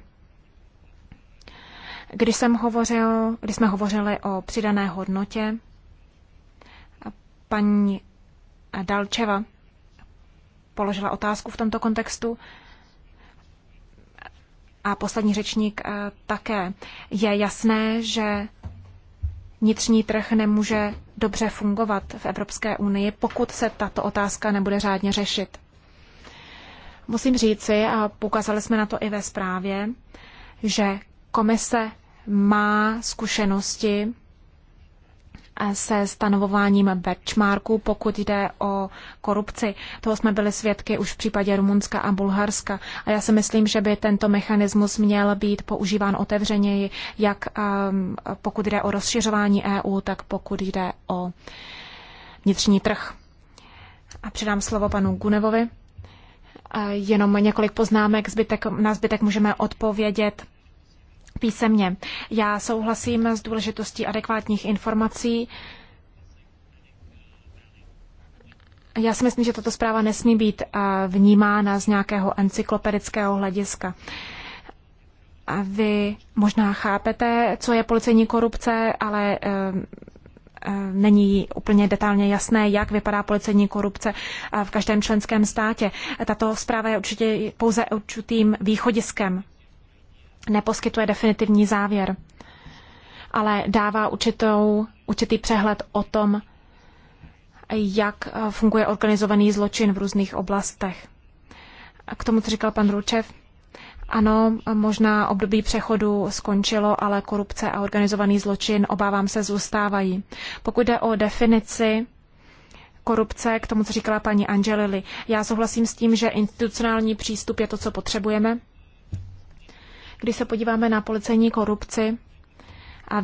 Když, jsem hovořil, když jsme hovořili o přidané hodnotě, paní Dalčeva položila otázku v tomto kontextu. A poslední řečník eh, také. Je jasné, že vnitřní trh nemůže dobře fungovat v Evropské unii, pokud se tato otázka nebude řádně řešit. Musím říci, a poukázali jsme na to i ve zprávě, že komise má zkušenosti se stanovováním benchmarku, pokud jde o korupci. Toho jsme byli svědky už v případě Rumunska a Bulharska. A já si myslím, že by tento mechanismus měl být používán otevřeněji, jak um, pokud jde o rozšiřování EU, tak pokud jde o vnitřní trh. A předám slovo panu Gunevovi. Jenom několik poznámek, zbytek, na zbytek můžeme odpovědět písemně. Já souhlasím s důležitostí adekvátních informací. Já si myslím, že tato zpráva nesmí být eh, vnímána z nějakého encyklopedického hlediska. A vy možná chápete, co je policejní korupce, ale eh, eh, není úplně detailně jasné, jak vypadá policejní korupce v každém členském státě. Tato zpráva je určitě pouze určitým východiskem neposkytuje definitivní závěr, ale dává určitou, určitý přehled o tom, jak eh, funguje organizovaný zločin v různých oblastech. A k tomu, co říkal pan Ručev, ano, možná období přechodu skončilo, ale korupce a organizovaný zločin, obávám se, zůstávají. Pokud jde o definici korupce, k tomu, co říkala paní Angelili, já souhlasím s tím, že institucionální přístup je to, co potřebujeme. Když se podíváme na policejní korupci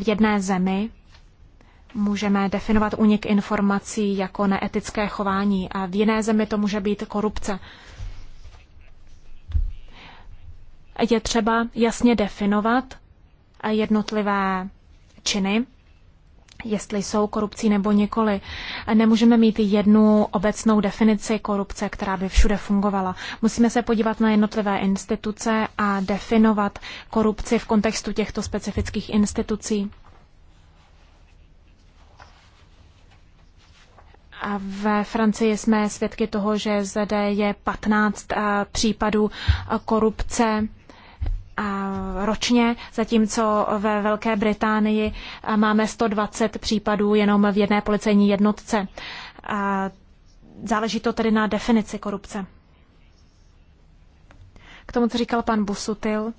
v jedné zemi, můžeme definovat unik informací jako neetické chování a v jiné zemi to může být korupce. Je třeba jasně definovat jednotlivé činy jestli jsou korupcí nebo nikoli. Nemůžeme mít jednu obecnou definici korupce, která by všude fungovala. Musíme se podívat na jednotlivé instituce a definovat korupci v kontextu těchto specifických institucí. A ve Francii jsme svědky toho, že zde je 15 eh, případů eh, korupce ročně, zatímco ve Velké Británii máme 120 případů jenom v jedné policejní jednotce. Záleží to tedy na definici korupce. K tomu, co říkal pan Busutil,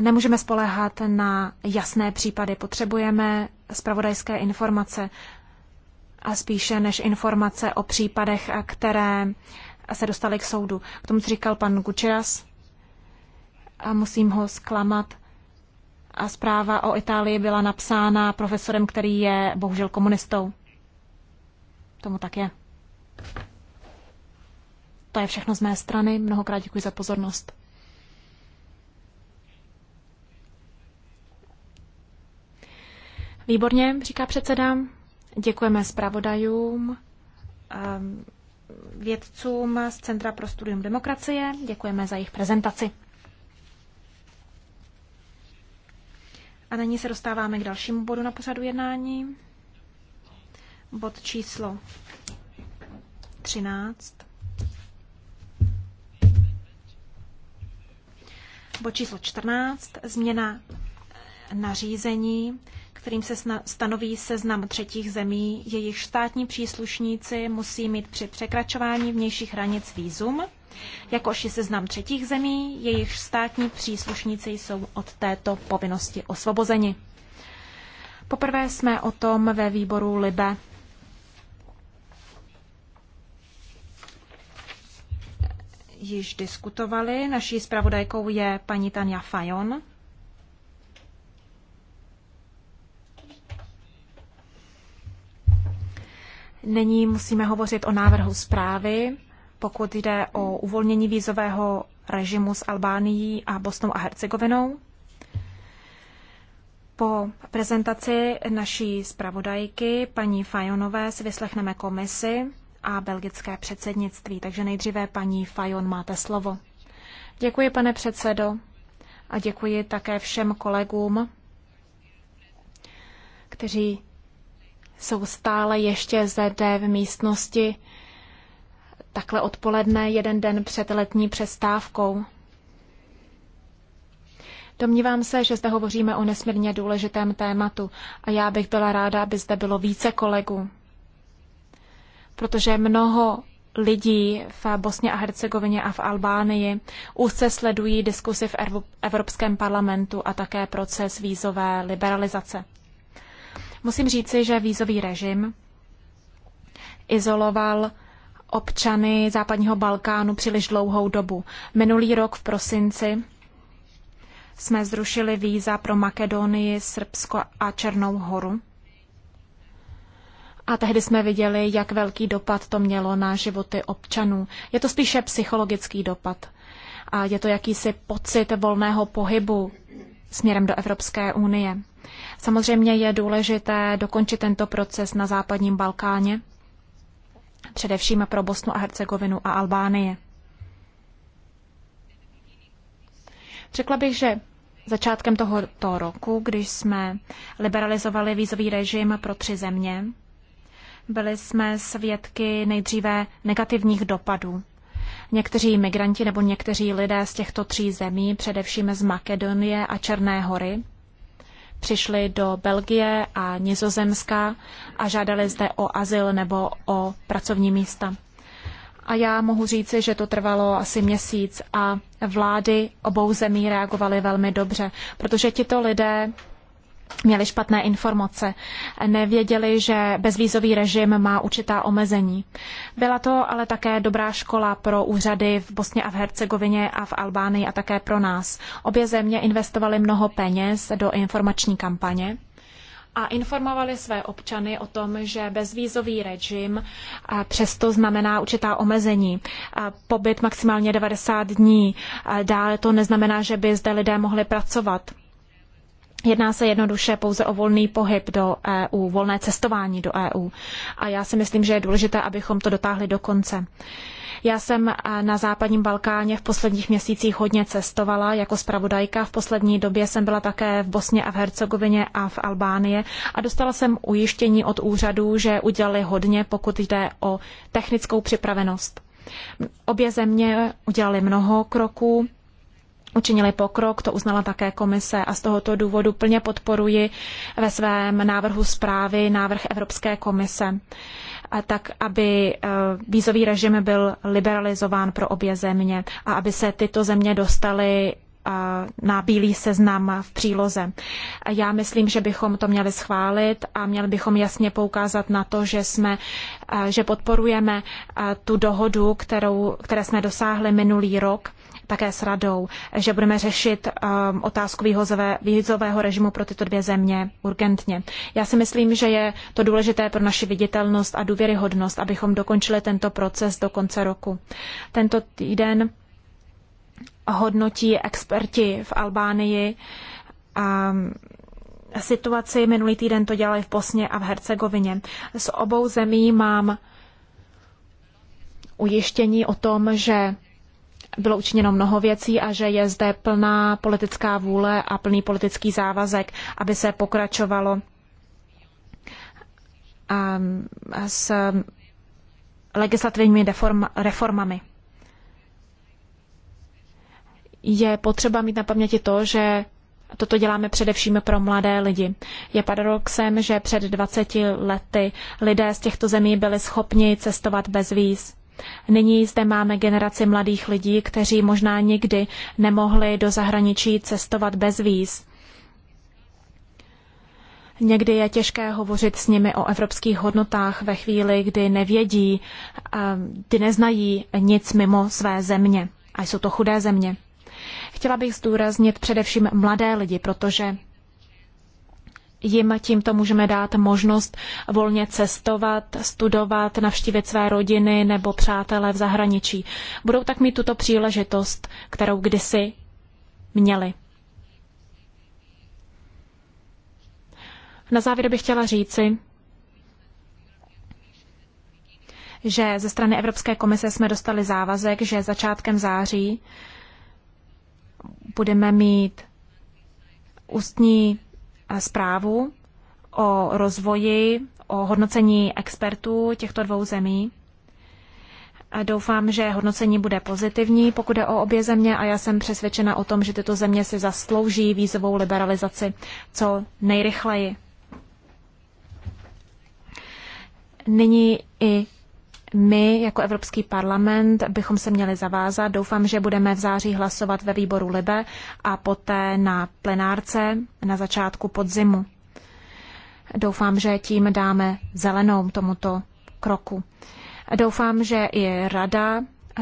nemůžeme spoléhat na jasné případy. Potřebujeme spravodajské informace a spíše než informace o případech, které se dostaly k soudu. K tomu, co říkal pan Gučeras, a musím ho zklamat. A zpráva o Itálii byla napsána profesorem, který je bohužel komunistou. Tomu tak je. To je všechno z mé strany. Mnohokrát děkuji za pozornost. Výborně, říká předseda. Děkujeme zpravodajům, ehm, vědcům z Centra pro studium demokracie. Děkujeme za jejich prezentaci. A nyní se dostáváme k dalšímu bodu na pořadu jednání. Bod číslo 13. Bod číslo 14. Změna nařízení, kterým se stanoví seznam třetích zemí, jejich státní příslušníci musí mít při překračování vnějších hranic výzum jakož i seznam třetích zemí, jejichž státní příslušníci jsou od této povinnosti osvobozeni. Poprvé jsme o tom ve výboru LIBE již diskutovali. Naší zpravodajkou je paní Tanja Fajon. Nyní musíme hovořit o návrhu zprávy pokud jde o uvolnění vízového režimu s Albánií a Bosnou a Hercegovinou. Po prezentaci naší zpravodajky paní Fajonové si vyslechneme komisi a belgické předsednictví. Takže nejdříve paní Fajon máte slovo. Děkuji, pane předsedo, a děkuji také všem kolegům, kteří jsou stále ještě zde v místnosti takhle odpoledne, jeden den před letní přestávkou. Domnívám se, že zde hovoříme o nesmírně důležitém tématu a já bych byla ráda, aby zde bylo více kolegů, protože mnoho lidí v Bosně a Hercegovině a v Albánii úzce sledují diskusy v Evropském parlamentu a také proces vízové liberalizace. Musím říci, že vízový režim izoloval občany západního Balkánu příliš dlouhou dobu. Minulý rok v prosinci jsme zrušili víza pro Makedonii, Srbsko a Černou horu. A tehdy jsme viděli, jak velký dopad to mělo na životy občanů. Je to spíše psychologický dopad. A je to jakýsi pocit volného pohybu směrem do Evropské unie. Samozřejmě je důležité dokončit tento proces na západním Balkáně především pro Bosnu a Hercegovinu a Albánie. Řekla bych, že začátkem tohoto roku, když jsme liberalizovali vízový režim pro tři země, byli jsme svědky nejdříve negativních dopadů. Někteří migranti nebo někteří lidé z těchto tří zemí, především z Makedonie a Černé hory, přišli do Belgie a Nizozemska a žádali zde o azyl nebo o pracovní místa. A já mohu říci, že to trvalo asi měsíc a vlády obou zemí reagovaly velmi dobře, protože tito lidé měli špatné informace, nevěděli, že bezvízový režim má určitá omezení. Byla to ale také dobrá škola pro úřady v Bosně a v Hercegovině a v Albánii a také pro nás. Obě země investovaly mnoho peněz do informační kampaně a informovali své občany o tom, že bezvízový režim přesto znamená určitá omezení. Pobyt maximálně 90 dní. Dále to neznamená, že by zde lidé mohli pracovat Jedná se jednoduše pouze o volný pohyb do EU, volné cestování do EU. A já si myslím, že je důležité, abychom to dotáhli do konce. Já jsem eh, na západním Balkáně v posledních měsících hodně cestovala jako zpravodajka. V poslední době jsem byla také v Bosně a v Hercegovině a v Albánie a dostala jsem ujištění od úřadů, že udělali hodně, pokud jde o technickou připravenost. Obě země udělali mnoho kroků, učinili pokrok, to uznala také komise a z tohoto důvodu plně podporuji ve svém návrhu zprávy návrh Evropské komise, tak aby e, vízový režim byl liberalizován pro obě země a aby se tyto země dostaly e, na bílý seznam v příloze. Já myslím, že bychom to měli schválit a měli bychom jasně poukázat na to, že jsme, e, že podporujeme tu dohodu, kterou, které jsme dosáhli minulý rok také s radou, že budeme řešit um, otázku vízového režimu pro tyto dvě země urgentně. Já si myslím, že je to důležité pro naši viditelnost a důvěryhodnost, abychom dokončili tento proces do konce roku. Tento týden hodnotí experti v Albánii a um, situaci. Minulý týden to dělali v Bosně a v Hercegovině. S obou zemí mám ujištění o tom, že bylo učiněno mnoho věcí a že je zde plná politická vůle a plný politický závazek, aby se pokračovalo s legislativními reformami. Je potřeba mít na paměti to, že toto děláme především pro mladé lidi. Je paradoxem, že před 20 lety lidé z těchto zemí byli schopni cestovat bez víz. Nyní zde máme generaci mladých lidí, kteří možná nikdy nemohli do zahraničí cestovat bez víz. Někdy je těžké hovořit s nimi o evropských hodnotách ve chvíli, kdy nevědí, kdy neznají nic mimo své země. A jsou to chudé země. Chtěla bych zdůraznit především mladé lidi, protože jim tímto můžeme dát možnost volně cestovat, studovat, navštívit své rodiny nebo přátele v zahraničí. Budou tak mít tuto příležitost, kterou kdysi měli. Na závěr bych chtěla říci, že ze strany Evropské komise jsme dostali závazek, že začátkem září budeme mít ústní zprávu o rozvoji, o hodnocení expertů těchto dvou zemí. A doufám, že hodnocení bude pozitivní, pokud je o obě země a já jsem přesvědčena o tom, že tyto země si zaslouží vízovou liberalizaci co nejrychleji. Nyní i my jako Evropský parlament bychom se měli zavázat. Doufám, že budeme v září hlasovat ve výboru Libe a poté na plenárce na začátku podzimu. Doufám, že tím dáme zelenou tomuto kroku. Doufám, že i rada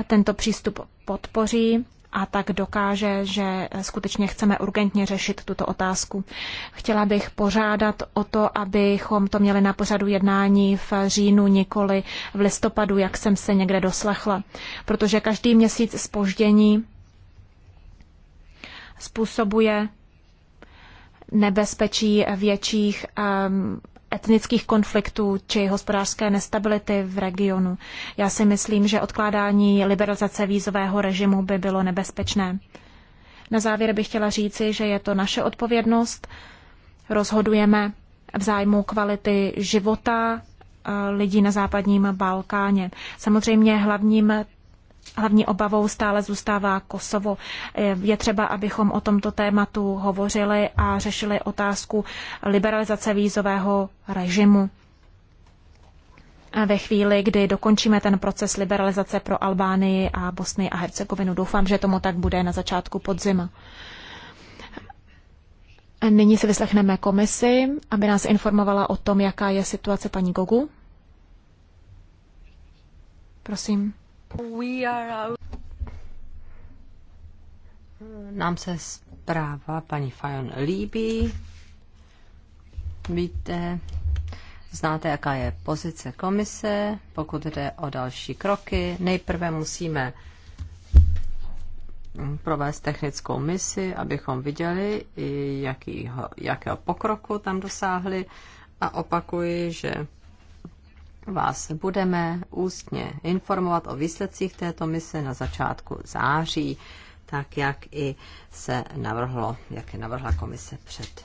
tento přístup podpoří a tak dokáže, že skutečně chceme urgentně řešit tuto otázku. Chtěla bych požádat o to, abychom to měli na pořadu jednání v říjnu, nikoli v listopadu, jak jsem se někde doslechla, protože každý měsíc spoždění způsobuje nebezpečí větších um, etnických konfliktů či hospodářské nestability v regionu. Já si myslím, že odkládání liberalizace vízového režimu by bylo nebezpečné. Na závěr bych chtěla říci, že je to naše odpovědnost. Rozhodujeme v zájmu kvality života eh, lidí na západním Balkáně. Samozřejmě hlavním Hlavní obavou stále zůstává Kosovo. Je třeba, abychom o tomto tématu hovořili a řešili otázku liberalizace vízového režimu. ve chvíli, kdy dokončíme ten proces liberalizace pro Albánii a Bosny a Hercegovinu, doufám, že tomu tak bude na začátku podzima. Nyní si vyslechneme komisi, aby nás informovala o tom, jaká je situace paní Gogu. Prosím. We are out. Nám se zpráva paní Fajon líbí. Víte, znáte, jaká je pozice komise, pokud jde o další kroky. Nejprve musíme provést technickou misi, abychom viděli, jakýho, jakého pokroku tam dosáhli. A opakuji, že vás budeme ústně informovat o výsledcích této mise na začátku září, tak jak i se navrhlo, jak je navrhla komise před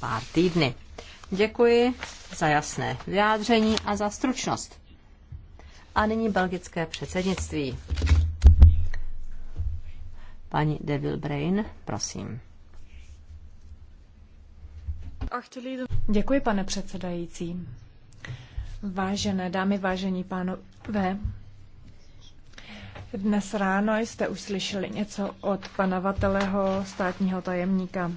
pár týdny. Děkuji za jasné vyjádření a za stručnost. A nyní belgické předsednictví. Paní Devil Brain, prosím. Děkuji, pane předsedající. Vážené dámy, vážení pánové, dnes ráno jste už slyšeli něco od pana Vateleho, státního tajemníka.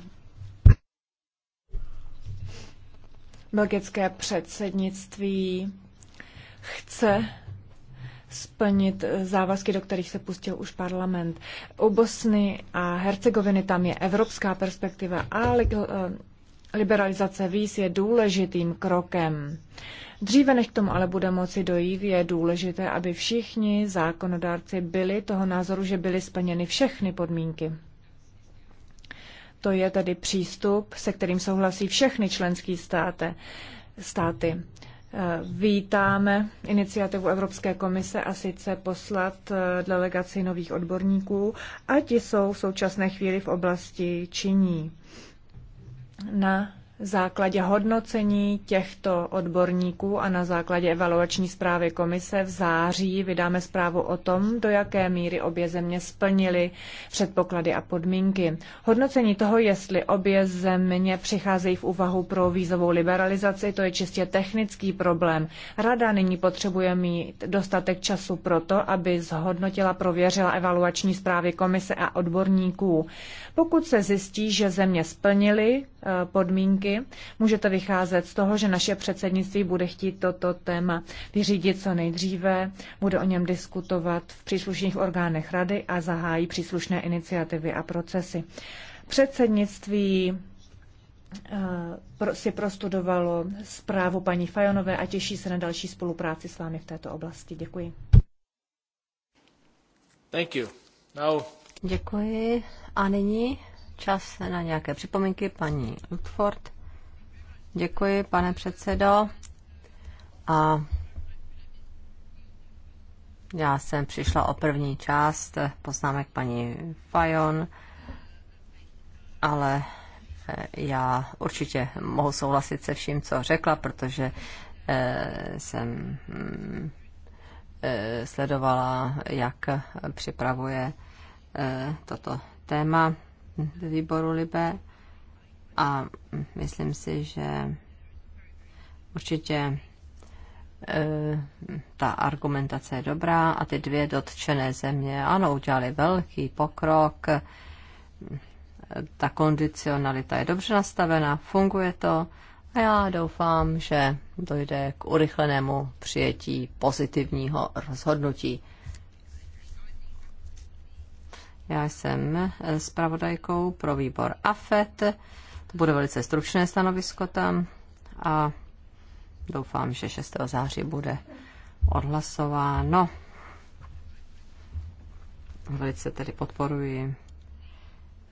Belgické předsednictví chce splnit závazky, do kterých se pustil už parlament. U Bosny a Hercegoviny tam je evropská perspektiva a Liberalizace víz je důležitým krokem. Dříve než k tomu ale bude moci dojít, je důležité, aby všichni zákonodárci byli toho názoru, že byly splněny všechny podmínky. To je tedy přístup, se kterým souhlasí všechny členské státy. státy. E, vítáme iniciativu Evropské komise a sice poslat e, delegaci nových odborníků a ti jsou v současné chvíli v oblasti činí na základě hodnocení těchto odborníků a na základě evaluační zprávy komise v září vydáme zprávu o tom, do jaké míry obě země splnily předpoklady a podmínky. Hodnocení toho, jestli obě země přicházejí v úvahu pro vízovou liberalizaci, to je čistě technický problém. Rada nyní potřebuje mít dostatek času pro to, aby zhodnotila, prověřila evaluační zprávy komise a odborníků. Pokud se zjistí, že země splnily podmínky. Může to vycházet z toho, že naše předsednictví bude chtít toto téma vyřídit co nejdříve, bude o něm diskutovat v příslušných orgánech rady a zahájí příslušné iniciativy a procesy. Předsednictví eh, si prostudovalo zprávu paní Fajonové a těší se na další spolupráci s vámi v této oblasti. Děkuji. Thank you. Now... Děkuji. A nyní čas na nějaké připomínky. Paní Lutford. Děkuji, pane předsedo. A já jsem přišla o první část poznámek paní Fajon, ale eh, já určitě mohu souhlasit se vším, co řekla, protože eh, jsem hm, eh, sledovala, jak připravuje toto téma ve výboru Libe a myslím si, že určitě e, ta argumentace je dobrá a ty dvě dotčené země, ano, udělali velký pokrok, ta kondicionalita je dobře nastavená, funguje to a já doufám, že dojde k urychlenému přijetí pozitivního rozhodnutí. Já jsem eh, zpravodajkou pro výbor AFET. To bude velice stručné stanovisko tam a doufám, že 6. září bude odhlasováno. Velice tedy podporuji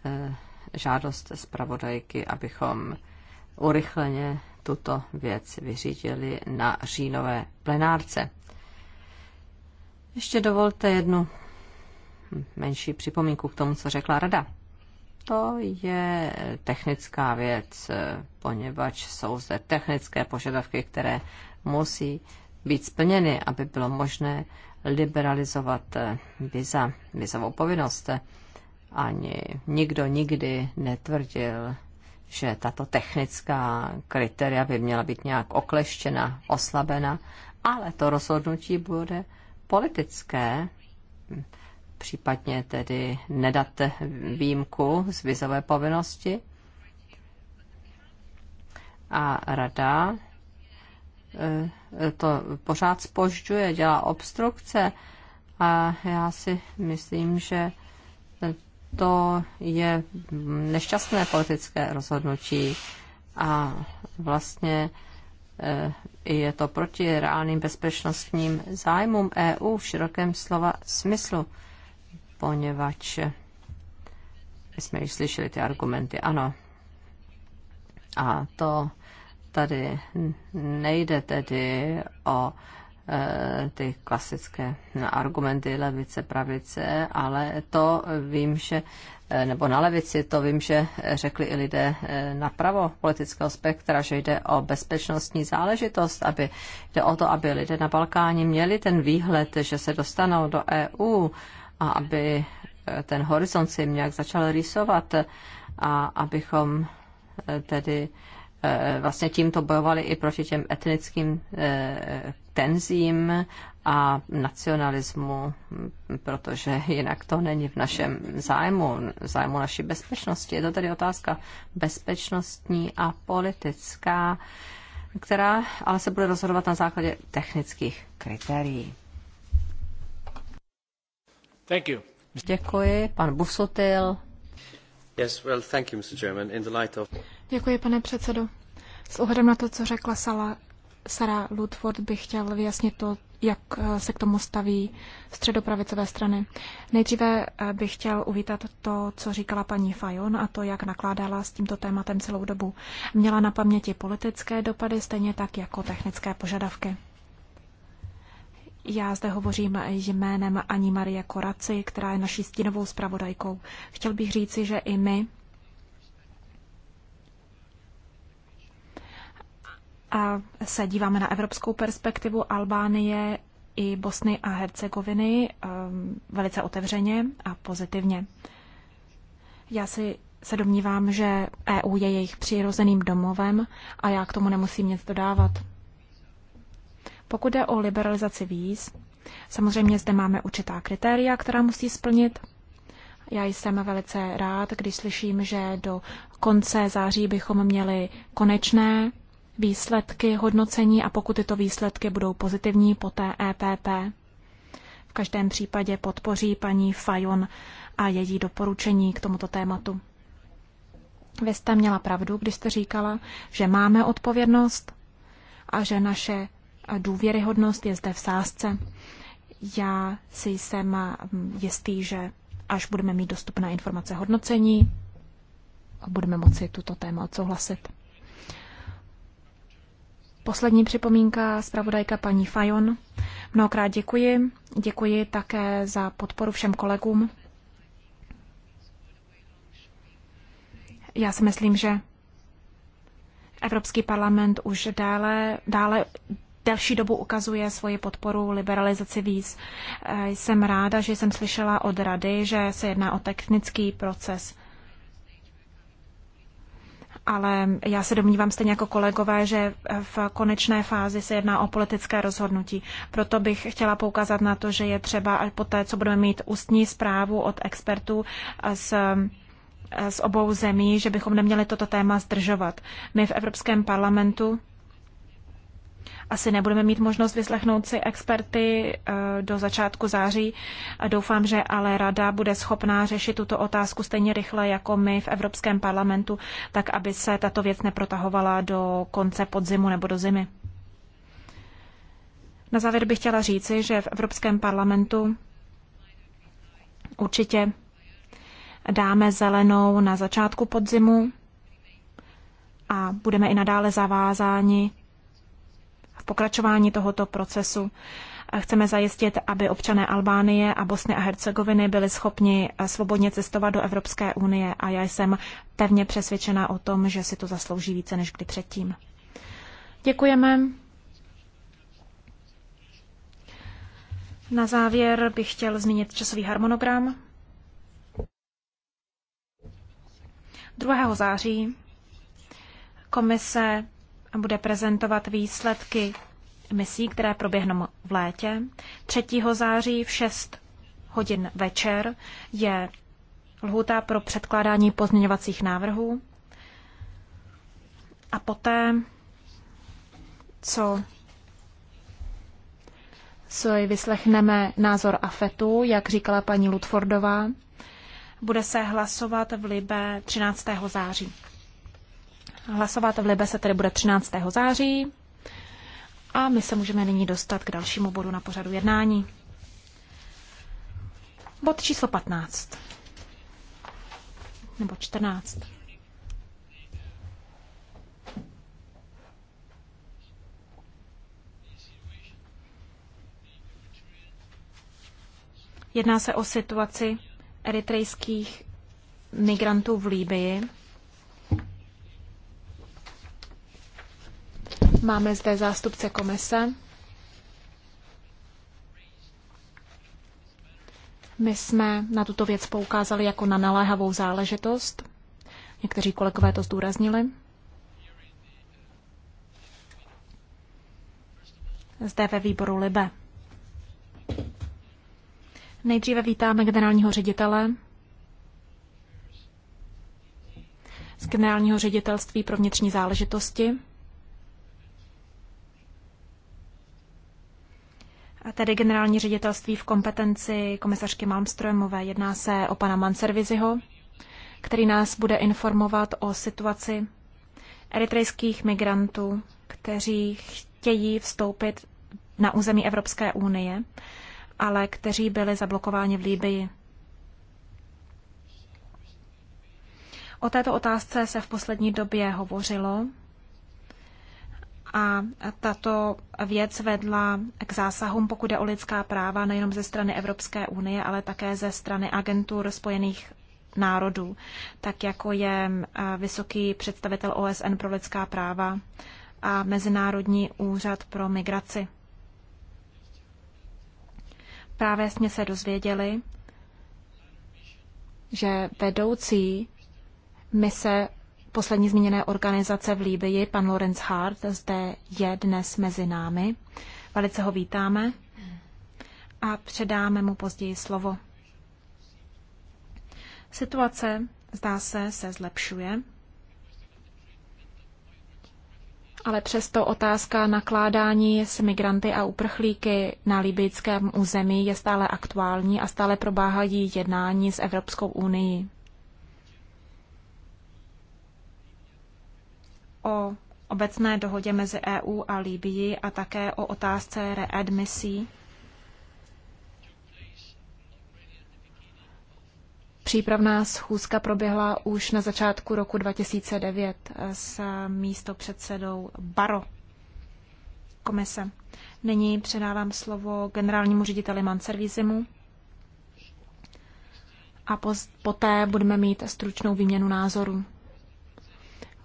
eh, žádost zpravodajky, abychom urychleně tuto věc vyřídili na říjnové plenárce. Ještě dovolte jednu menší připomínku k tomu, co řekla rada. To je technická věc, eh, poněvadž jsou zde technické požadavky, které musí být splněny, aby bylo možné liberalizovat eh, viza, vizovou povinnost. Ani nikdo nikdy netvrdil, že tato technická kritéria by měla být nějak okleštěna, oslabena, ale to rozhodnutí bude politické případně tedy nedat výjimku z vizové povinnosti. A rada e, to pořád spožďuje, dělá obstrukce a já si myslím, že to je nešťastné politické rozhodnutí a vlastně e, je to proti reálným bezpečnostním zájmům EU v širokém slova smyslu poněvadž jsme již slyšeli ty argumenty. Ano. A to tady nejde tedy o e, ty klasické argumenty levice, pravice, ale to vím, že, e, nebo na levici, to vím, že řekli i lidé e, napravo politického spektra, že jde o bezpečnostní záležitost, aby jde o to, aby lidé na Balkáně měli ten výhled, že se dostanou do EU, a aby eh, ten horizont si nějak začal rýsovat a abychom eh, tedy eh, vlastně tímto bojovali i proti těm etnickým tenzím a nacionalismu, protože jinak to není v našem zájmu, zájmu naší bezpečnosti. Je to tedy otázka bezpečnostní a politická, která ale se bude rozhodovat na základě technických kritérií. Thank you. Děkuji, pan Busutil. Yes, well, thank you, Mr. Chairman. In the light of... Děkuji, pane předsedo. S ohledem na to, co řekla Sala, Sara Ludford, bych chtěl vyjasnit to, jak eh, se k tomu staví středopravicové strany. Nejdříve eh, bych chtěl uvítat to, co říkala paní Fajon a to, jak nakládala s tímto tématem celou dobu. Měla na paměti politické dopady, stejně tak jako technické požadavky. Já zde hovořím jménem Ani Marie Koraci, která je naší stínovou zpravodajkou. Chtěl bych říci, že i my a se díváme na evropskou perspektivu Albánie i Bosny a Hercegoviny ehm, velice otevřeně a pozitivně. Já si se domnívám, že EU je jejich přirozeným domovem a já k tomu nemusím nic dodávat. Pokud jde o liberalizaci víz, samozřejmě zde máme určitá kritéria, která musí splnit. Já jsem velice rád, když slyším, že do konce září bychom měli konečné výsledky hodnocení a pokud tyto výsledky budou pozitivní, poté EPP. V každém případě podpoří paní Fajon a její doporučení k tomuto tématu. Vy jste měla pravdu, když jste říkala, že máme odpovědnost a že naše důvěryhodnost je zde v sázce. Já si jsem mm, jistý, že až budeme mít dostupné informace hodnocení, budeme moci tuto téma odsouhlasit. Poslední připomínka zpravodajka paní Fajon. Mnohokrát děkuji. Děkuji také za podporu všem kolegům. Já si myslím, že Evropský parlament už dále, dále delší dobu ukazuje svoji podporu liberalizaci víz. E, jsem ráda, že jsem slyšela od rady, že se jedná o technický proces. Ale já se domnívám stejně jako kolegové, že v konečné fázi se jedná o politické rozhodnutí. Proto bych chtěla poukázat na to, že je třeba, až po té, co budeme mít ústní zprávu od expertů s z obou zemí, že bychom neměli toto téma zdržovat. My v Evropském parlamentu asi nebudeme mít možnost vyslechnout si experty eh, do začátku září. Doufám, že ale rada bude schopná řešit tuto otázku stejně rychle jako my v Evropském parlamentu, tak aby se tato věc neprotahovala do konce podzimu nebo do zimy. Na závěr bych chtěla říci, že v Evropském parlamentu určitě dáme zelenou na začátku podzimu a budeme i nadále zavázáni pokračování tohoto procesu. chceme zajistit, aby občané Albánie a Bosny a Hercegoviny byli schopni svobodně cestovat do Evropské unie a já jsem pevně přesvědčena o tom, že si to zaslouží více než kdy předtím. Děkujeme. Na závěr bych chtěl zmínit časový harmonogram. 2. září komise bude prezentovat výsledky misí, které proběhnou v létě. 3. září v 6 hodin večer je lhůta pro předkládání pozměňovacích návrhů. A poté, co co vyslechneme názor AFETu, jak říkala paní Ludfordová, bude se hlasovat v Libe 13. září. Hlasovat v Libe se tedy bude 13. září. A my se můžeme nyní dostat k dalšímu bodu na pořadu jednání. Bod číslo 15. Nebo 14. Jedná se o situaci eritrejských migrantů v Líbii Máme zde zástupce komise. My jsme na tuto věc poukázali jako na naléhavou záležitost. Někteří kolegové to zdůraznili. Zde ve výboru Libe. Nejdříve vítáme generálního ředitele z generálního ředitelství pro vnitřní záležitosti. tedy generální ředitelství v kompetenci komisařky Malmströmové. Jedná se o pana Manserviziho, který nás bude informovat o situaci eritrejských migrantů, kteří chtějí vstoupit na území Evropské unie, ale kteří byli zablokováni v Líbii. O této otázce se v poslední době hovořilo a tato věc vedla k zásahům, pokud je o lidská práva, nejenom ze strany Evropské unie, ale také ze strany agentur Spojených národů, tak jako je eh, vysoký představitel OSN pro lidská práva a Mezinárodní úřad pro migraci. Právě jsme se dozvěděli, že vedoucí mise poslední zmíněné organizace v Líbii, pan Lorenz Hart, zde je dnes mezi námi. Velice ho vítáme a předáme mu později slovo. Situace, zdá se, se zlepšuje, ale přesto otázka nakládání s migranty a uprchlíky na libyjském území je stále aktuální a stále probáhají jednání s Evropskou unii. o obecné dohodě mezi EU a Líbií a také o otázce readmisí. Přípravná schůzka proběhla už na začátku roku 2009 s místopředsedou Baro komise. Nyní předávám slovo generálnímu řediteli Manservizimu a poté budeme mít stručnou výměnu názorů.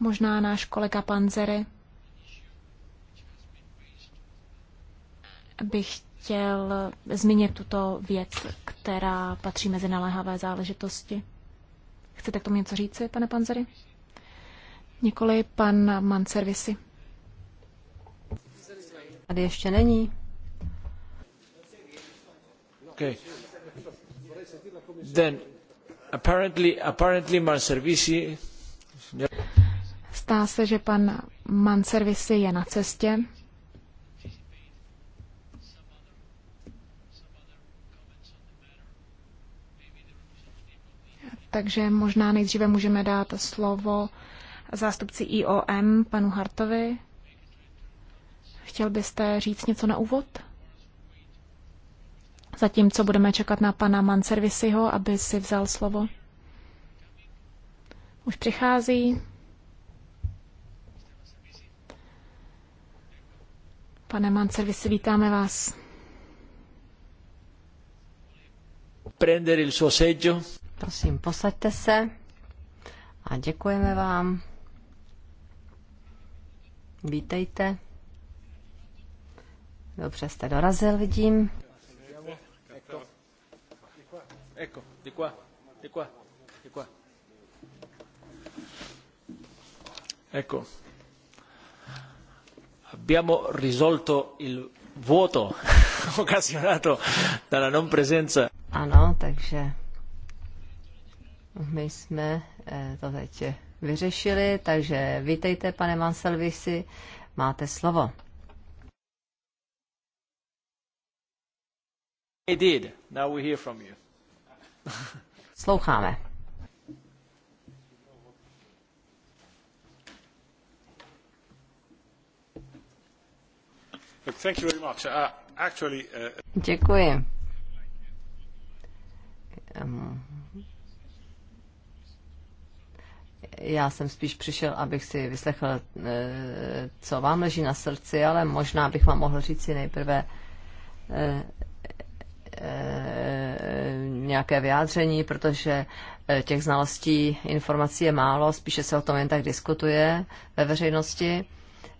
Možná náš kolega Panzery bych chtěl zmínit tuto věc, která patří mezi naléhavé záležitosti. Chcete k tomu něco říci, pane Panzery? Nikoli pan Manservisi. Tady ještě není. Okay. Then, apparently, apparently Manservisi... Zdá se, že pan Manservisi je na cestě. Takže možná nejdříve můžeme dát slovo zástupci IOM, panu Hartovi. Chtěl byste říct něco na úvod? Zatímco budeme čekat na pana Manservisiho, aby si vzal slovo. Už přichází. Pane Mance, vysvítáme vás. Prendere il suo seggio. Prosím, posaďte se a děkujeme vám. Vítejte. Dobře jste dorazil, vidím. Eko, Ecco, abbiamo risolto il vuoto occasionato dalla non presenza. Ano, takže my jsme eh, to teď vyřešili, takže vítejte, pane Manselvisi, máte slovo. I did. Now we hear from you. Sloucháme. Uh, uh, Děkuji. Já jsem spíš přišel, abych si vyslechl, eh, co vám leží na srdci, ale možná bych vám mohl říct si nejprve eh, eh, nějaké vyjádření, protože těch znalostí, informací je málo, spíše se o tom jen tak diskutuje ve veřejnosti.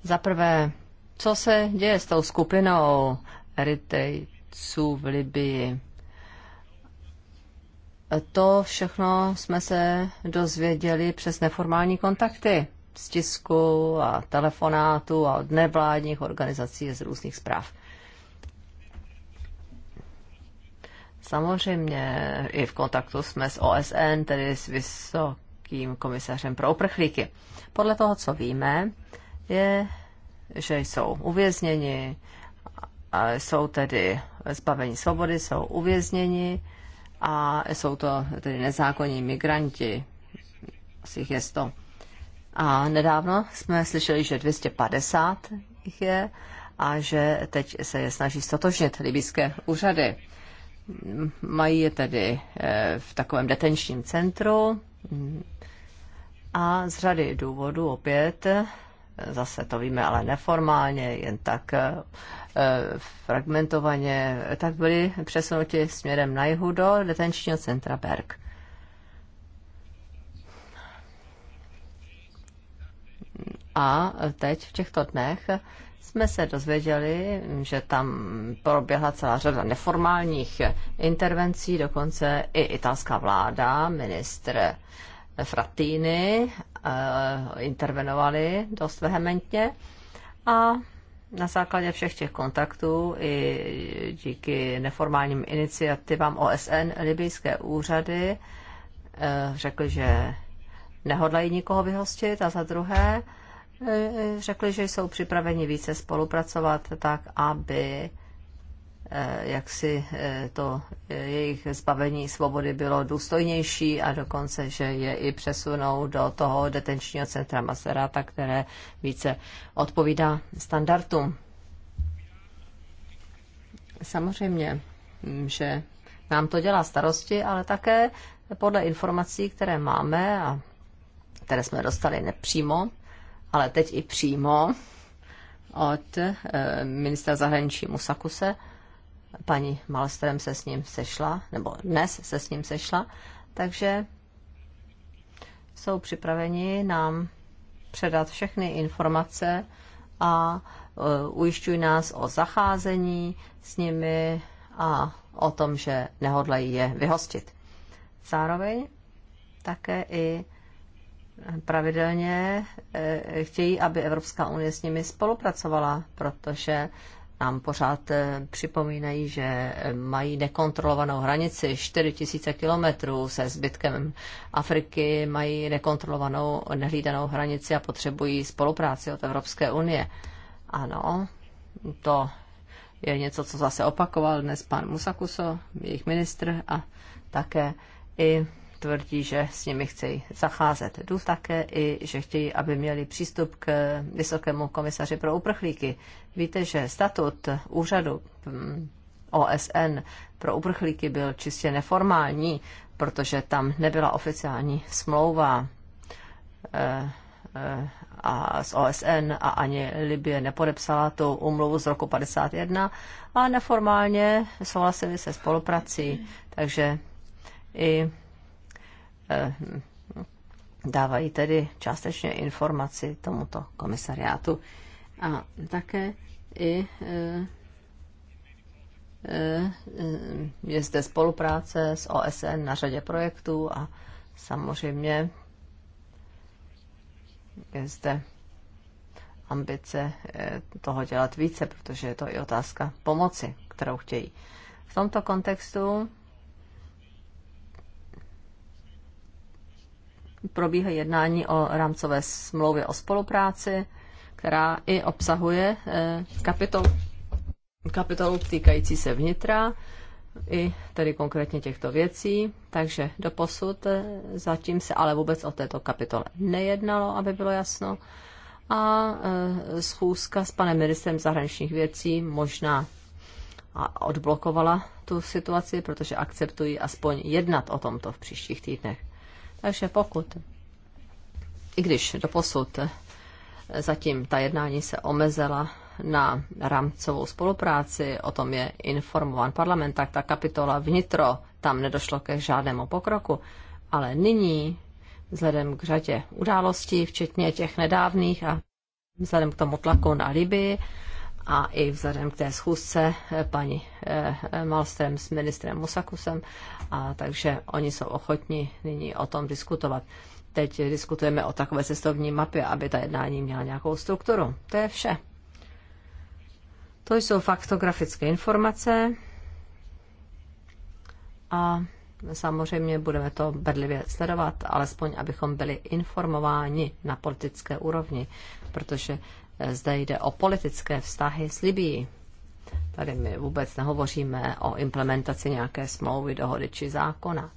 Za prvé, co se děje s tou skupinou Eritrejců v Libii? To všechno jsme se dozvěděli přes neformální kontakty z tisku a telefonátu a od nevládních organizací z různých zpráv. Samozřejmě i v kontaktu jsme s OSN, tedy s Vysokým komisařem pro uprchlíky. Podle toho, co víme, je že jsou uvězněni, jsou tedy zbaveni svobody, jsou uvězněni a jsou to tedy nezákonní migranti, asi jich je 100. A nedávno jsme slyšeli, že 250 jich je a že teď se je snaží stotožnit libyské úřady. Mají je tedy eh, v takovém detenčním centru a z řady důvodů opět zase to víme, ale neformálně, jen tak eh, fragmentovaně, tak byli přesunuti směrem na jihu do detenčního centra Berg. A teď v těchto dnech jsme se dozvěděli, že tam proběhla celá řada neformálních intervencí, dokonce i italská vláda, ministr Fratini. Eh, intervenovali dost vehementně a na základě všech těch kontaktů i díky neformálním iniciativám OSN libijské úřady eh, řekli, že nehodlají nikoho vyhostit a za druhé eh, řekli, že jsou připraveni více spolupracovat tak, aby Eh, jak si eh, to eh, jejich zbavení svobody bylo důstojnější a dokonce, že je i přesunou do toho detenčního centra Maserata, které více odpovídá standardům. Samozřejmě, hm, že nám to dělá starosti, ale také podle informací, které máme a které jsme dostali nepřímo, ale teď i přímo od ministra zahraničí Musakuse, paní Malstrem se s ním sešla, nebo dnes se s ním sešla, takže jsou připraveni nám předat všechny informace a e, ujišťují nás o zacházení s nimi a o tom, že nehodlají je vyhostit. Zároveň také i pravidelně e, chtějí, aby Evropská unie s nimi spolupracovala, protože nám pořád eh, připomínají, že eh, mají nekontrolovanou hranici 4000 kilometrů se zbytkem Afriky, mají nekontrolovanou, nehlídanou hranici a potřebují spolupráci od Evropské unie. Ano, to je něco, co zase opakoval dnes pan Musakuso, jejich ministr a také i tvrdí, že s nimi chtějí zacházet. Jdu také i, že chtějí, aby měli přístup k Vysokému komisaři pro uprchlíky. Víte, že statut úřadu mm, OSN pro uprchlíky byl čistě neformální, protože tam nebyla oficiální smlouva eh, eh, a z OSN a ani Libie nepodepsala tu umluvu z roku 51 a neformálně souhlasili se spoluprací, takže i Eh, dávají tedy částečně informaci tomuto komisariátu. A také i eh, eh, je zde spolupráce s OSN na řadě projektů a samozřejmě je zde ambice toho dělat více, protože je to i otázka pomoci, kterou chtějí. V tomto kontextu probíhají jednání o rámcové smlouvě o spolupráci, která i obsahuje eh, kapitol, kapitolu týkající se vnitra, i tedy konkrétně těchto věcí. Takže do posud eh, zatím se ale vůbec o této kapitole nejednalo, aby bylo jasno. A eh, schůzka s panem ministrem zahraničních věcí možná odblokovala tu situaci, protože akceptují aspoň jednat o tomto v příštích týdnech. Takže pokud, i když doposud eh, zatím ta jednání se omezela na rámcovou spolupráci, o tom je informován parlament, tak ta kapitola vnitro, tam nedošlo ke žádnému pokroku. Ale nyní, vzhledem k řadě událostí, včetně těch nedávných a vzhledem k tomu tlaku na Libii, a i vzhledem k té schůzce eh, paní eh, Malstrem s ministrem Musakusem, a takže oni jsou ochotni nyní o tom diskutovat. Teď diskutujeme o takové cestovní mapě, aby ta jednání měla nějakou strukturu. To je vše. To jsou faktografické informace a samozřejmě budeme to bedlivě sledovat, alespoň abychom byli informováni na politické úrovni, protože zde jde o politické vztahy s Libií. Tady my vůbec nehovoříme o implementaci nějaké smlouvy, dohody či zákona.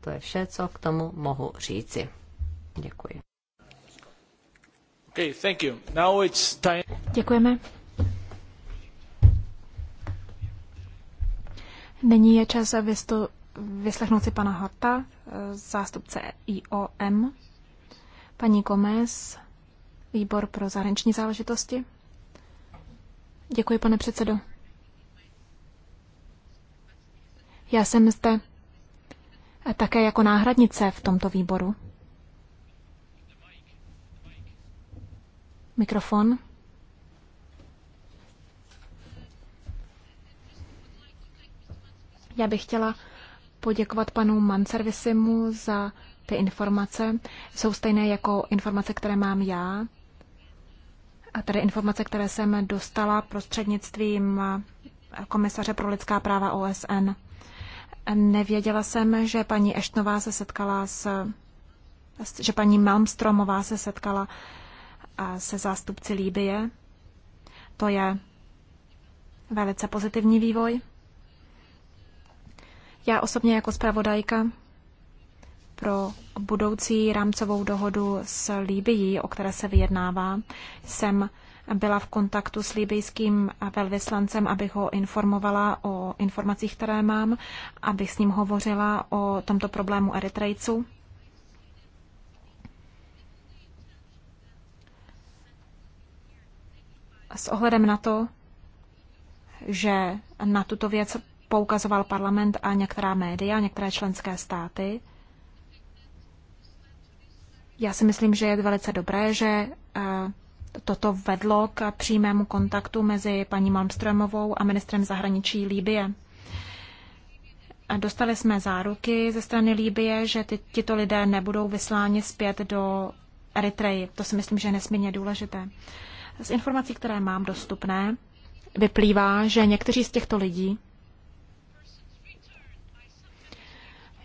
To je vše, co k tomu mohu říci. Děkuji. Okay, thank you. Now it's time. Děkujeme. Nyní je čas vystu, vyslechnout si pana Horta, eh, zástupce IOM, paní Gomez výbor pro zahraniční záležitosti. Děkuji, pane předsedo. Já jsem zde také jako náhradnice v tomto výboru. Mikrofon. Já bych chtěla poděkovat panu Manservisimu za ty informace. Jsou stejné jako informace, které mám já. A tady informace, které jsem dostala prostřednictvím komisaře pro lidská práva OSN. Nevěděla jsem, že paní Eštnová se setkala s, že paní Malmstromová se setkala se zástupci Líbie. To je velice pozitivní vývoj. Já osobně jako zpravodajka pro budoucí rámcovou dohodu s Líbií, o které se vyjednává, jsem byla v kontaktu s líbejským velvyslancem, abych ho informovala o informacích, které mám, abych s ním hovořila o tomto problému Eritrejců. S ohledem na to, že na tuto věc poukazoval parlament a některá média, některé členské státy, já si myslím, že je velice dobré, že eh, toto vedlo k přímému kontaktu mezi paní Malmströmovou a ministrem zahraničí Líbie. Dostali jsme záruky ze strany Líbie, že ty, tyto lidé nebudou vysláni zpět do Eritreji. To si myslím, že je nesmírně důležité. Z informací, které mám dostupné, vyplývá, že někteří z těchto lidí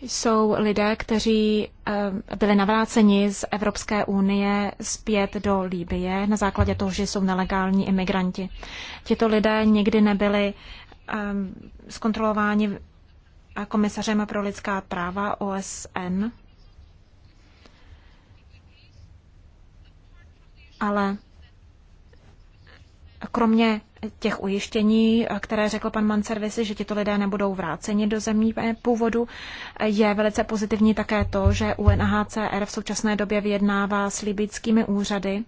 jsou lidé, kteří eh, byli navráceni z Evropské unie zpět do Líbie na základě toho, že jsou nelegální imigranti. Tito lidé nikdy nebyli eh, zkontrolováni komisařem pro lidská práva OSN, ale Kromě těch ujištění, které řekl pan Manservisi, že tito lidé nebudou vráceni do zemí původu, je velice pozitivní také to, že UNHCR v současné době vyjednává s libickými úřady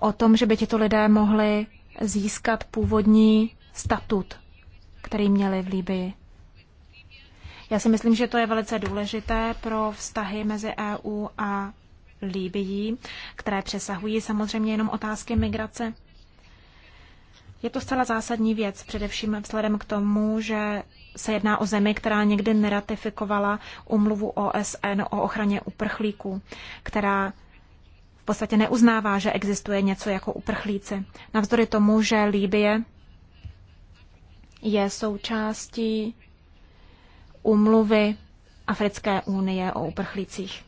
o tom, že by tito lidé mohli získat původní statut, který měli v Libii. Já si myslím, že to je velice důležité pro vztahy mezi EU a Líbií, které přesahují samozřejmě jenom otázky migrace. Je to zcela zásadní věc, především vzhledem k tomu, že se jedná o zemi, která někdy neratifikovala umluvu OSN o ochraně uprchlíků, která v podstatě neuznává, že existuje něco jako uprchlíci. Navzdory tomu, že Líbie je součástí umluvy Africké unie o uprchlících.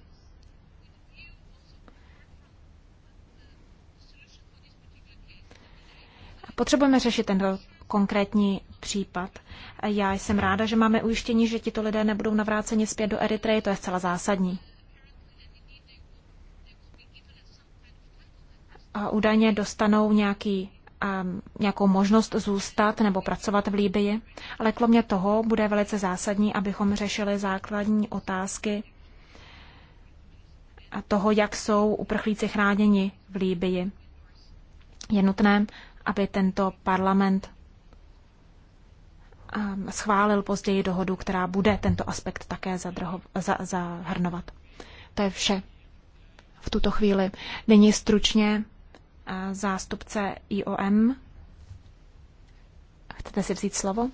Potřebujeme řešit tento konkrétní případ. Já jsem ráda, že máme ujištění, že tito lidé nebudou navráceni zpět do Eritreje, to je zcela zásadní. A údajně dostanou nějaký, um, nějakou možnost zůstat nebo pracovat v Líbii, ale kromě toho bude velice zásadní, abychom řešili základní otázky toho, jak jsou uprchlíci chráněni v Líbii. Je nutné aby tento parlament ehm, schválil později dohodu, která bude tento aspekt také zahrnovat. To je vše v tuto chvíli. Nyní stručně eh, zástupce IOM. Chcete si vzít slovo?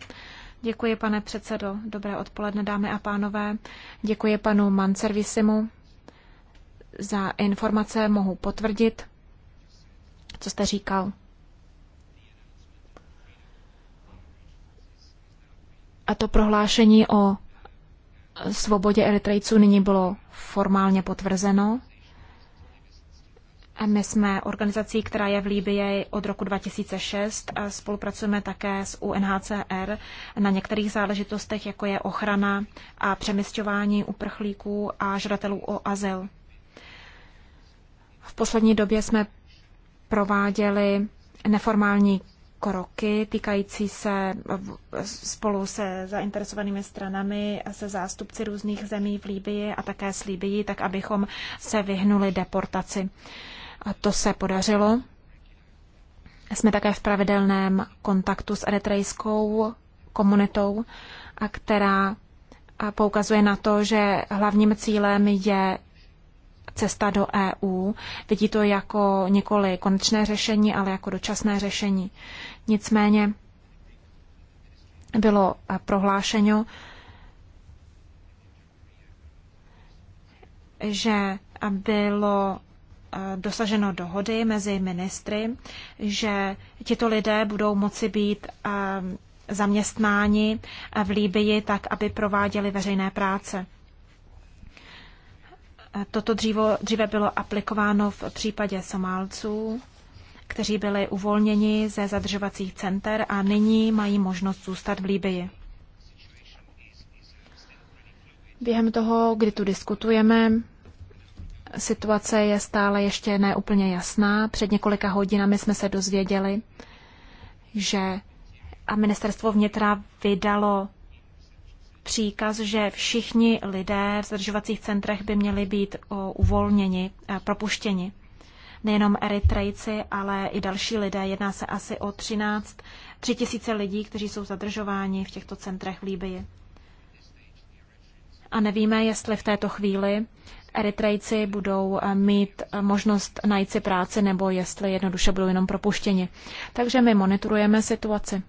Děkuji, pane předsedo. Dobré odpoledne, dámy a pánové. Děkuji panu Manservisimu za informace. Mohu potvrdit, co jste říkal. A to prohlášení o svobodě Eritrejců nyní bylo formálně potvrzeno. A my jsme organizací, která je v Líbii od roku 2006 a spolupracujeme také s UNHCR na některých záležitostech, jako je ochrana a přemysťování uprchlíků a žadatelů o azyl. V poslední době jsme prováděli neformální kroky týkající se spolu se zainteresovanými stranami, se zástupci různých zemí v Líbii a také s Líbií, tak abychom se vyhnuli deportaci. A to se podařilo. Jsme také v pravidelném kontaktu s eritrejskou komunitou, a která poukazuje na to, že hlavním cílem je cesta do EU. Vidí to jako nikoli konečné řešení, ale jako dočasné řešení. Nicméně bylo eh, prohlášeno, že bylo eh, dosaženo dohody mezi ministry, že tito lidé budou moci být eh, zaměstnáni v Líbii tak, aby prováděli veřejné práce. Toto dřívo, dříve bylo aplikováno v případě Somálců, kteří byli uvolněni ze zadržovacích center a nyní mají možnost zůstat v Líbii. Během toho, kdy tu diskutujeme, situace je stále ještě neúplně jasná. Před několika hodinami jsme se dozvěděli, že a ministerstvo vnitra vydalo příkaz, že všichni lidé v zadržovacích centrech by měli být uvolněni, propuštěni. Nejenom Eritrejci, ale i další lidé. Jedná se asi o 13 3 tisíce lidí, kteří jsou zadržováni v těchto centrech v Líbyi. A nevíme, jestli v této chvíli Eritrejci budou eh, mít eh, možnost najít si práci nebo jestli jednoduše budou jenom propuštěni. Takže my monitorujeme situaci.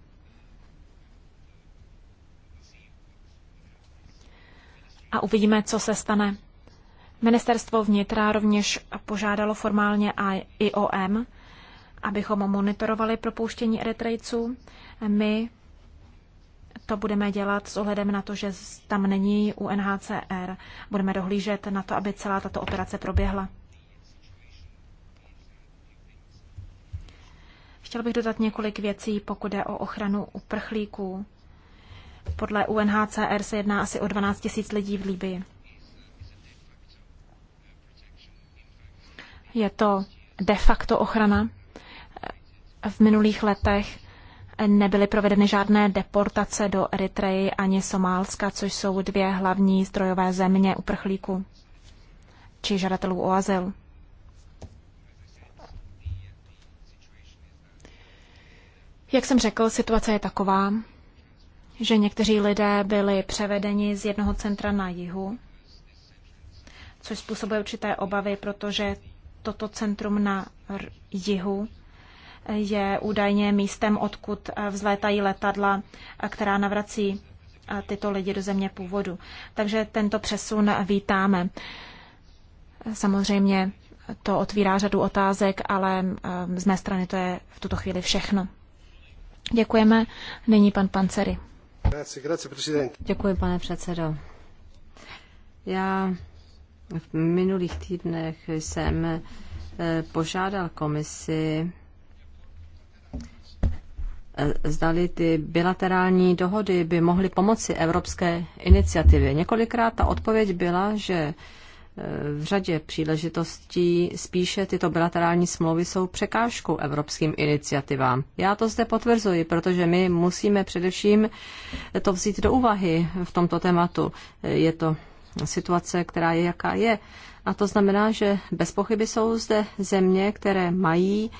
a uvidíme, co se stane. Ministerstvo vnitra rovněž požádalo formálně IOM, abychom monitorovali propouštění Eritrejců. My to budeme dělat s ohledem na to, že tam není UNHCR. Budeme dohlížet na to, aby celá tato operace proběhla. Chtěl bych dodat několik věcí, pokud je o ochranu uprchlíků podle UNHCR se jedná asi o 12 tisíc lidí v Líbii. Je to de facto ochrana. V minulých letech nebyly provedeny žádné deportace do Eritreji ani Somálska, což jsou dvě hlavní zdrojové země uprchlíků či žadatelů o azyl. Jak jsem řekl, situace je taková, že někteří lidé byli převedeni z jednoho centra na jihu, což způsobuje určité obavy, protože toto centrum na jihu je údajně místem, odkud eh, vzlétají letadla, eh, která navrací eh, tyto lidi do země původu. Takže tento přesun vítáme. Samozřejmě to otvírá řadu otázek, ale z mé strany to je v tuto chvíli všechno. Děkujeme. Nyní pan Pancery. Děkuji, pane předsedo. Já v minulých týdnech jsem eh, požádal komisi, eh, zdali ty bilaterální dohody by mohly pomoci evropské iniciativě. Několikrát ta odpověď byla, že v řadě příležitostí spíše tyto bilaterální smlouvy jsou překážkou evropským iniciativám. Já to zde potvrzuji, protože my musíme především to vzít do úvahy v tomto tématu. Je to situace, která je jaká je. A to znamená, že bez pochyby jsou zde země, které mají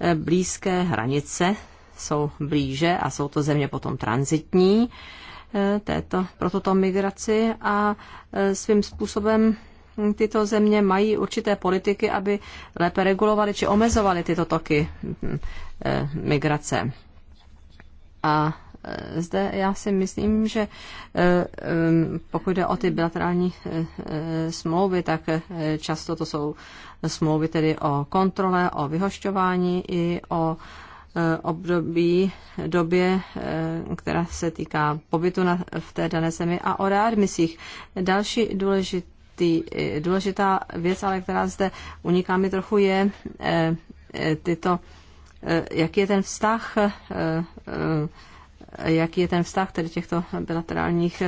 eh, blízké hranice, jsou blíže a jsou to země potom transitní eh, této, pro tuto migraci a eh, svým způsobem tyto země mají určité politiky, aby lépe regulovaly či omezovaly tyto toky hm, eh, migrace. A eh, zde já si myslím, že eh, hm, pokud jde o ty bilaterální smlouvy, tak často to jsou smlouvy tedy o kontrole, o vyhošťování i o období, době, která se týká pobytu na, v té dané zemi a o readmisích. Další důležitý ty e, důležitá věc, ale která zde uniká mi trochu, je e, e, tyto, jaký je ten vztah jaký je ten vztah tedy těchto bilaterálních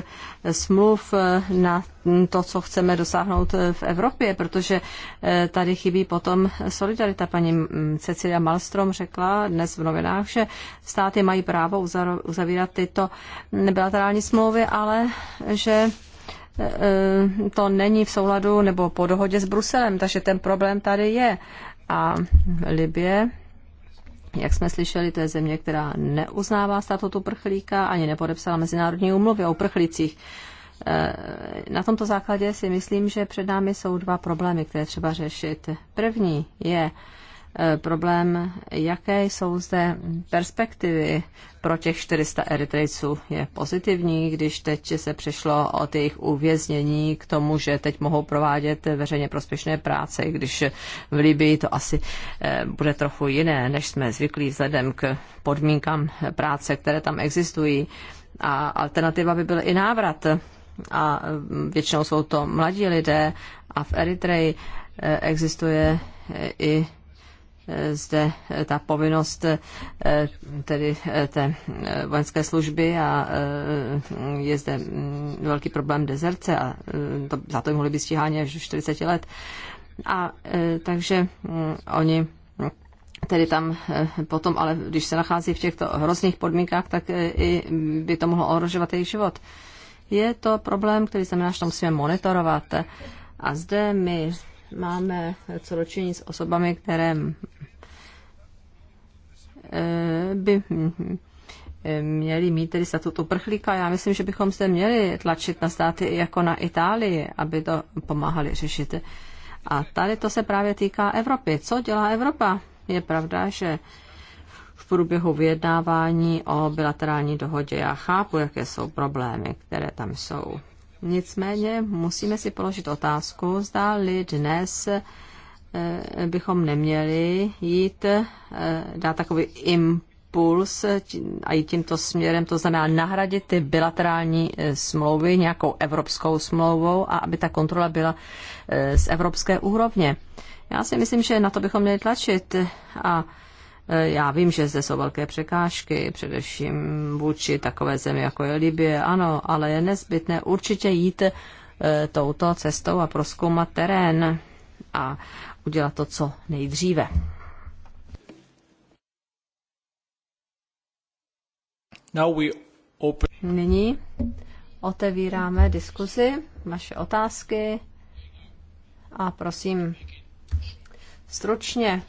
smluv na to, co chceme dosáhnout v Evropě, protože tady chybí potom solidarita. Paní Cecilia Malstrom řekla dnes v novinách, že státy mají právo uzavírat tyto bilaterální smlouvy, ale že Eh, to není v souladu nebo po dohodě s Bruselem, takže ten problém tady je. A Libie, jak jsme slyšeli, to je země, která neuznává statut uprchlíka ani nepodepsala mezinárodní úmluvy o uprchlících. Eh, na tomto základě si myslím, že před námi jsou dva problémy, které třeba řešit. První je, Eh, problém, jaké jsou zde perspektivy pro těch 400 Eritrejců. Je pozitivní, když teď se přišlo od jejich uvěznění k tomu, že teď mohou provádět veřejně prospěšné práce, když v Libii to asi eh, bude trochu jiné, než jsme zvyklí vzhledem k podmínkám práce, které tam existují. A alternativa by byl i návrat. A mm, většinou jsou to mladí lidé a v Eritreji eh, existuje i zde ta povinnost eh, tedy eh, té eh, vojenské služby a je zde mm, velký problém dezerce a to, za to mohli být stíháni až 40 let. A takže mm, oni tedy tam potom, ale když se nachází v těchto hrozných podmínkách, tak i by to mohlo ohrožovat jejich život. Je to problém, který znamená, že to musíme monitorovat. A zde my máme co dočení s osobami, které eh, by hm, hm, eh, měli mít tedy statut uprchlíka. Já myslím, že bychom se měli tlačit na státy jako na Itálii, aby to pomáhali řešit. A tady to se právě týká Evropy. Co dělá Evropa? Je pravda, že v průběhu vyjednávání o bilaterální dohodě já chápu, jaké jsou problémy, které tam jsou. Nicméně musíme si položit otázku, zda-li dnes eh, bychom neměli jít, eh, dát takový impuls a jít tímto směrem, to znamená nahradit ty bilaterální eh, smlouvy nějakou evropskou smlouvou a aby ta kontrola byla z evropské úrovně. Já si myslím, že na to bychom měli tlačit a Eh, já vím, že zde jsou velké překážky, především vůči takové zemi, jako je Libie, ano, ale je nezbytné určitě jít eh, touto cestou a proskoumat terén a udělat to, co nejdříve. Open... Nyní otevíráme diskuzi, vaše otázky a prosím stručně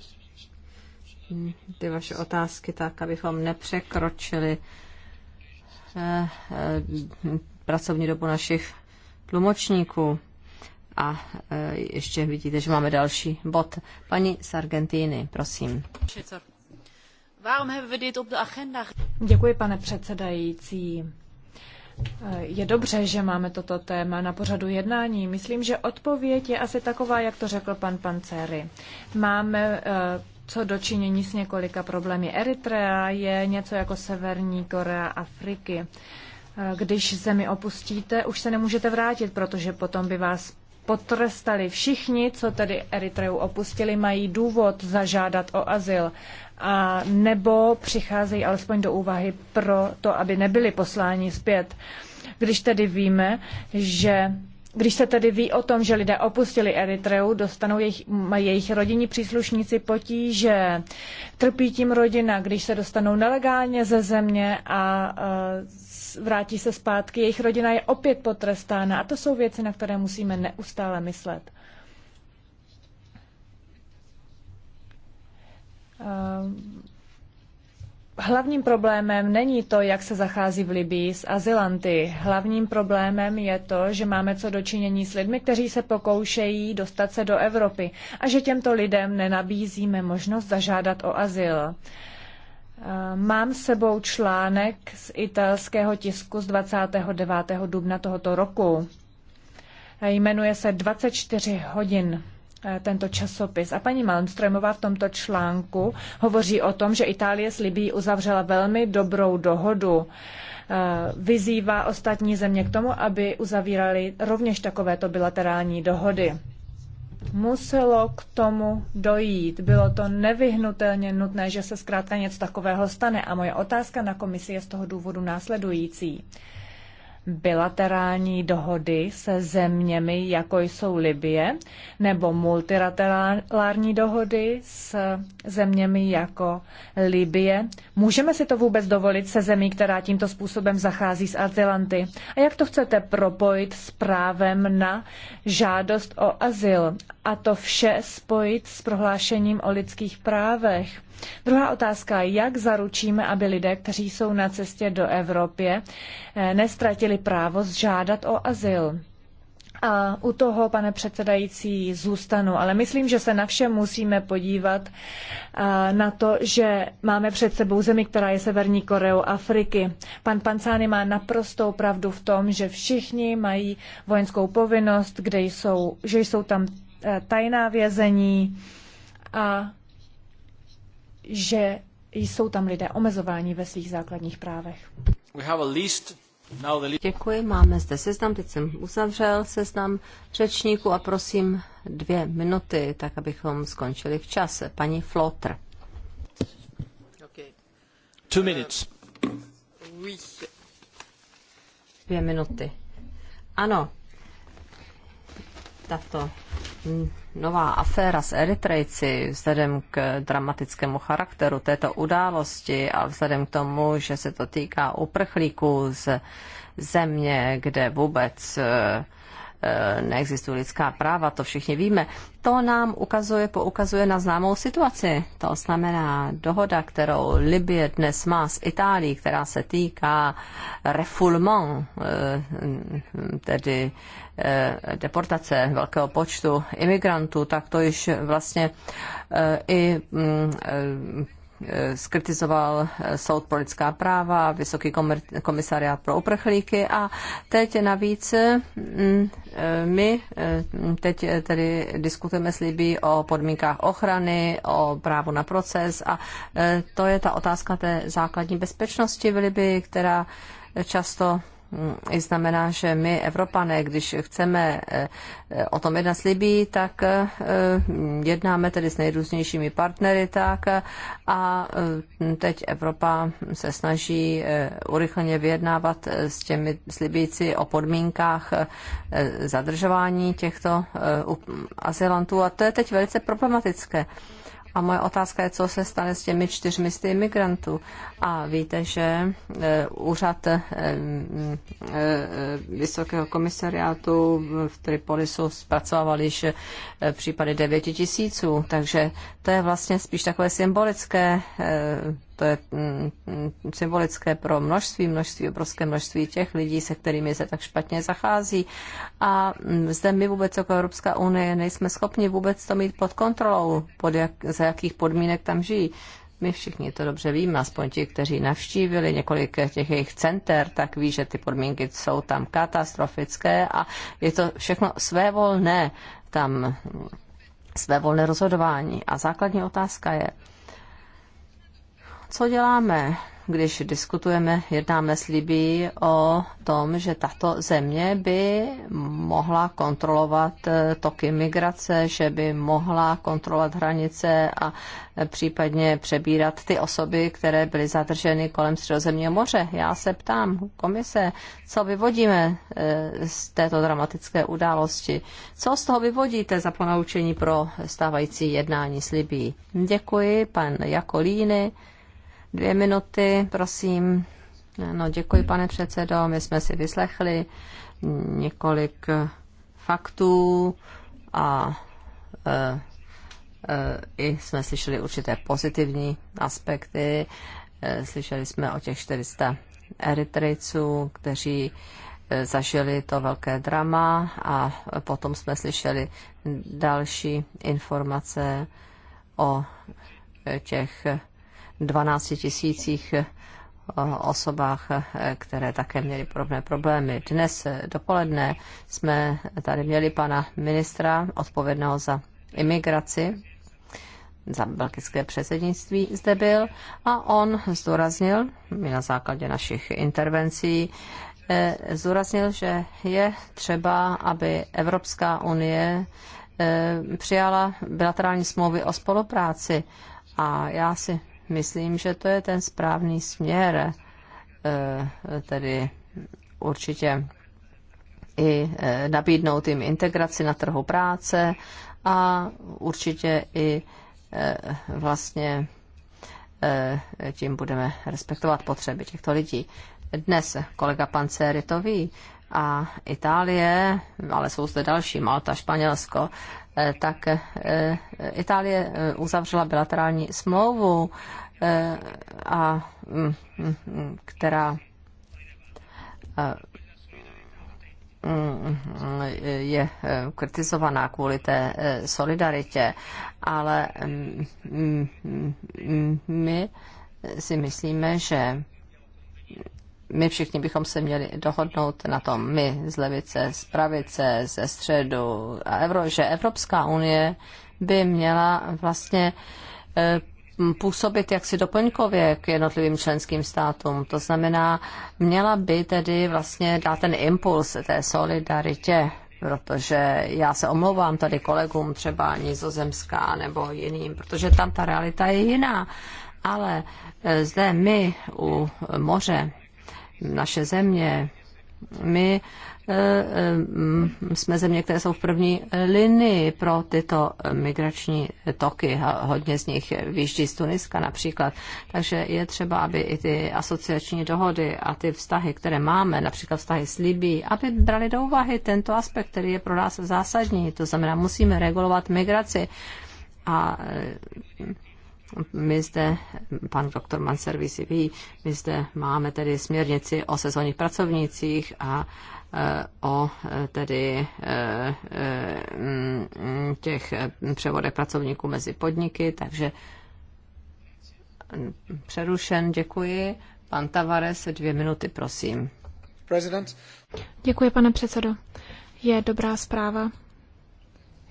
ty vaše otázky tak, abychom nepřekročili eh, eh, pracovní dobu našich tlumočníků. A eh, ještě vidíte, že máme další bod. Paní z Argentíny, prosím. Děkuji, pane předsedající. Je dobře, že máme toto téma na pořadu jednání. Myslím, že odpověď je asi taková, jak to řekl pan Pancery. Máme co dočinění s několika problémy. Eritrea je něco jako Severní Korea Afriky. Když zemi opustíte, už se nemůžete vrátit, protože potom by vás potrestali všichni, co tedy Eritreu opustili, mají důvod zažádat o azyl a nebo přicházejí alespoň do úvahy pro to, aby nebyli posláni zpět. Když tedy víme, že když se tedy ví o tom, že lidé opustili Eritreu, dostanou jejich, jejich rodinní příslušníci potíže, trpí tím rodina, když se dostanou nelegálně ze země a uh, vrátí se zpátky, jejich rodina je opět potrestána. A to jsou věci, na které musíme neustále myslet. Hlavním problémem není to, jak se zachází v Libii s azylanty. Hlavním problémem je to, že máme co dočinění s lidmi, kteří se pokoušejí dostat se do Evropy a že těmto lidem nenabízíme možnost zažádat o azyl. Mám s sebou článek z italského tisku z 29. dubna tohoto roku. Jmenuje se 24 hodin. Eh, tento časopis. A paní Malmströmová v tomto článku hovoří o tom, že Itálie s Libí uzavřela velmi dobrou dohodu. Eh, vyzývá ostatní země k tomu, aby uzavírali rovněž takovéto bilaterální dohody. Muselo k tomu dojít. Bylo to nevyhnutelně nutné, že se zkrátka něco takového stane. A moje otázka na komisi je z toho důvodu následující bilaterální dohody se zeměmi, jako jsou Libie, nebo multilaterální dohody s zeměmi jako Libie. Můžeme si to vůbec dovolit se zemí, která tímto způsobem zachází z azylanty? A jak to chcete propojit s právem na žádost o azyl? A to vše spojit s prohlášením o lidských právech? Druhá otázka, jak zaručíme, aby lidé, kteří jsou na cestě do Evropy, eh, nestratili právo žádat o azyl? A u toho, pane předsedající, zůstanu, ale myslím, že se na vše musíme podívat eh, na to, že máme před sebou zemi, která je Severní Koreou Afriky. Pan Pancány má naprostou pravdu v tom, že všichni mají vojenskou povinnost, kde jsou, že jsou tam eh, tajná vězení a že jsou tam lidé omezováni ve svých základních právech. Děkuji, máme zde seznam, teď jsem uzavřel seznam řečníků a prosím dvě minuty, tak abychom skončili v čase. Paní Flotr. Two minutes. Uh, dvě minuty. Ano, tato hm, nová aféra s Eritrejci vzhledem k dramatickému charakteru této události a vzhledem k tomu, že se to týká uprchlíků z země, kde vůbec eh, eh, neexistují lidská práva, to všichni víme. To nám ukazuje, poukazuje na známou situaci. To znamená dohoda, kterou Libie dnes má s Itálií, která se týká refoulement, eh, tedy Eh, deportace velkého počtu imigrantů, tak to již vlastně eh, i mm, eh, skritizoval soud pro lidská práva, Vysoký komisariát pro uprchlíky a teď navíc mm, my teď tedy diskutujeme s Libí o podmínkách ochrany, o právu na proces a to je ta otázka té základní bezpečnosti v Libii, která často i znamená, že my, Evropané, když chceme eh, eh, o tom jednat slibí, tak eh, jednáme tedy s nejrůznějšími partnery tak a teď Evropa se snaží urychleně vyjednávat s těmi slibíci o podmínkách zadržování těchto azylantů a to je teď velice problematické. A moje otázka je, co se stane s těmi čtyřmi z imigrantů. A víte, že e, úřad e, e, Vysokého komisariátu v Tripolisu zpracovával již případy 9 tisíců, takže to je vlastně spíš takové symbolické, to je symbolické pro množství, množství, obrovské množství těch lidí, se kterými se tak špatně zachází. A zde my vůbec jako Evropská unie nejsme schopni vůbec to mít pod kontrolou, pod jak, za jakých podmínek tam žijí. My všichni to dobře víme, aspoň ti, kteří navštívili několik těch jejich center, tak ví, že ty podmínky jsou tam katastrofické a je to všechno svévolné tam svévolné rozhodování. A základní otázka je, co děláme když diskutujeme, jednáme s Libií o tom, že tato země by mohla kontrolovat eh, toky migrace, že by mohla kontrolovat hranice a eh, případně přebírat ty osoby, které byly zadrženy kolem Středozemního moře. Já se ptám komise, co vyvodíme eh, z této dramatické události? Co z toho vyvodíte za ponaučení pro stávající jednání s Libií? Děkuji, pan Jakolíny. Dvě minuty, prosím. No, děkuji, pane předsedo. My jsme si vyslechli několik faktů a e, e, i jsme slyšeli určité pozitivní aspekty. E, slyšeli jsme o těch 400 Eritrejců, kteří e, zažili to velké drama a potom jsme slyšeli další informace o e, těch 12 tisících eh, osobách, eh, které také měly podobné problémy. Dnes eh, dopoledne jsme tady měli pana ministra odpovědného za imigraci, za belgické předsednictví zde byl a on zdůraznil, my na základě našich intervencí, zdůraznil, že je třeba, aby Evropská unie přijala bilaterální smlouvy o spolupráci. A já si myslím, že to je ten správný směr, eh, tedy určitě i eh, nabídnout jim integraci na trhu práce a určitě i eh, vlastně tím budeme respektovat potřeby těchto lidí. Dnes kolega Pancéry to ví a Itálie, ale jsou zde další, Malta, Španělsko, Eh, tak eh, Itálie eh, uzavřela bilaterální smlouvu, a, mm, mm, mm, která je kritizovaná kvůli té solidaritě, ale my si myslíme, že my všichni bychom se měli dohodnout na tom, my z levice, z pravice, ze středu, a Evro, že Evropská unie by měla vlastně eh, působit jaksi doplňkově k jednotlivým členským státům. To znamená, měla by tedy vlastně dát ten impuls té solidaritě, protože já se omlouvám tady kolegům třeba nizozemská nebo jiným, protože tam ta realita je jiná. Ale eh, zde my u moře naše země. My eh, eh, jsme země, které jsou v první linii pro tyto migrační toky. Hodně z nich výjíždí z Tuniska například. Takže je třeba, aby i ty asociační dohody a ty vztahy, které máme, například vztahy s Libí, aby brali do úvahy tento aspekt, který je pro nás zásadní. To znamená, musíme regulovat migraci. A my zde, pan doktor Manservisi ví, my zde máme tedy směrnici o sezónních pracovnících a e, o e, tedy e, těch převodech pracovníků mezi podniky, takže mm, přerušen, děkuji. Pan Tavares, dvě minuty, prosím. President. Děkuji, pane předsedo. Je dobrá zpráva,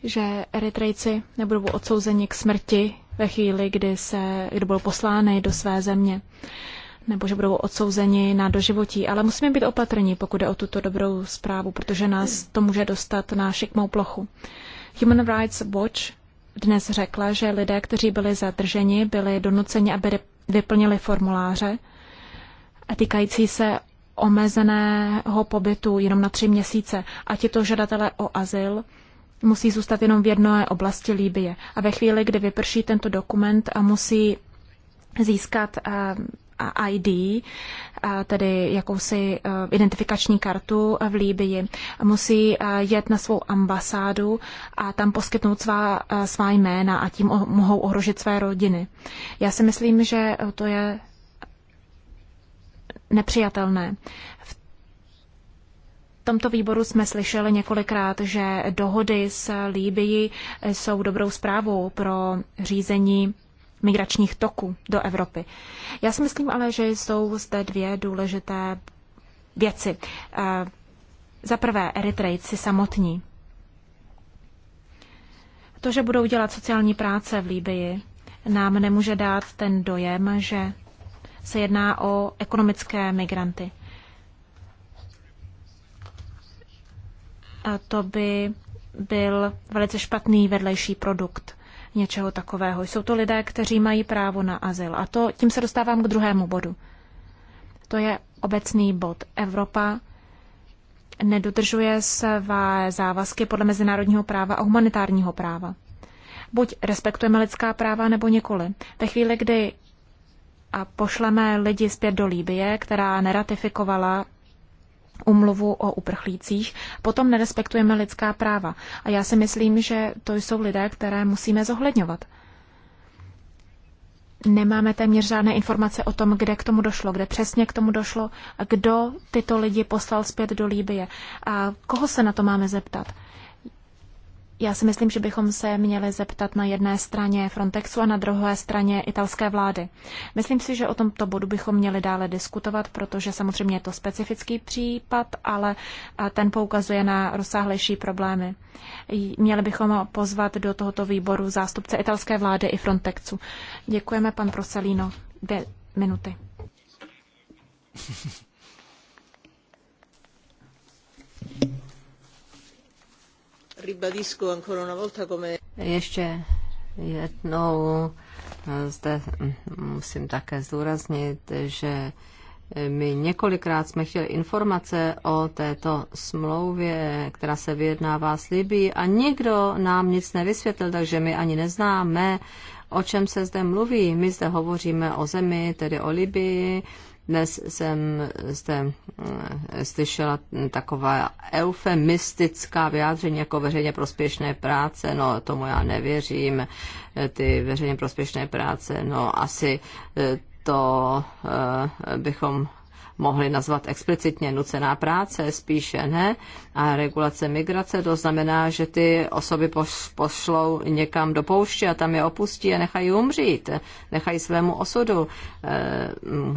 že Eritrejci nebudou odsouzeni k smrti ve chvíli, kdy, se, kdy budou poslány do své země nebo že budou odsouzeni na doživotí. Ale musíme být opatrní, pokud je o tuto dobrou zprávu, protože nás to může dostat na šikmou plochu. Human Rights Watch dnes řekla, že lidé, kteří byli zadrženi, byli donuceni, aby vyplnili formuláře týkající se omezeného pobytu jenom na tři měsíce. A tito žadatelé o azyl musí zůstat jenom v jedné oblasti Líbie. A ve chvíli, kdy vyprší tento dokument, a musí získat eh, ID, eh, tedy jakousi eh, identifikační kartu v Líbii. Musí jet na svou ambasádu a tam poskytnout svá, svá jména a tím mohou ohrožit své rodiny. Já si myslím, že to je nepřijatelné. V tomto výboru jsme slyšeli několikrát, že dohody s Líbií jsou dobrou zprávou pro řízení migračních toků do Evropy. Já si myslím ale, že jsou zde dvě důležité věci. Eh, za prvé, Eritrejci samotní. To, že budou dělat sociální práce v Líbyi, nám nemůže dát ten dojem, že se jedná o ekonomické migranty. to by byl velice špatný vedlejší produkt něčeho takového. Jsou to lidé, kteří mají právo na azyl. A to tím se dostávám k druhému bodu. To je obecný bod. Evropa nedodržuje své závazky podle mezinárodního práva a humanitárního práva. Buď respektujeme lidská práva, nebo nikoli. Ve chvíli, kdy a pošleme lidi zpět do Líbie, která neratifikovala umluvu o uprchlících, potom nerespektujeme lidská práva. A já si myslím, že to jsou lidé, které musíme zohledňovat. Nemáme téměř žádné informace o tom, kde k tomu došlo, kde přesně k tomu došlo, kdo tyto lidi poslal zpět do Líbie a koho se na to máme zeptat. Já si myslím, že bychom se měli zeptat na jedné straně Frontexu a na druhé straně italské vlády. Myslím si, že o tomto bodu bychom měli dále diskutovat, protože samozřejmě je to specifický případ, ale ten poukazuje na rozsáhlejší problémy. Měli bychom pozvat do tohoto výboru zástupce italské vlády i Frontexu. Děkujeme, pan Proselino. Dvě minuty. Ještě jednou eh, zde hm, musím také zdůraznit, že eh, my několikrát jsme chtěli informace o této smlouvě, která se vyjednává s Libí a nikdo nám nic nevysvětlil, takže my ani neznáme, o čem se zde mluví. My zde hovoříme o zemi, tedy o Libii, dnes jsem jste mm, slyšela taková eufemistická vyjádření jako veřejně prospěšné práce, no tomu já nevěřím, ty veřejně prospěšné práce, no asi eh, to eh, bychom mohli nazvat explicitně nucená práce, spíše ne. A regulace migrace, to znamená, že ty osoby pošlou někam do pouště a tam je opustí a nechají umřít, nechají svému osudu. Eh,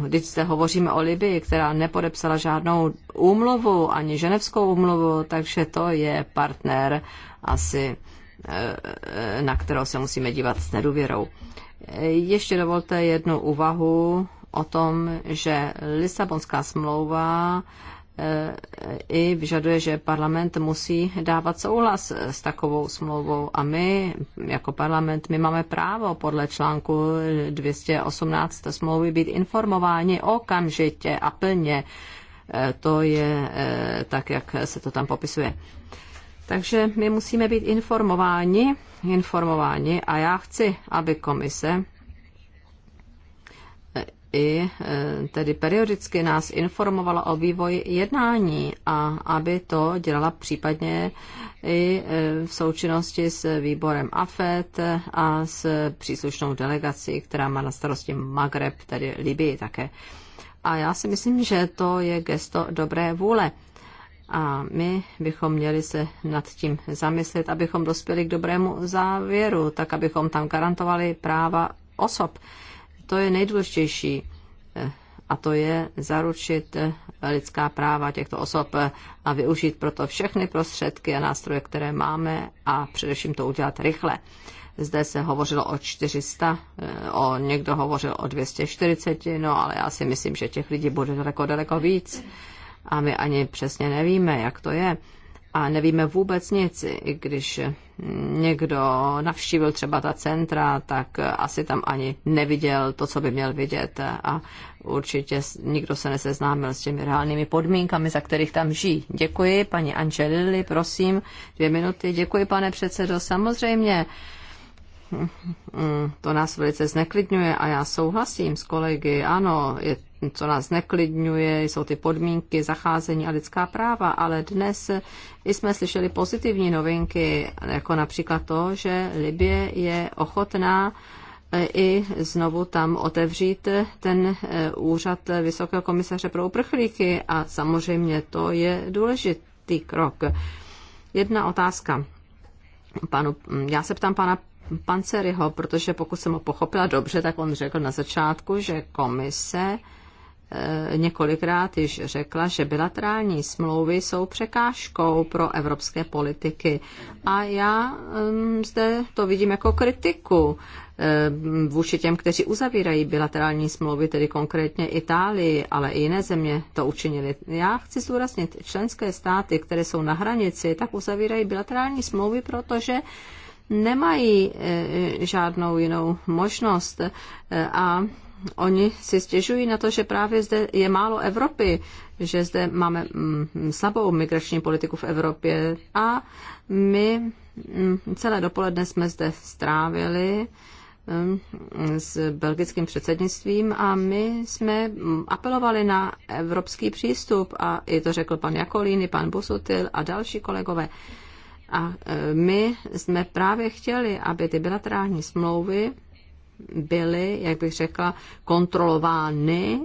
když se hovoříme o Libii, která nepodepsala žádnou úmluvu, ani ženevskou úmluvu, takže to je partner asi eh, na kterou se musíme dívat s nedůvěrou. Eh, ještě dovolte jednu úvahu o tom, že Lisabonská smlouva eh, i vyžaduje, že parlament musí dávat souhlas s takovou smlouvou a my jako parlament, my máme právo podle článku 218 smlouvy být informováni okamžitě a plně. Eh, to je eh, tak, jak se to tam popisuje. Takže my musíme být informováni, informováni a já chci, aby komise i e, tedy periodicky nás informovala o vývoji jednání a aby to dělala případně i e, v součinnosti s výborem AFET a s příslušnou delegací, která má na starosti Magreb, tedy Libii také. A já si myslím, že to je gesto dobré vůle. A my bychom měli se nad tím zamyslet, abychom dospěli k dobrému závěru, tak abychom tam garantovali práva osob to je nejdůležitější eh, a to je zaručit eh, lidská práva těchto osob eh, a využít proto všechny prostředky a nástroje, které máme a především to udělat rychle. Zde se hovořilo o 400, o, někdo hovořil o 240, no ale já si myslím, že těch lidí bude daleko, daleko víc a my ani přesně nevíme, jak to je a nevíme vůbec nic, když někdo navštívil třeba ta centra, tak asi tam ani neviděl to, co by měl vidět a určitě nikdo se neseznámil s těmi reálnými podmínkami, za kterých tam žijí. Děkuji, paní Angelili, prosím, dvě minuty. Děkuji, pane předsedo, samozřejmě. Mm, to nás velice zneklidňuje a já souhlasím s kolegy. Ano, je co nás neklidňuje, jsou ty podmínky, zacházení a lidská práva, ale dnes jsme slyšeli pozitivní novinky, jako například to, že Libie je ochotná e, i znovu tam otevřít ten e, úřad Vysokého komisaře pro uprchlíky a samozřejmě to je důležitý krok. Jedna otázka. Panu, já se ptám pana Panceryho, protože pokud jsem ho pochopila dobře, tak on řekl na začátku, že komise Eh, několikrát již řekla, že bilaterální smlouvy jsou překážkou pro evropské politiky. A já zde to vidím jako kritiku eh, vůči těm, kteří uzavírají bilaterální smlouvy, tedy konkrétně Itálii, ale i jiné země to učinili. Já chci zúraznit, členské státy, které jsou na hranici, tak uzavírají bilaterální smlouvy, protože nemají eh, žádnou jinou možnost a Oni si stěžují na to, že právě zde je málo Evropy, že zde máme mm, slabou migrační politiku v Evropě a my mm, celé dopoledne jsme zde strávili mm, s belgickým předsednictvím a my jsme apelovali na evropský přístup a i to řekl pan Jakolín, i pan Busutil a další kolegové. A e, my jsme právě chtěli, aby ty bilaterální smlouvy byly, jak bych řekla, kontrolovány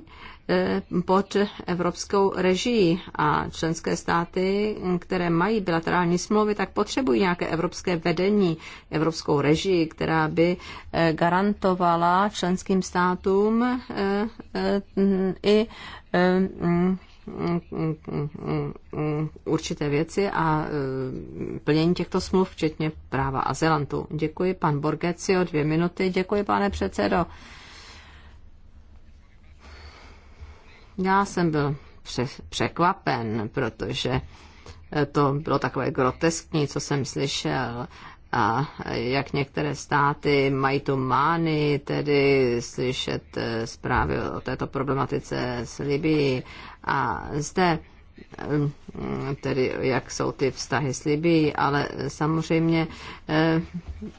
eh, pod evropskou režii a členské státy, které mají bilaterální smlouvy, tak potřebují nějaké evropské vedení, evropskou režii, která by eh, garantovala členským státům eh, i určité věci a e, plnění těchto smluv, včetně práva azylantů. Děkuji, pan Borgecio, dvě minuty. Děkuji, pane předsedo. Já jsem byl překvapen, protože e, to bylo takové groteskní, co jsem slyšel a jak některé státy mají tu mány, tedy slyšet e, zprávy o této problematice s Libií a zde tedy jak jsou ty vztahy s Libií, ale samozřejmě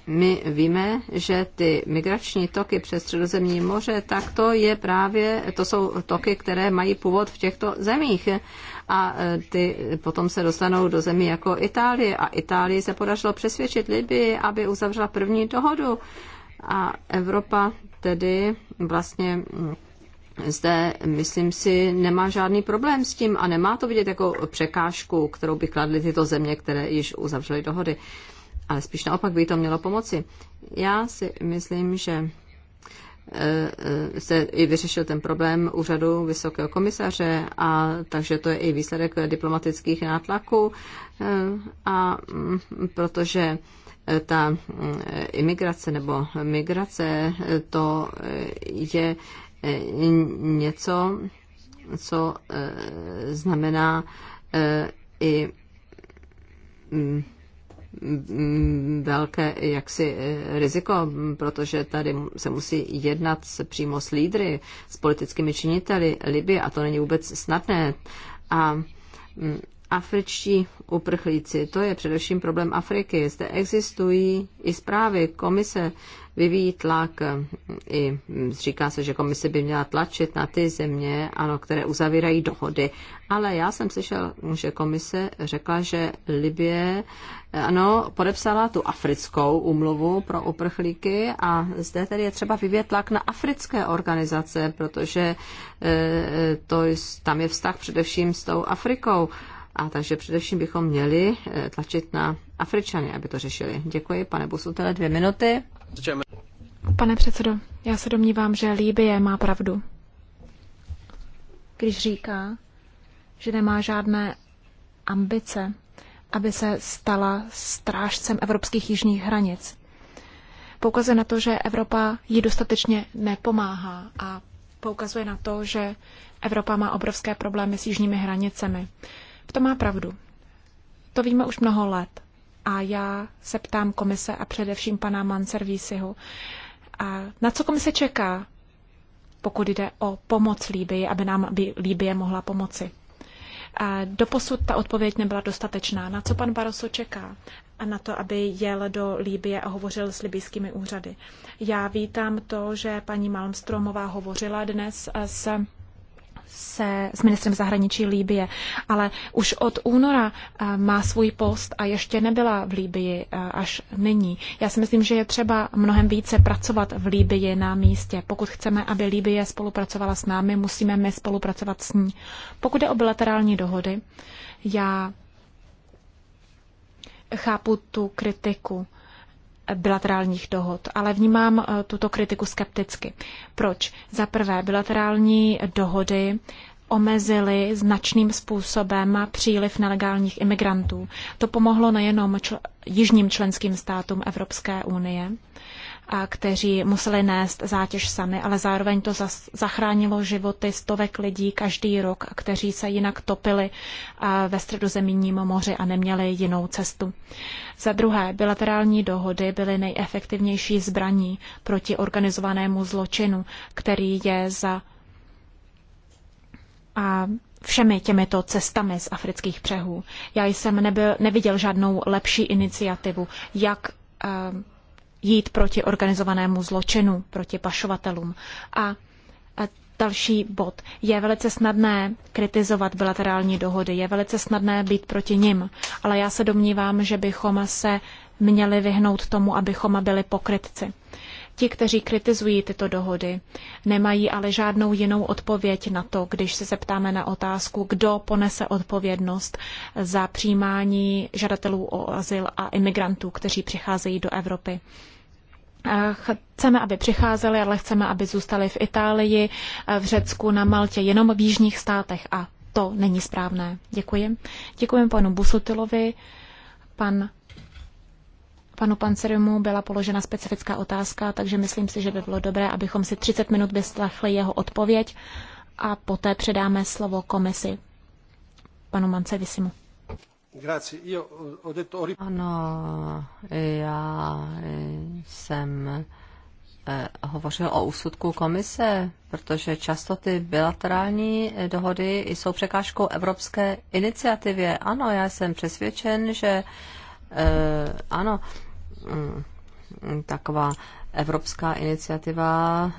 my víme, že ty migrační toky přes středozemní moře, tak to je právě, to jsou toky, které mají původ v těchto zemích a e, ty potom se dostanou do zemí jako Itálie a Itálii se podařilo přesvědčit Libii, aby uzavřela první dohodu a Evropa tedy vlastně zde, myslím si, nemá žádný problém s tím a nemá to vidět jako překážku, kterou by kladly tyto země, které již uzavřely dohody. Ale spíš naopak by to mělo pomoci. Já si myslím, že eh, eh, se i vyřešil ten problém úřadu vysokého komisaře a takže to je i výsledek diplomatických nátlaků eh, a mm, protože ta mm, imigrace nebo migrace to je E, něco, co e, znamená e, i mm, velké jaksi riziko, protože tady se musí jednat s, přímo s lídry, s politickými činiteli Liby, a to není vůbec snadné. A mm, afričtí uprchlíci, to je především problém Afriky. Zde existují i zprávy komise vyvíjí tlak. I říká se, že komise by měla tlačit na ty země, ano, které uzavírají dohody. Ale já jsem slyšel, že komise řekla, že Libie ano, podepsala tu africkou umluvu pro uprchlíky a zde tedy je třeba vyvět tlak na africké organizace, protože e, to, tam je vztah především s tou Afrikou. A takže především bychom měli e, tlačit na Afričany, aby to řešili. Děkuji, pane Busutele, dvě minuty. Pane předsedo, já se domnívám, že Líbie má pravdu. Když říká, že nemá žádné ambice, aby se stala strážcem evropských jižních hranic. Poukazuje na to, že Evropa jí dostatečně nepomáhá a poukazuje na to, že Evropa má obrovské problémy s jižními hranicemi. V tom má pravdu. To víme už mnoho let a já se ptám komise a především pana Manservisiho. A na co komise čeká, pokud jde o pomoc Líbii, aby nám Líbie mohla pomoci? A doposud ta odpověď nebyla dostatečná. Na co pan Barroso čeká? A na to, aby jel do Líbie a hovořil s libijskými úřady. Já vítám to, že paní Malmstromová hovořila dnes s se s ministrem zahraničí Líbie, ale už od února eh, má svůj post a ještě nebyla v Líbii eh, až nyní. Já si myslím, že je třeba mnohem více pracovat v Líbii na místě. Pokud chceme, aby Líbie spolupracovala s námi, musíme my spolupracovat s ní. Pokud je o bilaterální dohody, já chápu tu kritiku bilaterálních dohod, ale vnímám eh, tuto kritiku skepticky. Proč? Za prvé, bilaterální dohody omezily značným způsobem příliv nelegálních imigrantů. To pomohlo nejenom čl- jižním členským státům Evropské unie, kteří museli nést zátěž sami, ale zároveň to zachránilo životy stovek lidí každý rok, kteří se jinak topili ve středozemním moři a neměli jinou cestu. Za druhé, bilaterální dohody byly nejefektivnější zbraní proti organizovanému zločinu, který je za a všemi těmito cestami z afrických přehů. Já jsem nebyl, neviděl žádnou lepší iniciativu, jak jít proti organizovanému zločinu, proti pašovatelům. A další bod. Je velice snadné kritizovat bilaterální dohody, je velice snadné být proti nim, ale já se domnívám, že bychom se měli vyhnout tomu, abychom byli pokrytci. Ti, kteří kritizují tyto dohody, nemají ale žádnou jinou odpověď na to, když se zeptáme na otázku, kdo ponese odpovědnost za přijímání žadatelů o azyl a imigrantů, kteří přicházejí do Evropy. Eh, chceme, aby přicházeli, ale chceme, aby zůstali v Itálii, eh, v Řecku, na Maltě, jenom v jižních státech a to není správné. Děkuji. Děkuji panu Busutilovi. Pan Panu Panceremu byla položena specifická otázka, takže myslím si, že by bylo dobré, abychom si 30 minut vyslechli jeho odpověď a poté předáme slovo komisi panu Mancevisimu. Eh, ano, já jsem eh, hovořil o úsudku komise, protože často ty bilaterální eh, dohody jsou překážkou evropské iniciativě. Ano, já jsem přesvědčen, že ano, Mm, taková evropská iniciativa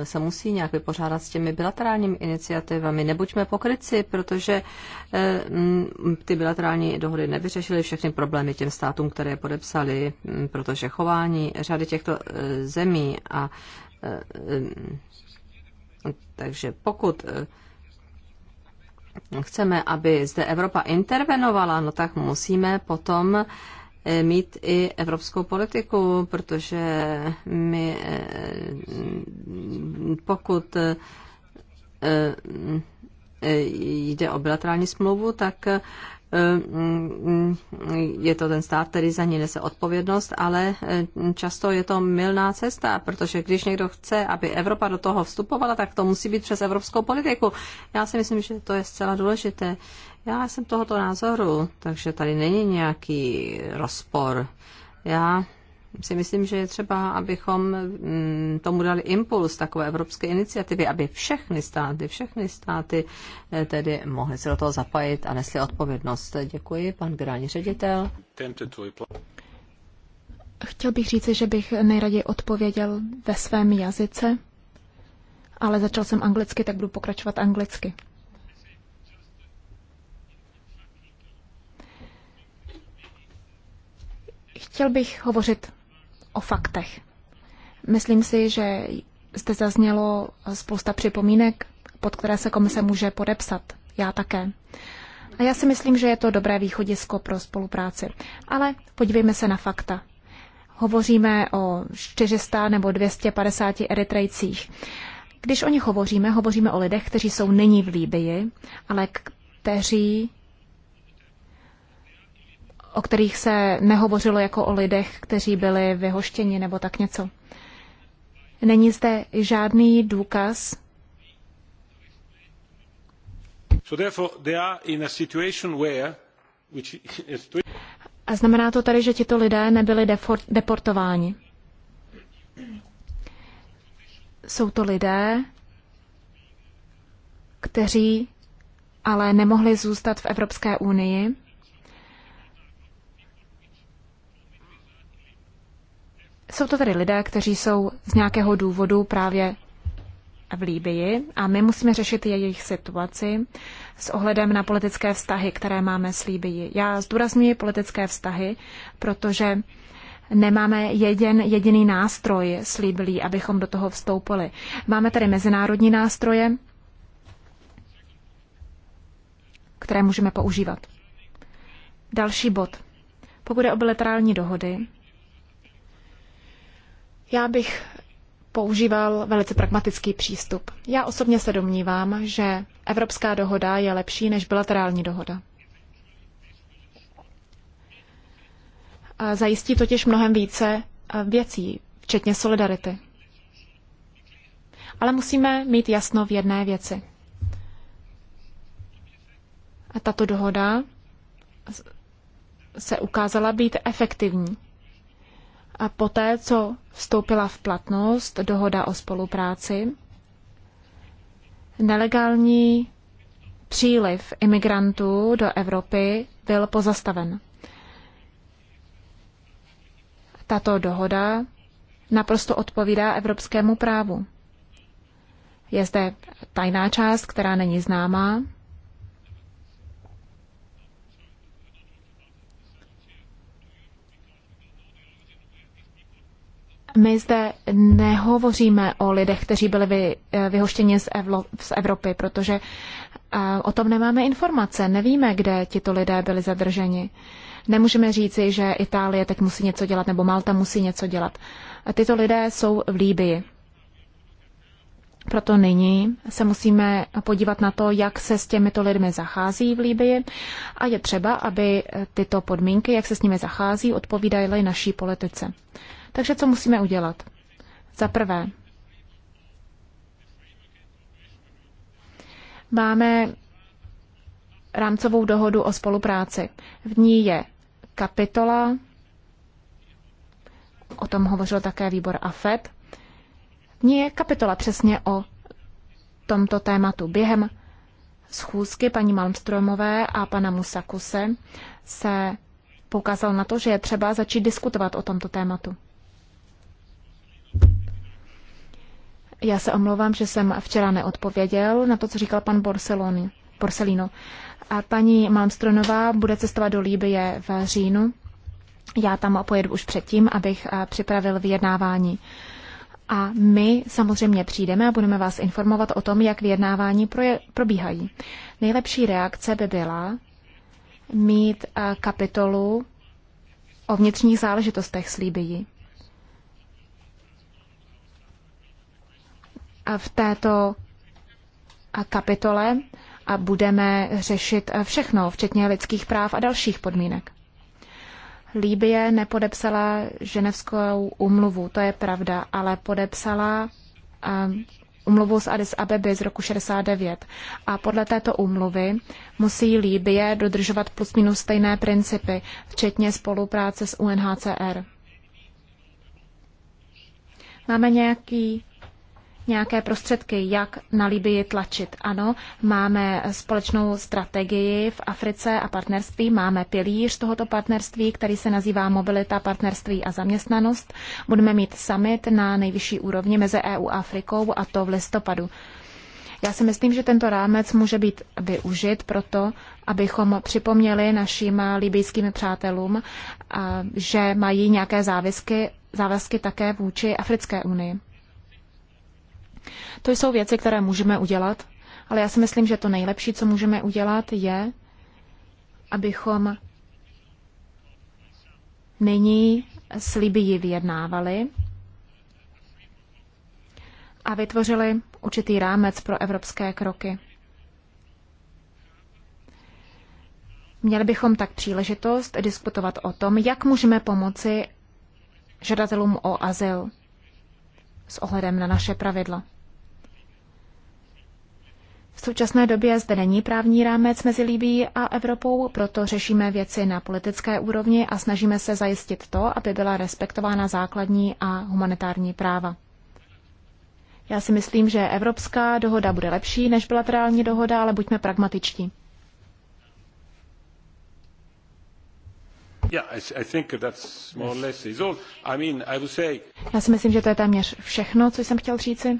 eh, se musí nějak vypořádat s těmi bilaterálními iniciativami. Nebuďme pokryci, protože eh, mm, ty bilaterální dohody nevyřešily všechny problémy těm státům, které je podepsali, mm, protože chování řady těchto eh, zemí a takže pokud chceme, aby zde Evropa intervenovala, no tak musíme potom mít i evropskou politiku, protože my eh, pokud eh, jde o bilaterální smlouvu, tak eh, mm, je to ten stát, který za ní nese odpovědnost, ale často je to milná cesta, protože když někdo chce, aby Evropa do toho vstupovala, tak to musí být přes evropskou politiku. Já si myslím, že to je zcela důležité. Já jsem tohoto názoru, takže tady není nějaký rozpor. Já si myslím, že je třeba, abychom mm, tomu dali impuls takové evropské iniciativy, aby všechny státy, všechny státy eh, tedy mohly se do toho zapojit a nesly odpovědnost. Děkuji, pan generální ředitel. Chtěl bych říci, že bych nejraději odpověděl ve svém jazyce, ale začal jsem anglicky, tak budu pokračovat anglicky. Chtěl bych hovořit o faktech. Myslím si, že zde zaznělo spousta připomínek, pod které se komise může podepsat. Já také. A já si myslím, že je to dobré východisko pro spolupráci. Ale podívejme se na fakta. Hovoříme o 400 nebo 250 Eritrejcích. Když o nich hovoříme, hovoříme o lidech, kteří jsou není v Líbii, ale kteří o kterých se nehovořilo jako o lidech, kteří byli vyhoštěni nebo tak něco. Není zde žádný důkaz. A znamená to tady, že tito lidé nebyli deportováni. Jsou to lidé, kteří ale nemohli zůstat v Evropské unii Jsou to tedy lidé, kteří jsou z nějakého důvodu právě v Líbii a my musíme řešit jejich situaci s ohledem na politické vztahy, které máme s Líbií. Já zdůraznuju politické vztahy, protože nemáme jeden jediný nástroj s Líbií, abychom do toho vstoupili. Máme tady mezinárodní nástroje, které můžeme používat. Další bod. Pokud je o bilaterální dohody, já bych používal velice pragmatický přístup. Já osobně se domnívám, že evropská dohoda je lepší než bilaterální dohoda. Zajistí totiž mnohem více eh, věcí, včetně solidarity. Ale musíme mít jasno v jedné věci. A tato dohoda se ukázala být efektivní. A poté, co vstoupila v platnost dohoda o spolupráci, nelegální příliv imigrantů do Evropy byl pozastaven. Tato dohoda naprosto odpovídá evropskému právu. Je zde tajná část, která není známá, My zde nehovoříme o lidech, kteří byli vy, eh, vyhoštěni z, Evlo, z Evropy, protože eh, o tom nemáme informace. Nevíme, kde tito lidé byli zadrženi. Nemůžeme říci, že Itálie teď musí něco dělat nebo Malta musí něco dělat. A tyto lidé jsou v Líbii. Proto nyní se musíme podívat na to, jak se s těmito lidmi zachází v Líbii a je třeba, aby tyto podmínky, jak se s nimi zachází, odpovídaly naší politice. Takže co musíme udělat? Za prvé, máme rámcovou dohodu o spolupráci. V ní je kapitola, o tom hovořil také výbor AFED. V ní je kapitola přesně o tomto tématu. Během schůzky paní Malmströmové a pana Musakuse se poukázal na to, že je třeba začít diskutovat o tomto tématu. Já se omlouvám, že jsem včera neodpověděl na to, co říkal pan Borseloni, Porcelino. A paní Malmstronová bude cestovat do Líbie v říjnu. Já tam pojedu už předtím, abych eh, připravil vyjednávání. A my samozřejmě přijdeme a budeme vás informovat o tom, jak vyjednávání probíhají. Nejlepší reakce by byla mít eh, kapitolu o vnitřních záležitostech s Líbií. v této kapitole a budeme řešit všechno, včetně lidských práv a dalších podmínek. Líbie nepodepsala ženevskou umluvu, to je pravda, ale podepsala umluvu um, z Addis Abeby z roku 69. A podle této umluvy musí Líbie dodržovat plus minus stejné principy, včetně spolupráce s UNHCR. Máme nějaký nějaké prostředky, jak na Libii tlačit. Ano, máme společnou strategii v Africe a partnerství, máme pilíř tohoto partnerství, který se nazývá Mobilita, partnerství a zaměstnanost. Budeme mít summit na nejvyšší úrovni mezi EU a Afrikou a to v listopadu. Já si myslím, že tento rámec může být využit proto, abychom připomněli našim libijským přátelům, že mají nějaké závisky, závazky také vůči Africké unii. To jsou věci, které můžeme udělat, ale já si myslím, že to nejlepší, co můžeme udělat, je, abychom nyní sliby ji vyjednávali a vytvořili určitý rámec pro evropské kroky. Měli bychom tak příležitost diskutovat o tom, jak můžeme pomoci žadatelům o azyl s ohledem na naše pravidla. V současné době zde není právní rámec mezi Libií a Evropou, proto řešíme věci na politické úrovni a snažíme se zajistit to, aby byla respektována základní a humanitární práva. Já si myslím, že evropská dohoda bude lepší než bilaterální dohoda, ale buďme pragmatičtí. Já si myslím, že to je téměř všechno, co jsem chtěl říci.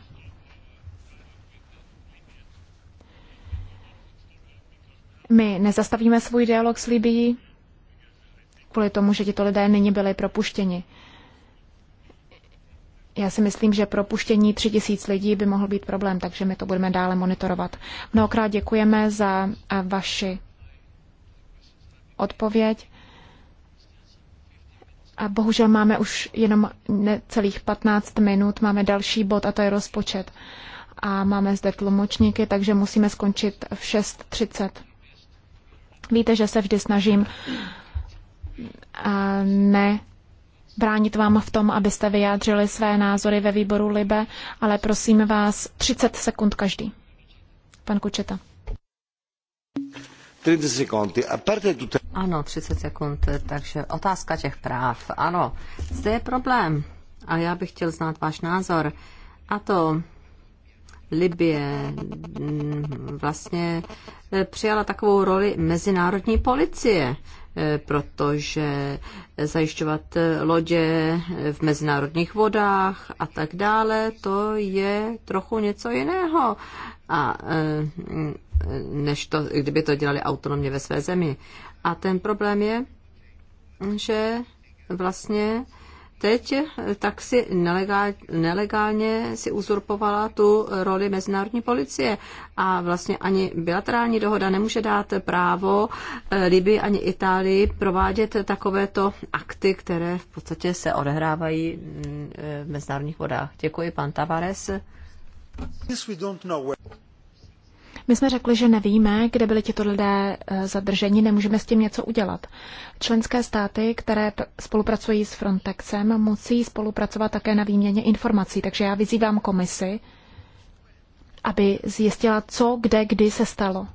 My nezastavíme svůj dialog s Libií kvůli tomu, že tito lidé nyní byli propuštěni. Já si myslím, že propuštění tři tisíc lidí by mohl být problém, takže my to budeme dále monitorovat. Mnohokrát děkujeme za eh, vaši odpověď. A bohužel máme už jenom celých 15 minut, máme další bod a to je rozpočet. A máme zde tlumočníky, takže musíme skončit v 6.30. Víte, že se vždy snažím ne bránit vám v tom, abyste vyjádřili své názory ve výboru Libe, ale prosím vás 30 sekund každý. Pan Kučeta. 30 sekund. Ano, 30 sekund, takže otázka těch práv. Ano, zde je problém a já bych chtěl znát váš názor. A to Libie mm, vlastně eh, přijala takovou roli mezinárodní policie, eh, protože zajišťovat eh, lodě v mezinárodních vodách a tak dále, to je trochu něco jiného, a, než to, kdyby to dělali autonomně ve své zemi. A ten problém je, že vlastně teď eh, tak si nelegál, nelegálně si uzurpovala tu roli mezinárodní policie a vlastně ani bilaterální dohoda nemůže dát právo eh, Liby ani Itálii provádět takovéto akty, které v podstatě se odehrávají mm, eh, v mezinárodních vodách. Děkuji, pan Tavares. My jsme řekli, že nevíme, kde byli tito lidé eh, zadrženi, nemůžeme s tím něco udělat. Členské státy, které spolupracují s Frontexem, musí spolupracovat také na výměně informací, takže já vyzývám komisi, aby zjistila, co, kde, kdy se stalo.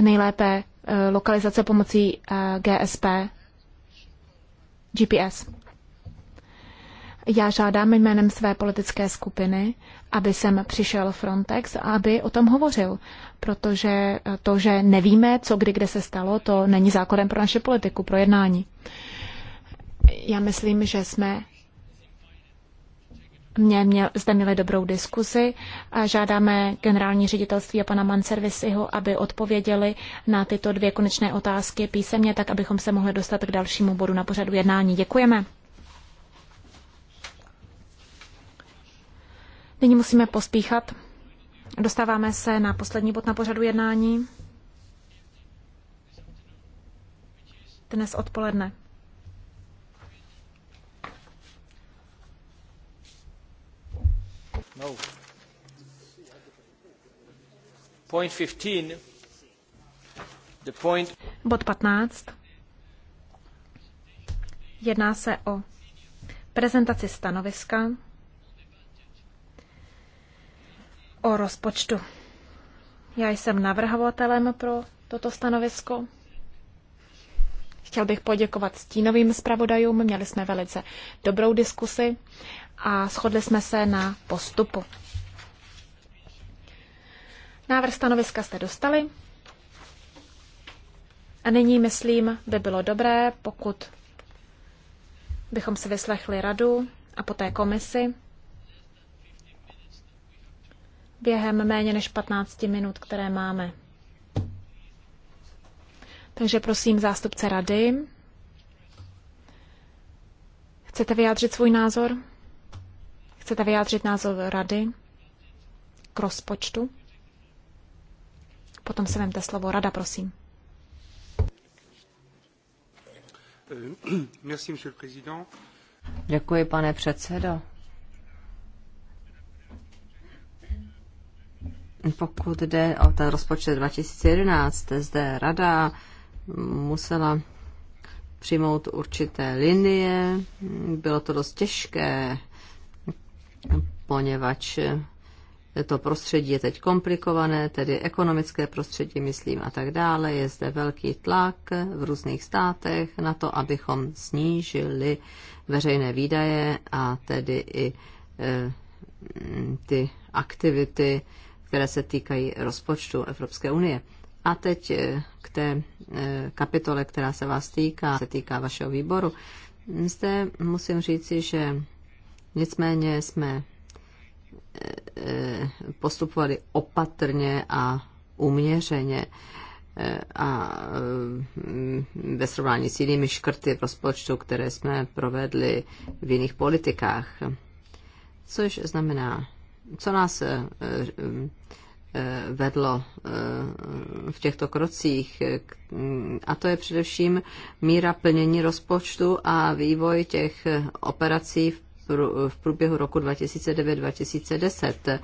Nejlépe eh, lokalizace pomocí eh, GSP, GPS. Já žádám jménem své politické skupiny, aby sem přišel Frontex a aby o tom hovořil. Protože to, že nevíme, co kdy kde se stalo, to není základem pro naše politiku, pro jednání. Já myslím, že jsme mě, mě zde měli dobrou diskuzi a žádáme generální ředitelství a pana Manservisiho, aby odpověděli na tyto dvě konečné otázky písemně, tak abychom se mohli dostat k dalšímu bodu na pořadu jednání. Děkujeme. Nyní musíme pospíchat. Dostáváme se na poslední bod na pořadu jednání. Dnes odpoledne. No. Point 15. The point... Bod 15. Jedná se o prezentaci stanoviska o rozpočtu. Já jsem navrhovatelem pro toto stanovisko. Chtěl bych poděkovat stínovým zpravodajům, měli jsme velice dobrou diskusi a shodli jsme se na postupu. Návrh stanoviska jste dostali. A nyní, myslím, by bylo dobré, pokud bychom si vyslechli radu a poté komisi během méně než 15 minut, které máme. Takže prosím zástupce rady. Chcete vyjádřit svůj názor? Chcete vyjádřit názor rady k rozpočtu? Potom se vemte slovo rada, prosím. Děkuji, pane předsedo. pokud jde o ten rozpočet 2011, zde rada musela přijmout určité linie. Bylo to dost těžké, poněvadž to prostředí je teď komplikované, tedy ekonomické prostředí, myslím, a tak dále. Je zde velký tlak v různých státech na to, abychom snížili veřejné výdaje a tedy i eh, ty aktivity které se týkají rozpočtu Evropské unie. A teď eh, k té eh, kapitole, která se vás týká, se týká vašeho výboru. Zde musím říci, že nicméně jsme eh, postupovali opatrně a uměřeně a mm, ve srovnání s jinými škrty v rozpočtu, které jsme provedli v jiných politikách. Což znamená, co nás eh, eh, eh, vedlo v těchto krocích. A to je především míra plnění rozpočtu a vývoj těch operací v průběhu roku 2009-2010.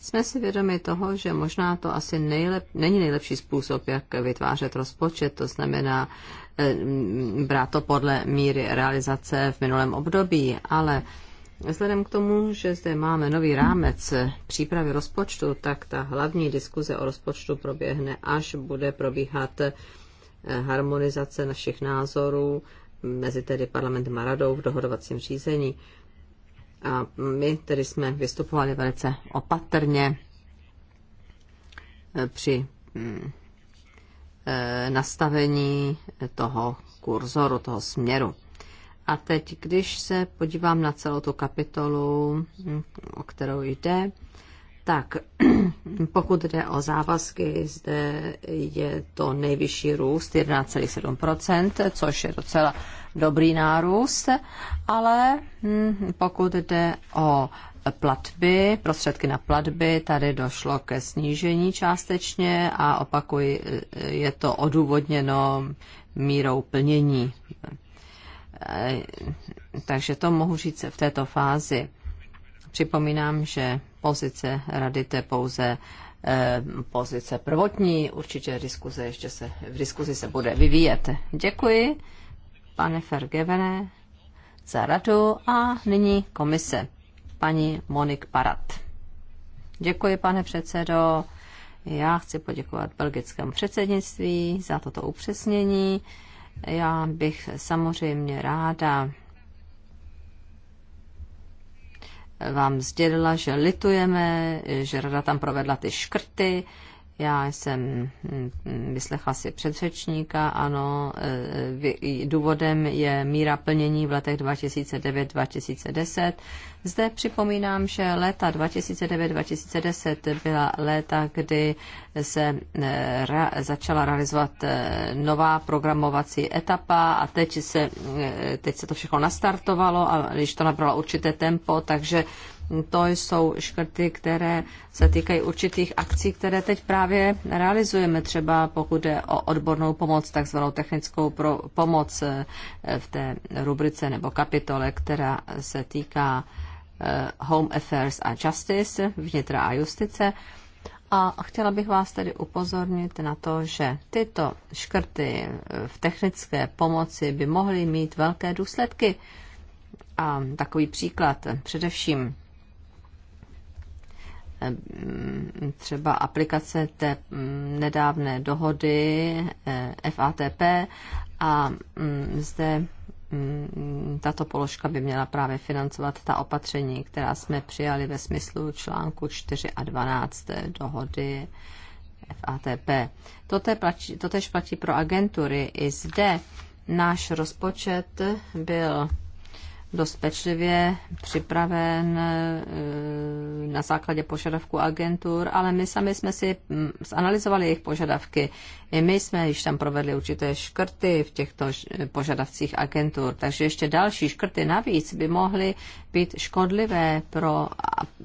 Jsme si vědomi toho, že možná to asi nejlep, není nejlepší způsob, jak vytvářet rozpočet, to znamená brát to podle míry realizace v minulém období, ale Vzhledem k tomu, že zde máme nový rámec přípravy rozpočtu, tak ta hlavní diskuze o rozpočtu proběhne, až bude probíhat eh, harmonizace našich názorů mezi tedy parlamentem a radou v dohodovacím řízení. A my tedy jsme vystupovali velice opatrně eh, při hm, eh, nastavení toho kurzoru, toho směru. A teď, když se podívám na celou tu kapitolu, o kterou jde, tak pokud jde o závazky, zde je to nejvyšší růst 11,7%, což je docela dobrý nárůst, ale hm, pokud jde o platby, prostředky na platby, tady došlo ke snížení částečně a opakuji, je to odůvodněno mírou plnění Eh, takže to mohu říct v této fázi. Připomínám, že pozice rady to je pouze eh, pozice prvotní. Určitě diskuze ještě se, v diskuzi se bude vyvíjet. Děkuji, pane Fergevene, za radu a nyní komise, paní Monik Parat. Děkuji, pane předsedo. Já chci poděkovat belgickému předsednictví za toto upřesnění. Já bych samozřejmě ráda vám sdělila, že litujeme, že rada tam provedla ty škrty, já jsem hm, hm, vyslechla si předřečníka, ano, eh, důvodem je míra plnění v letech 2009-2010. Zde připomínám, že léta 2009-2010 byla léta, kdy se eh, ra- začala realizovat eh, nová programovací etapa a teď se, teď se to všechno nastartovalo a když to nabralo určité tempo, takže to jsou škrty, které se týkají určitých akcí, které teď právě realizujeme, třeba pokud je o odbornou pomoc, takzvanou technickou pro pomoc eh, v té rubrice nebo kapitole, která se týká eh, Home Affairs a Justice, vnitra a justice. A chtěla bych vás tedy upozornit na to, že tyto škrty eh, v technické pomoci by mohly mít velké důsledky. A takový příklad především Ehm, třeba aplikace té mm, nedávné dohody eh, FATP a mm, zde mm, tato položka by měla právě financovat ta opatření, která jsme přijali ve smyslu článku 4 a 12 dohody FATP. Totež platí, totež platí pro agentury. I zde náš rozpočet byl dost pečlivě připraven e, na základě požadavků agentur, ale my sami jsme si mm, zanalizovali jejich požadavky. I my jsme již tam provedli určité škrty v těchto e, požadavcích agentur, takže ještě další škrty navíc by mohly být škodlivé pro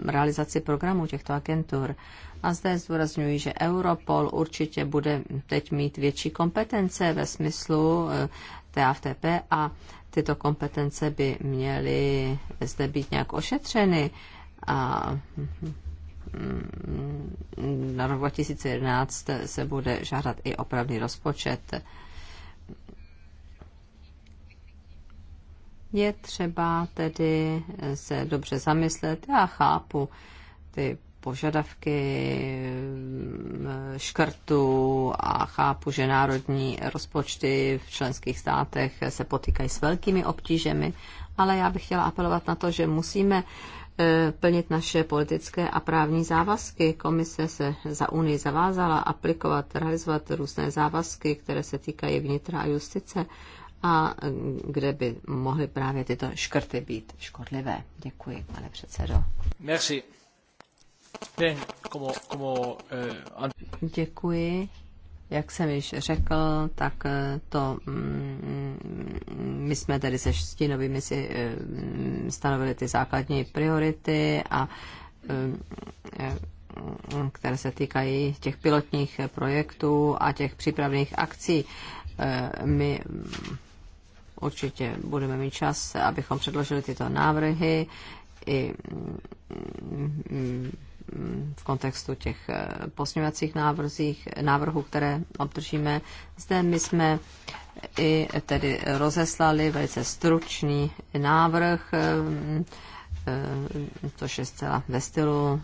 realizaci programu těchto agentur. A zde zdůrazňuji, že Europol určitě bude teď mít větší kompetence ve smyslu e, TAFTP a tyto kompetence by měly zde být nějak ošetřeny a mm, na rok 2011 se bude žádat i opravný rozpočet. Je třeba tedy se dobře zamyslet. Já chápu ty požadavky mm, škrtu a chápu, že národní rozpočty v členských státech se potýkají s velkými obtížemi, ale já bych chtěla apelovat na to, že musíme e, plnit naše politické a právní závazky. Komise se za Unii zavázala aplikovat, realizovat různé závazky, které se týkají vnitra a justice a e, kde by mohly právě tyto škrty být škodlivé. Děkuji, pane předsedo. Merci. Eh, Děkuji. Jak jsem již řekl, tak eh, to mm, mm, my jsme tedy se Štínovými si eh, stanovili ty základní priority a které se týkají těch pilotních projektů a těch přípravných akcí. My určitě budeme mít čas, abychom předložili tyto návrhy i mm, v kontextu těch eh, posměvacích návrhů, které obdržíme. Zde my jsme i tedy rozeslali velice stručný návrh, eh, eh, což je zcela ve stylu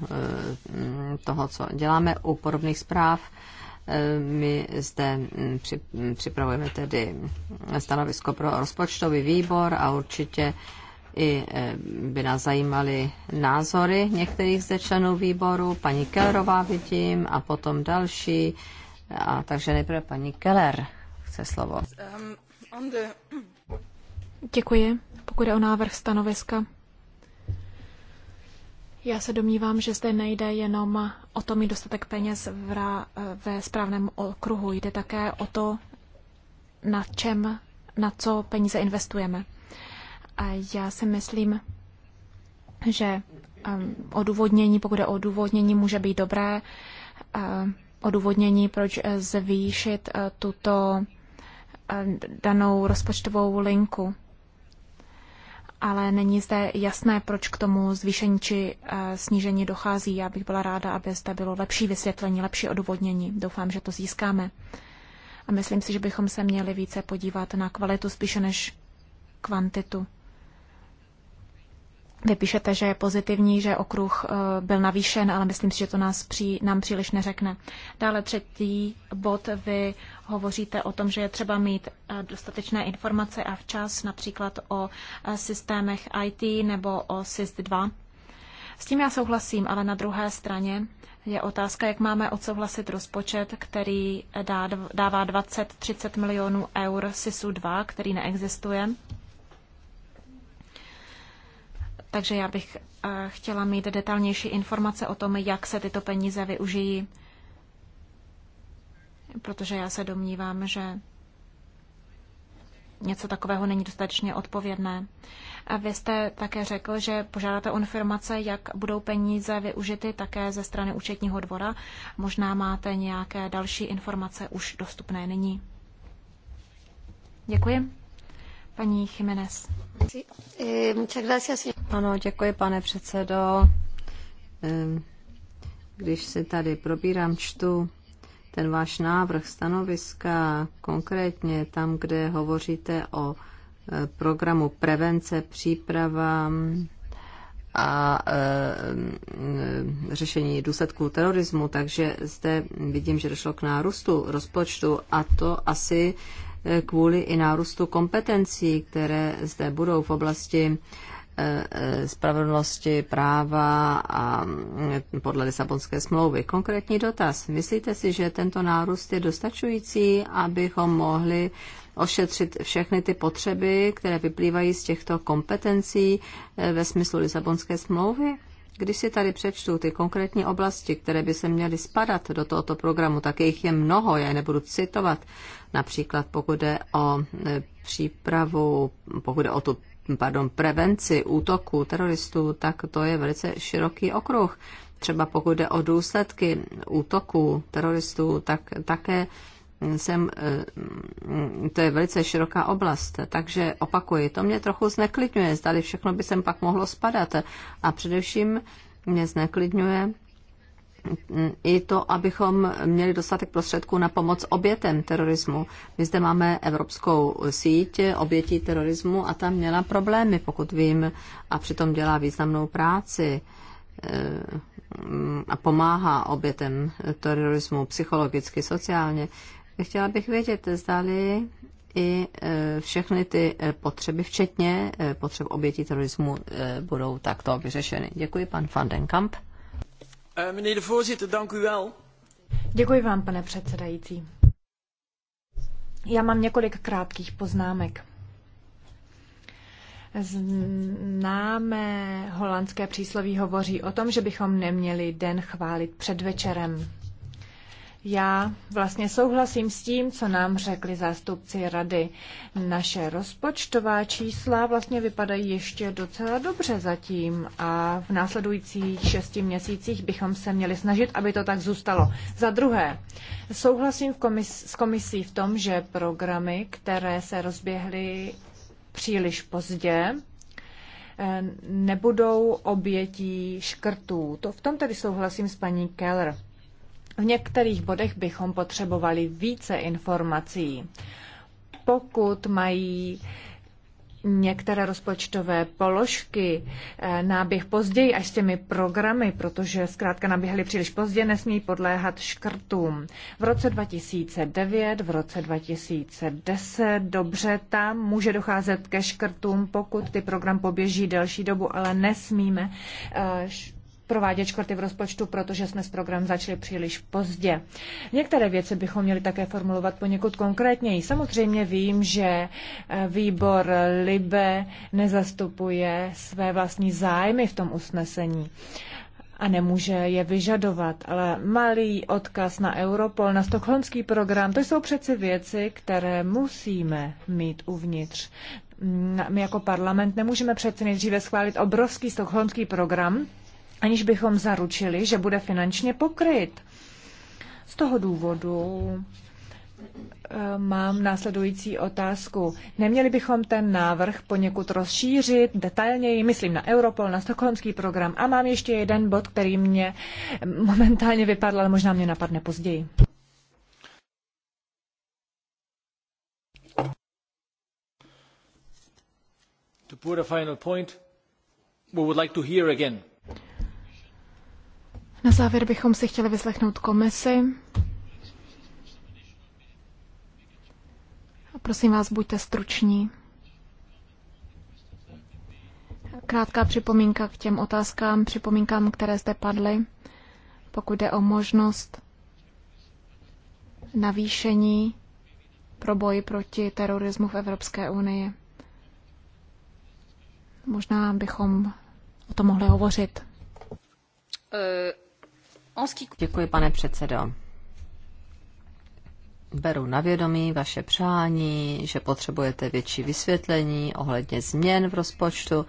toho, co děláme u podobných zpráv. My zde hm, hm, připravujeme tedy stanovisko pro rozpočtový výbor a určitě i eh, by nás zajímaly názory některých ze členů výboru. Paní Kellerová vidím a potom další. A takže nejprve paní Keller chce slovo. Děkuji. Pokud je o návrh stanoviska, já se domnívám, že zde nejde jenom o to mít dostatek peněz v, eh, ve správném okruhu. Jde také o to, na čem, na co peníze investujeme. A Já si myslím, že um, odůvodnění, pokud je odůvodnění, může být dobré. Uh, odůvodnění, proč eh, zvýšit eh, tuto eh, danou rozpočtovou linku. Ale není zde jasné, proč k tomu zvýšení či snížení dochází. Já bych byla ráda, aby zde bylo lepší vysvětlení, lepší odůvodnění. Doufám, že to získáme. A myslím si, že bychom se měli více podívat na kvalitu spíše než kvantitu. Vy píšete, že je pozitivní, že okruh eh, byl navýšen, ale myslím si, že to nás pří, nám příliš neřekne. Dále třetí bod, vy hovoříte o tom, že je třeba mít eh, dostatečné informace a včas, například o eh, systémech IT nebo o SIS-2. S tím já souhlasím, ale na druhé straně je otázka, jak máme odsouhlasit rozpočet, který dá, dává 20-30 milionů eur SISu 2, který neexistuje takže já bych eh, chtěla mít detailnější informace o tom, jak se tyto peníze využijí, protože já se domnívám, že něco takového není dostatečně odpovědné. A vy jste také řekl, že požádáte o informace, jak budou peníze využity také ze strany účetního dvora. Možná máte nějaké další informace už dostupné nyní. Děkuji. Paní Jiménez. Eh, ano, děkuji, pane předsedo. Když si tady probírám, čtu ten váš návrh stanoviska, konkrétně tam, kde hovoříte o eh, programu prevence, příprava a eh, mm, řešení důsledků terorismu, takže zde vidím, že došlo k nárůstu rozpočtu a to asi kvůli i nárůstu kompetencí, které zde budou v oblasti eh, eh, spravedlnosti, práva a mm, podle Lisabonské smlouvy. Konkrétní dotaz. Myslíte si, že tento nárůst je dostačující, abychom mohli ošetřit všechny ty potřeby, které vyplývají z těchto kompetencí eh, ve smyslu Lisabonské smlouvy? Když si tady přečtu ty konkrétní oblasti, které by se měly spadat do tohoto programu, tak jich je mnoho, já je nebudu citovat, například pokud jde o e, přípravu, pokud jde o tu pardon, prevenci útoku teroristů, tak to je velice široký okruh. Třeba pokud jde o důsledky útoků teroristů, tak také jsem, e, to je velice široká oblast, takže opakuji, to mě trochu zneklidňuje, zdali všechno by sem pak mohlo spadat a především mě zneklidňuje i to, abychom měli dostatek prostředků na pomoc obětem terorismu. My zde máme evropskou síť obětí terorismu a tam měla problémy, pokud vím, a přitom dělá významnou práci eh, a pomáhá obětem terorismu psychologicky, sociálně. Chtěla bych vědět, zdali i eh, všechny ty eh, potřeby, včetně potřeb obětí terorismu, budou takto vyřešeny. Děkuji, pan Van den Kamp. Eh, Děkuji vám, pane předsedající. Já mám několik krátkých poznámek. Známé holandské přísloví hovoří o tom, že bychom neměli den chválit před večerem. Já vlastně souhlasím s tím, co nám řekli zástupci rady. Naše rozpočtová čísla vlastně vypadají ještě docela dobře zatím a v následujících šesti měsících bychom se měli snažit, aby to tak zůstalo. Za druhé, souhlasím v komis- s komisí v tom, že programy, které se rozběhly příliš pozdě, eh, nebudou obětí škrtů. To v tom tedy souhlasím s paní Keller. V některých bodech bychom potřebovali více informací. Pokud mají některé rozpočtové položky eh, náběh později až s těmi programy, protože zkrátka naběhly příliš pozdě, nesmí podléhat škrtům. V roce 2009, v roce 2010, dobře, tam může docházet ke škrtům, pokud ty program poběží delší dobu, ale nesmíme eh, provádět škrty v rozpočtu, protože jsme s program začali příliš pozdě. Některé věci bychom měli také formulovat poněkud konkrétněji. Samozřejmě vím, že eh, výbor Libe nezastupuje své vlastní zájmy v tom usnesení a nemůže je vyžadovat, ale malý odkaz na Europol, na stokholmský program, to jsou přeci věci, které musíme mít uvnitř. Mm, my jako parlament nemůžeme přeci nejdříve schválit obrovský stokholmský program, aniž bychom zaručili, že bude finančně pokryt. Z toho důvodu eh, mám následující otázku. Neměli bychom ten návrh poněkud rozšířit detailněji, myslím na Europol, na stokholmský program. A mám ještě jeden bod, který mě eh, momentálně vypadl, ale možná mě napadne později. To put a final point, we would like to hear again na závěr bychom si chtěli vyslechnout komisy A prosím vás, buďte struční. Krátká připomínka k těm otázkám, připomínkám, které zde padly, pokud jde o možnost navýšení pro boj proti terorismu v Evropské unii. Možná bychom o tom mohli hovořit. Uh Děkuji, pane předsedo. Beru na vědomí vaše přání, že potřebujete větší vysvětlení ohledně změn v rozpočtu.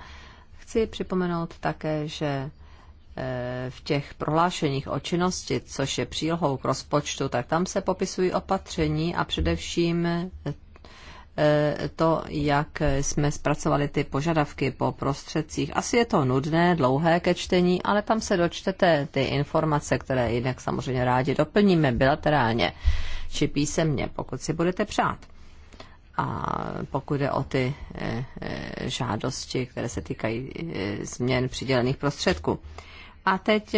Chci připomenout také, že e, v těch prohlášeních o činnosti, což je přílohou k rozpočtu, tak tam se popisují opatření a především Eh, to, jak jsme zpracovali ty požadavky po prostředcích. Asi je to nudné, dlouhé ke čtení, ale tam se dočtete ty informace, které jinak samozřejmě rádi doplníme bilaterálně či písemně, pokud si budete přát. A pokud jde o ty eh, eh, žádosti, které se týkají změn přidělených prostředků. A teď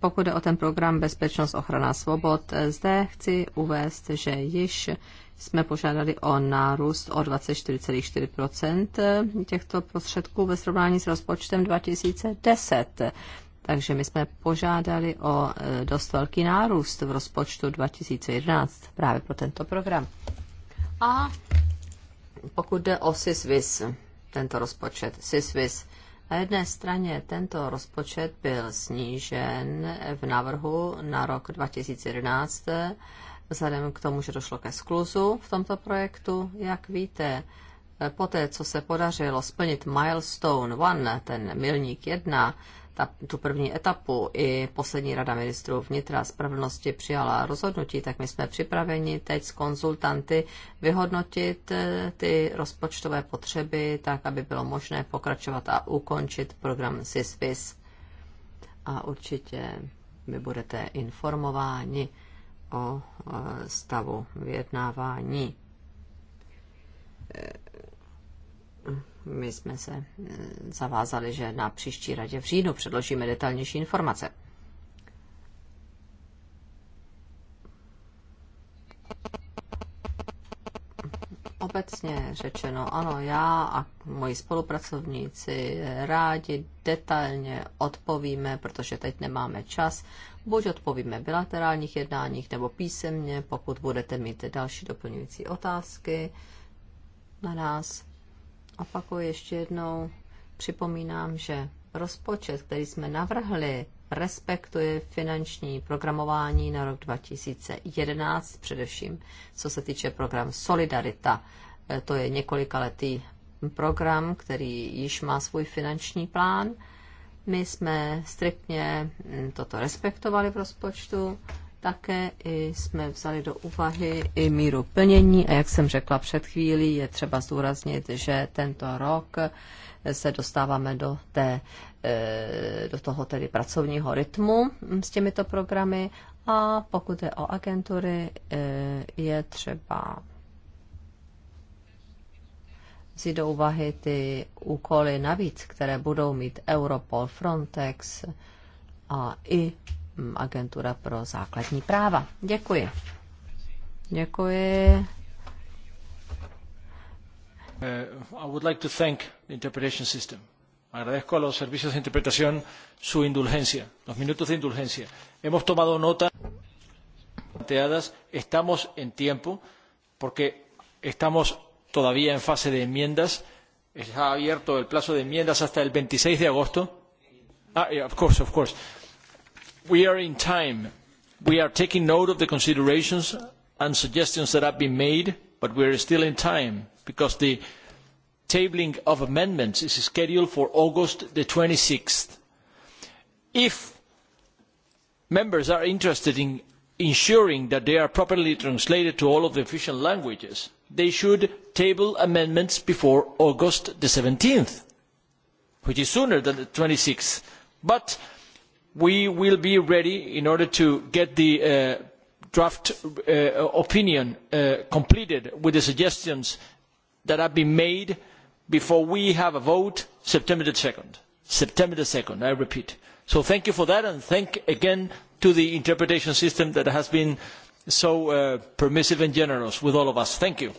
pokud jde o ten program Bezpečnost, ochrana, svobod, zde chci uvést, že již jsme požádali o nárůst o 24,4 těchto prostředků ve srovnání s rozpočtem 2010. Takže my jsme požádali o e, dost velký nárůst v rozpočtu 2011 právě pro tento program. A pokud jde o SISVIS, tento rozpočet, SISVIS, na jedné straně tento rozpočet byl snížen v návrhu na rok 2011 vzhledem k tomu, že došlo ke skluzu v tomto projektu. Jak víte, eh, poté, co se podařilo splnit milestone one, ten milník jedna, ta, tu první etapu i poslední rada ministrů vnitra spravedlnosti přijala rozhodnutí, tak my jsme připraveni teď s konzultanty vyhodnotit eh, ty rozpočtové potřeby, tak aby bylo možné pokračovat a ukončit program SISVIS. A určitě vy budete informováni o stavu vyjednávání. My jsme se mm, zavázali, že na příští radě v říjnu předložíme detailnější informace. obecně řečeno, ano, já a moji spolupracovníci rádi detailně odpovíme, protože teď nemáme čas. Buď odpovíme v bilaterálních jednáních nebo písemně, pokud budete mít další doplňující otázky na nás. Opakuji ještě jednou, připomínám, že rozpočet, který jsme navrhli respektuje finanční programování na rok 2011, především co se týče program Solidarita. E, to je několikaletý program, který již má svůj finanční plán. My jsme striktně mm, toto respektovali v rozpočtu, také i jsme vzali do úvahy i míru plnění a jak jsem řekla před chvílí, je třeba zdůraznit, že tento rok se dostáváme do té E, do toho tedy pracovního rytmu s těmito programy a pokud je o agentury, e, je třeba vzít do úvahy ty úkoly navíc, které budou mít Europol, Frontex a i mm, Agentura pro základní práva. Děkuji. Děkuji. Uh, I would like to thank the interpretation system. Agradezco a los servicios de interpretación su indulgencia, los minutos de indulgencia. Hemos tomado nota planteadas, estamos en tiempo porque estamos todavía en fase de enmiendas. Está abierto el plazo de enmiendas hasta el veintiséis de agosto. Ah, yeah, of course, of course. We are in time. We are taking note of the considerations and suggestions that have been made, but we are still in time because the tabling of amendments is scheduled for August the 26th. If members are interested in ensuring that they are properly translated to all of the official languages, they should table amendments before August the 17th, which is sooner than the 26th. But we will be ready in order to get the uh, draft uh, opinion uh, completed with the suggestions that have been made before we have a vote September the September the I repeat. So thank you for that and thank again to the interpretation system that has been so uh, permissive and generous with all of us. Thank you.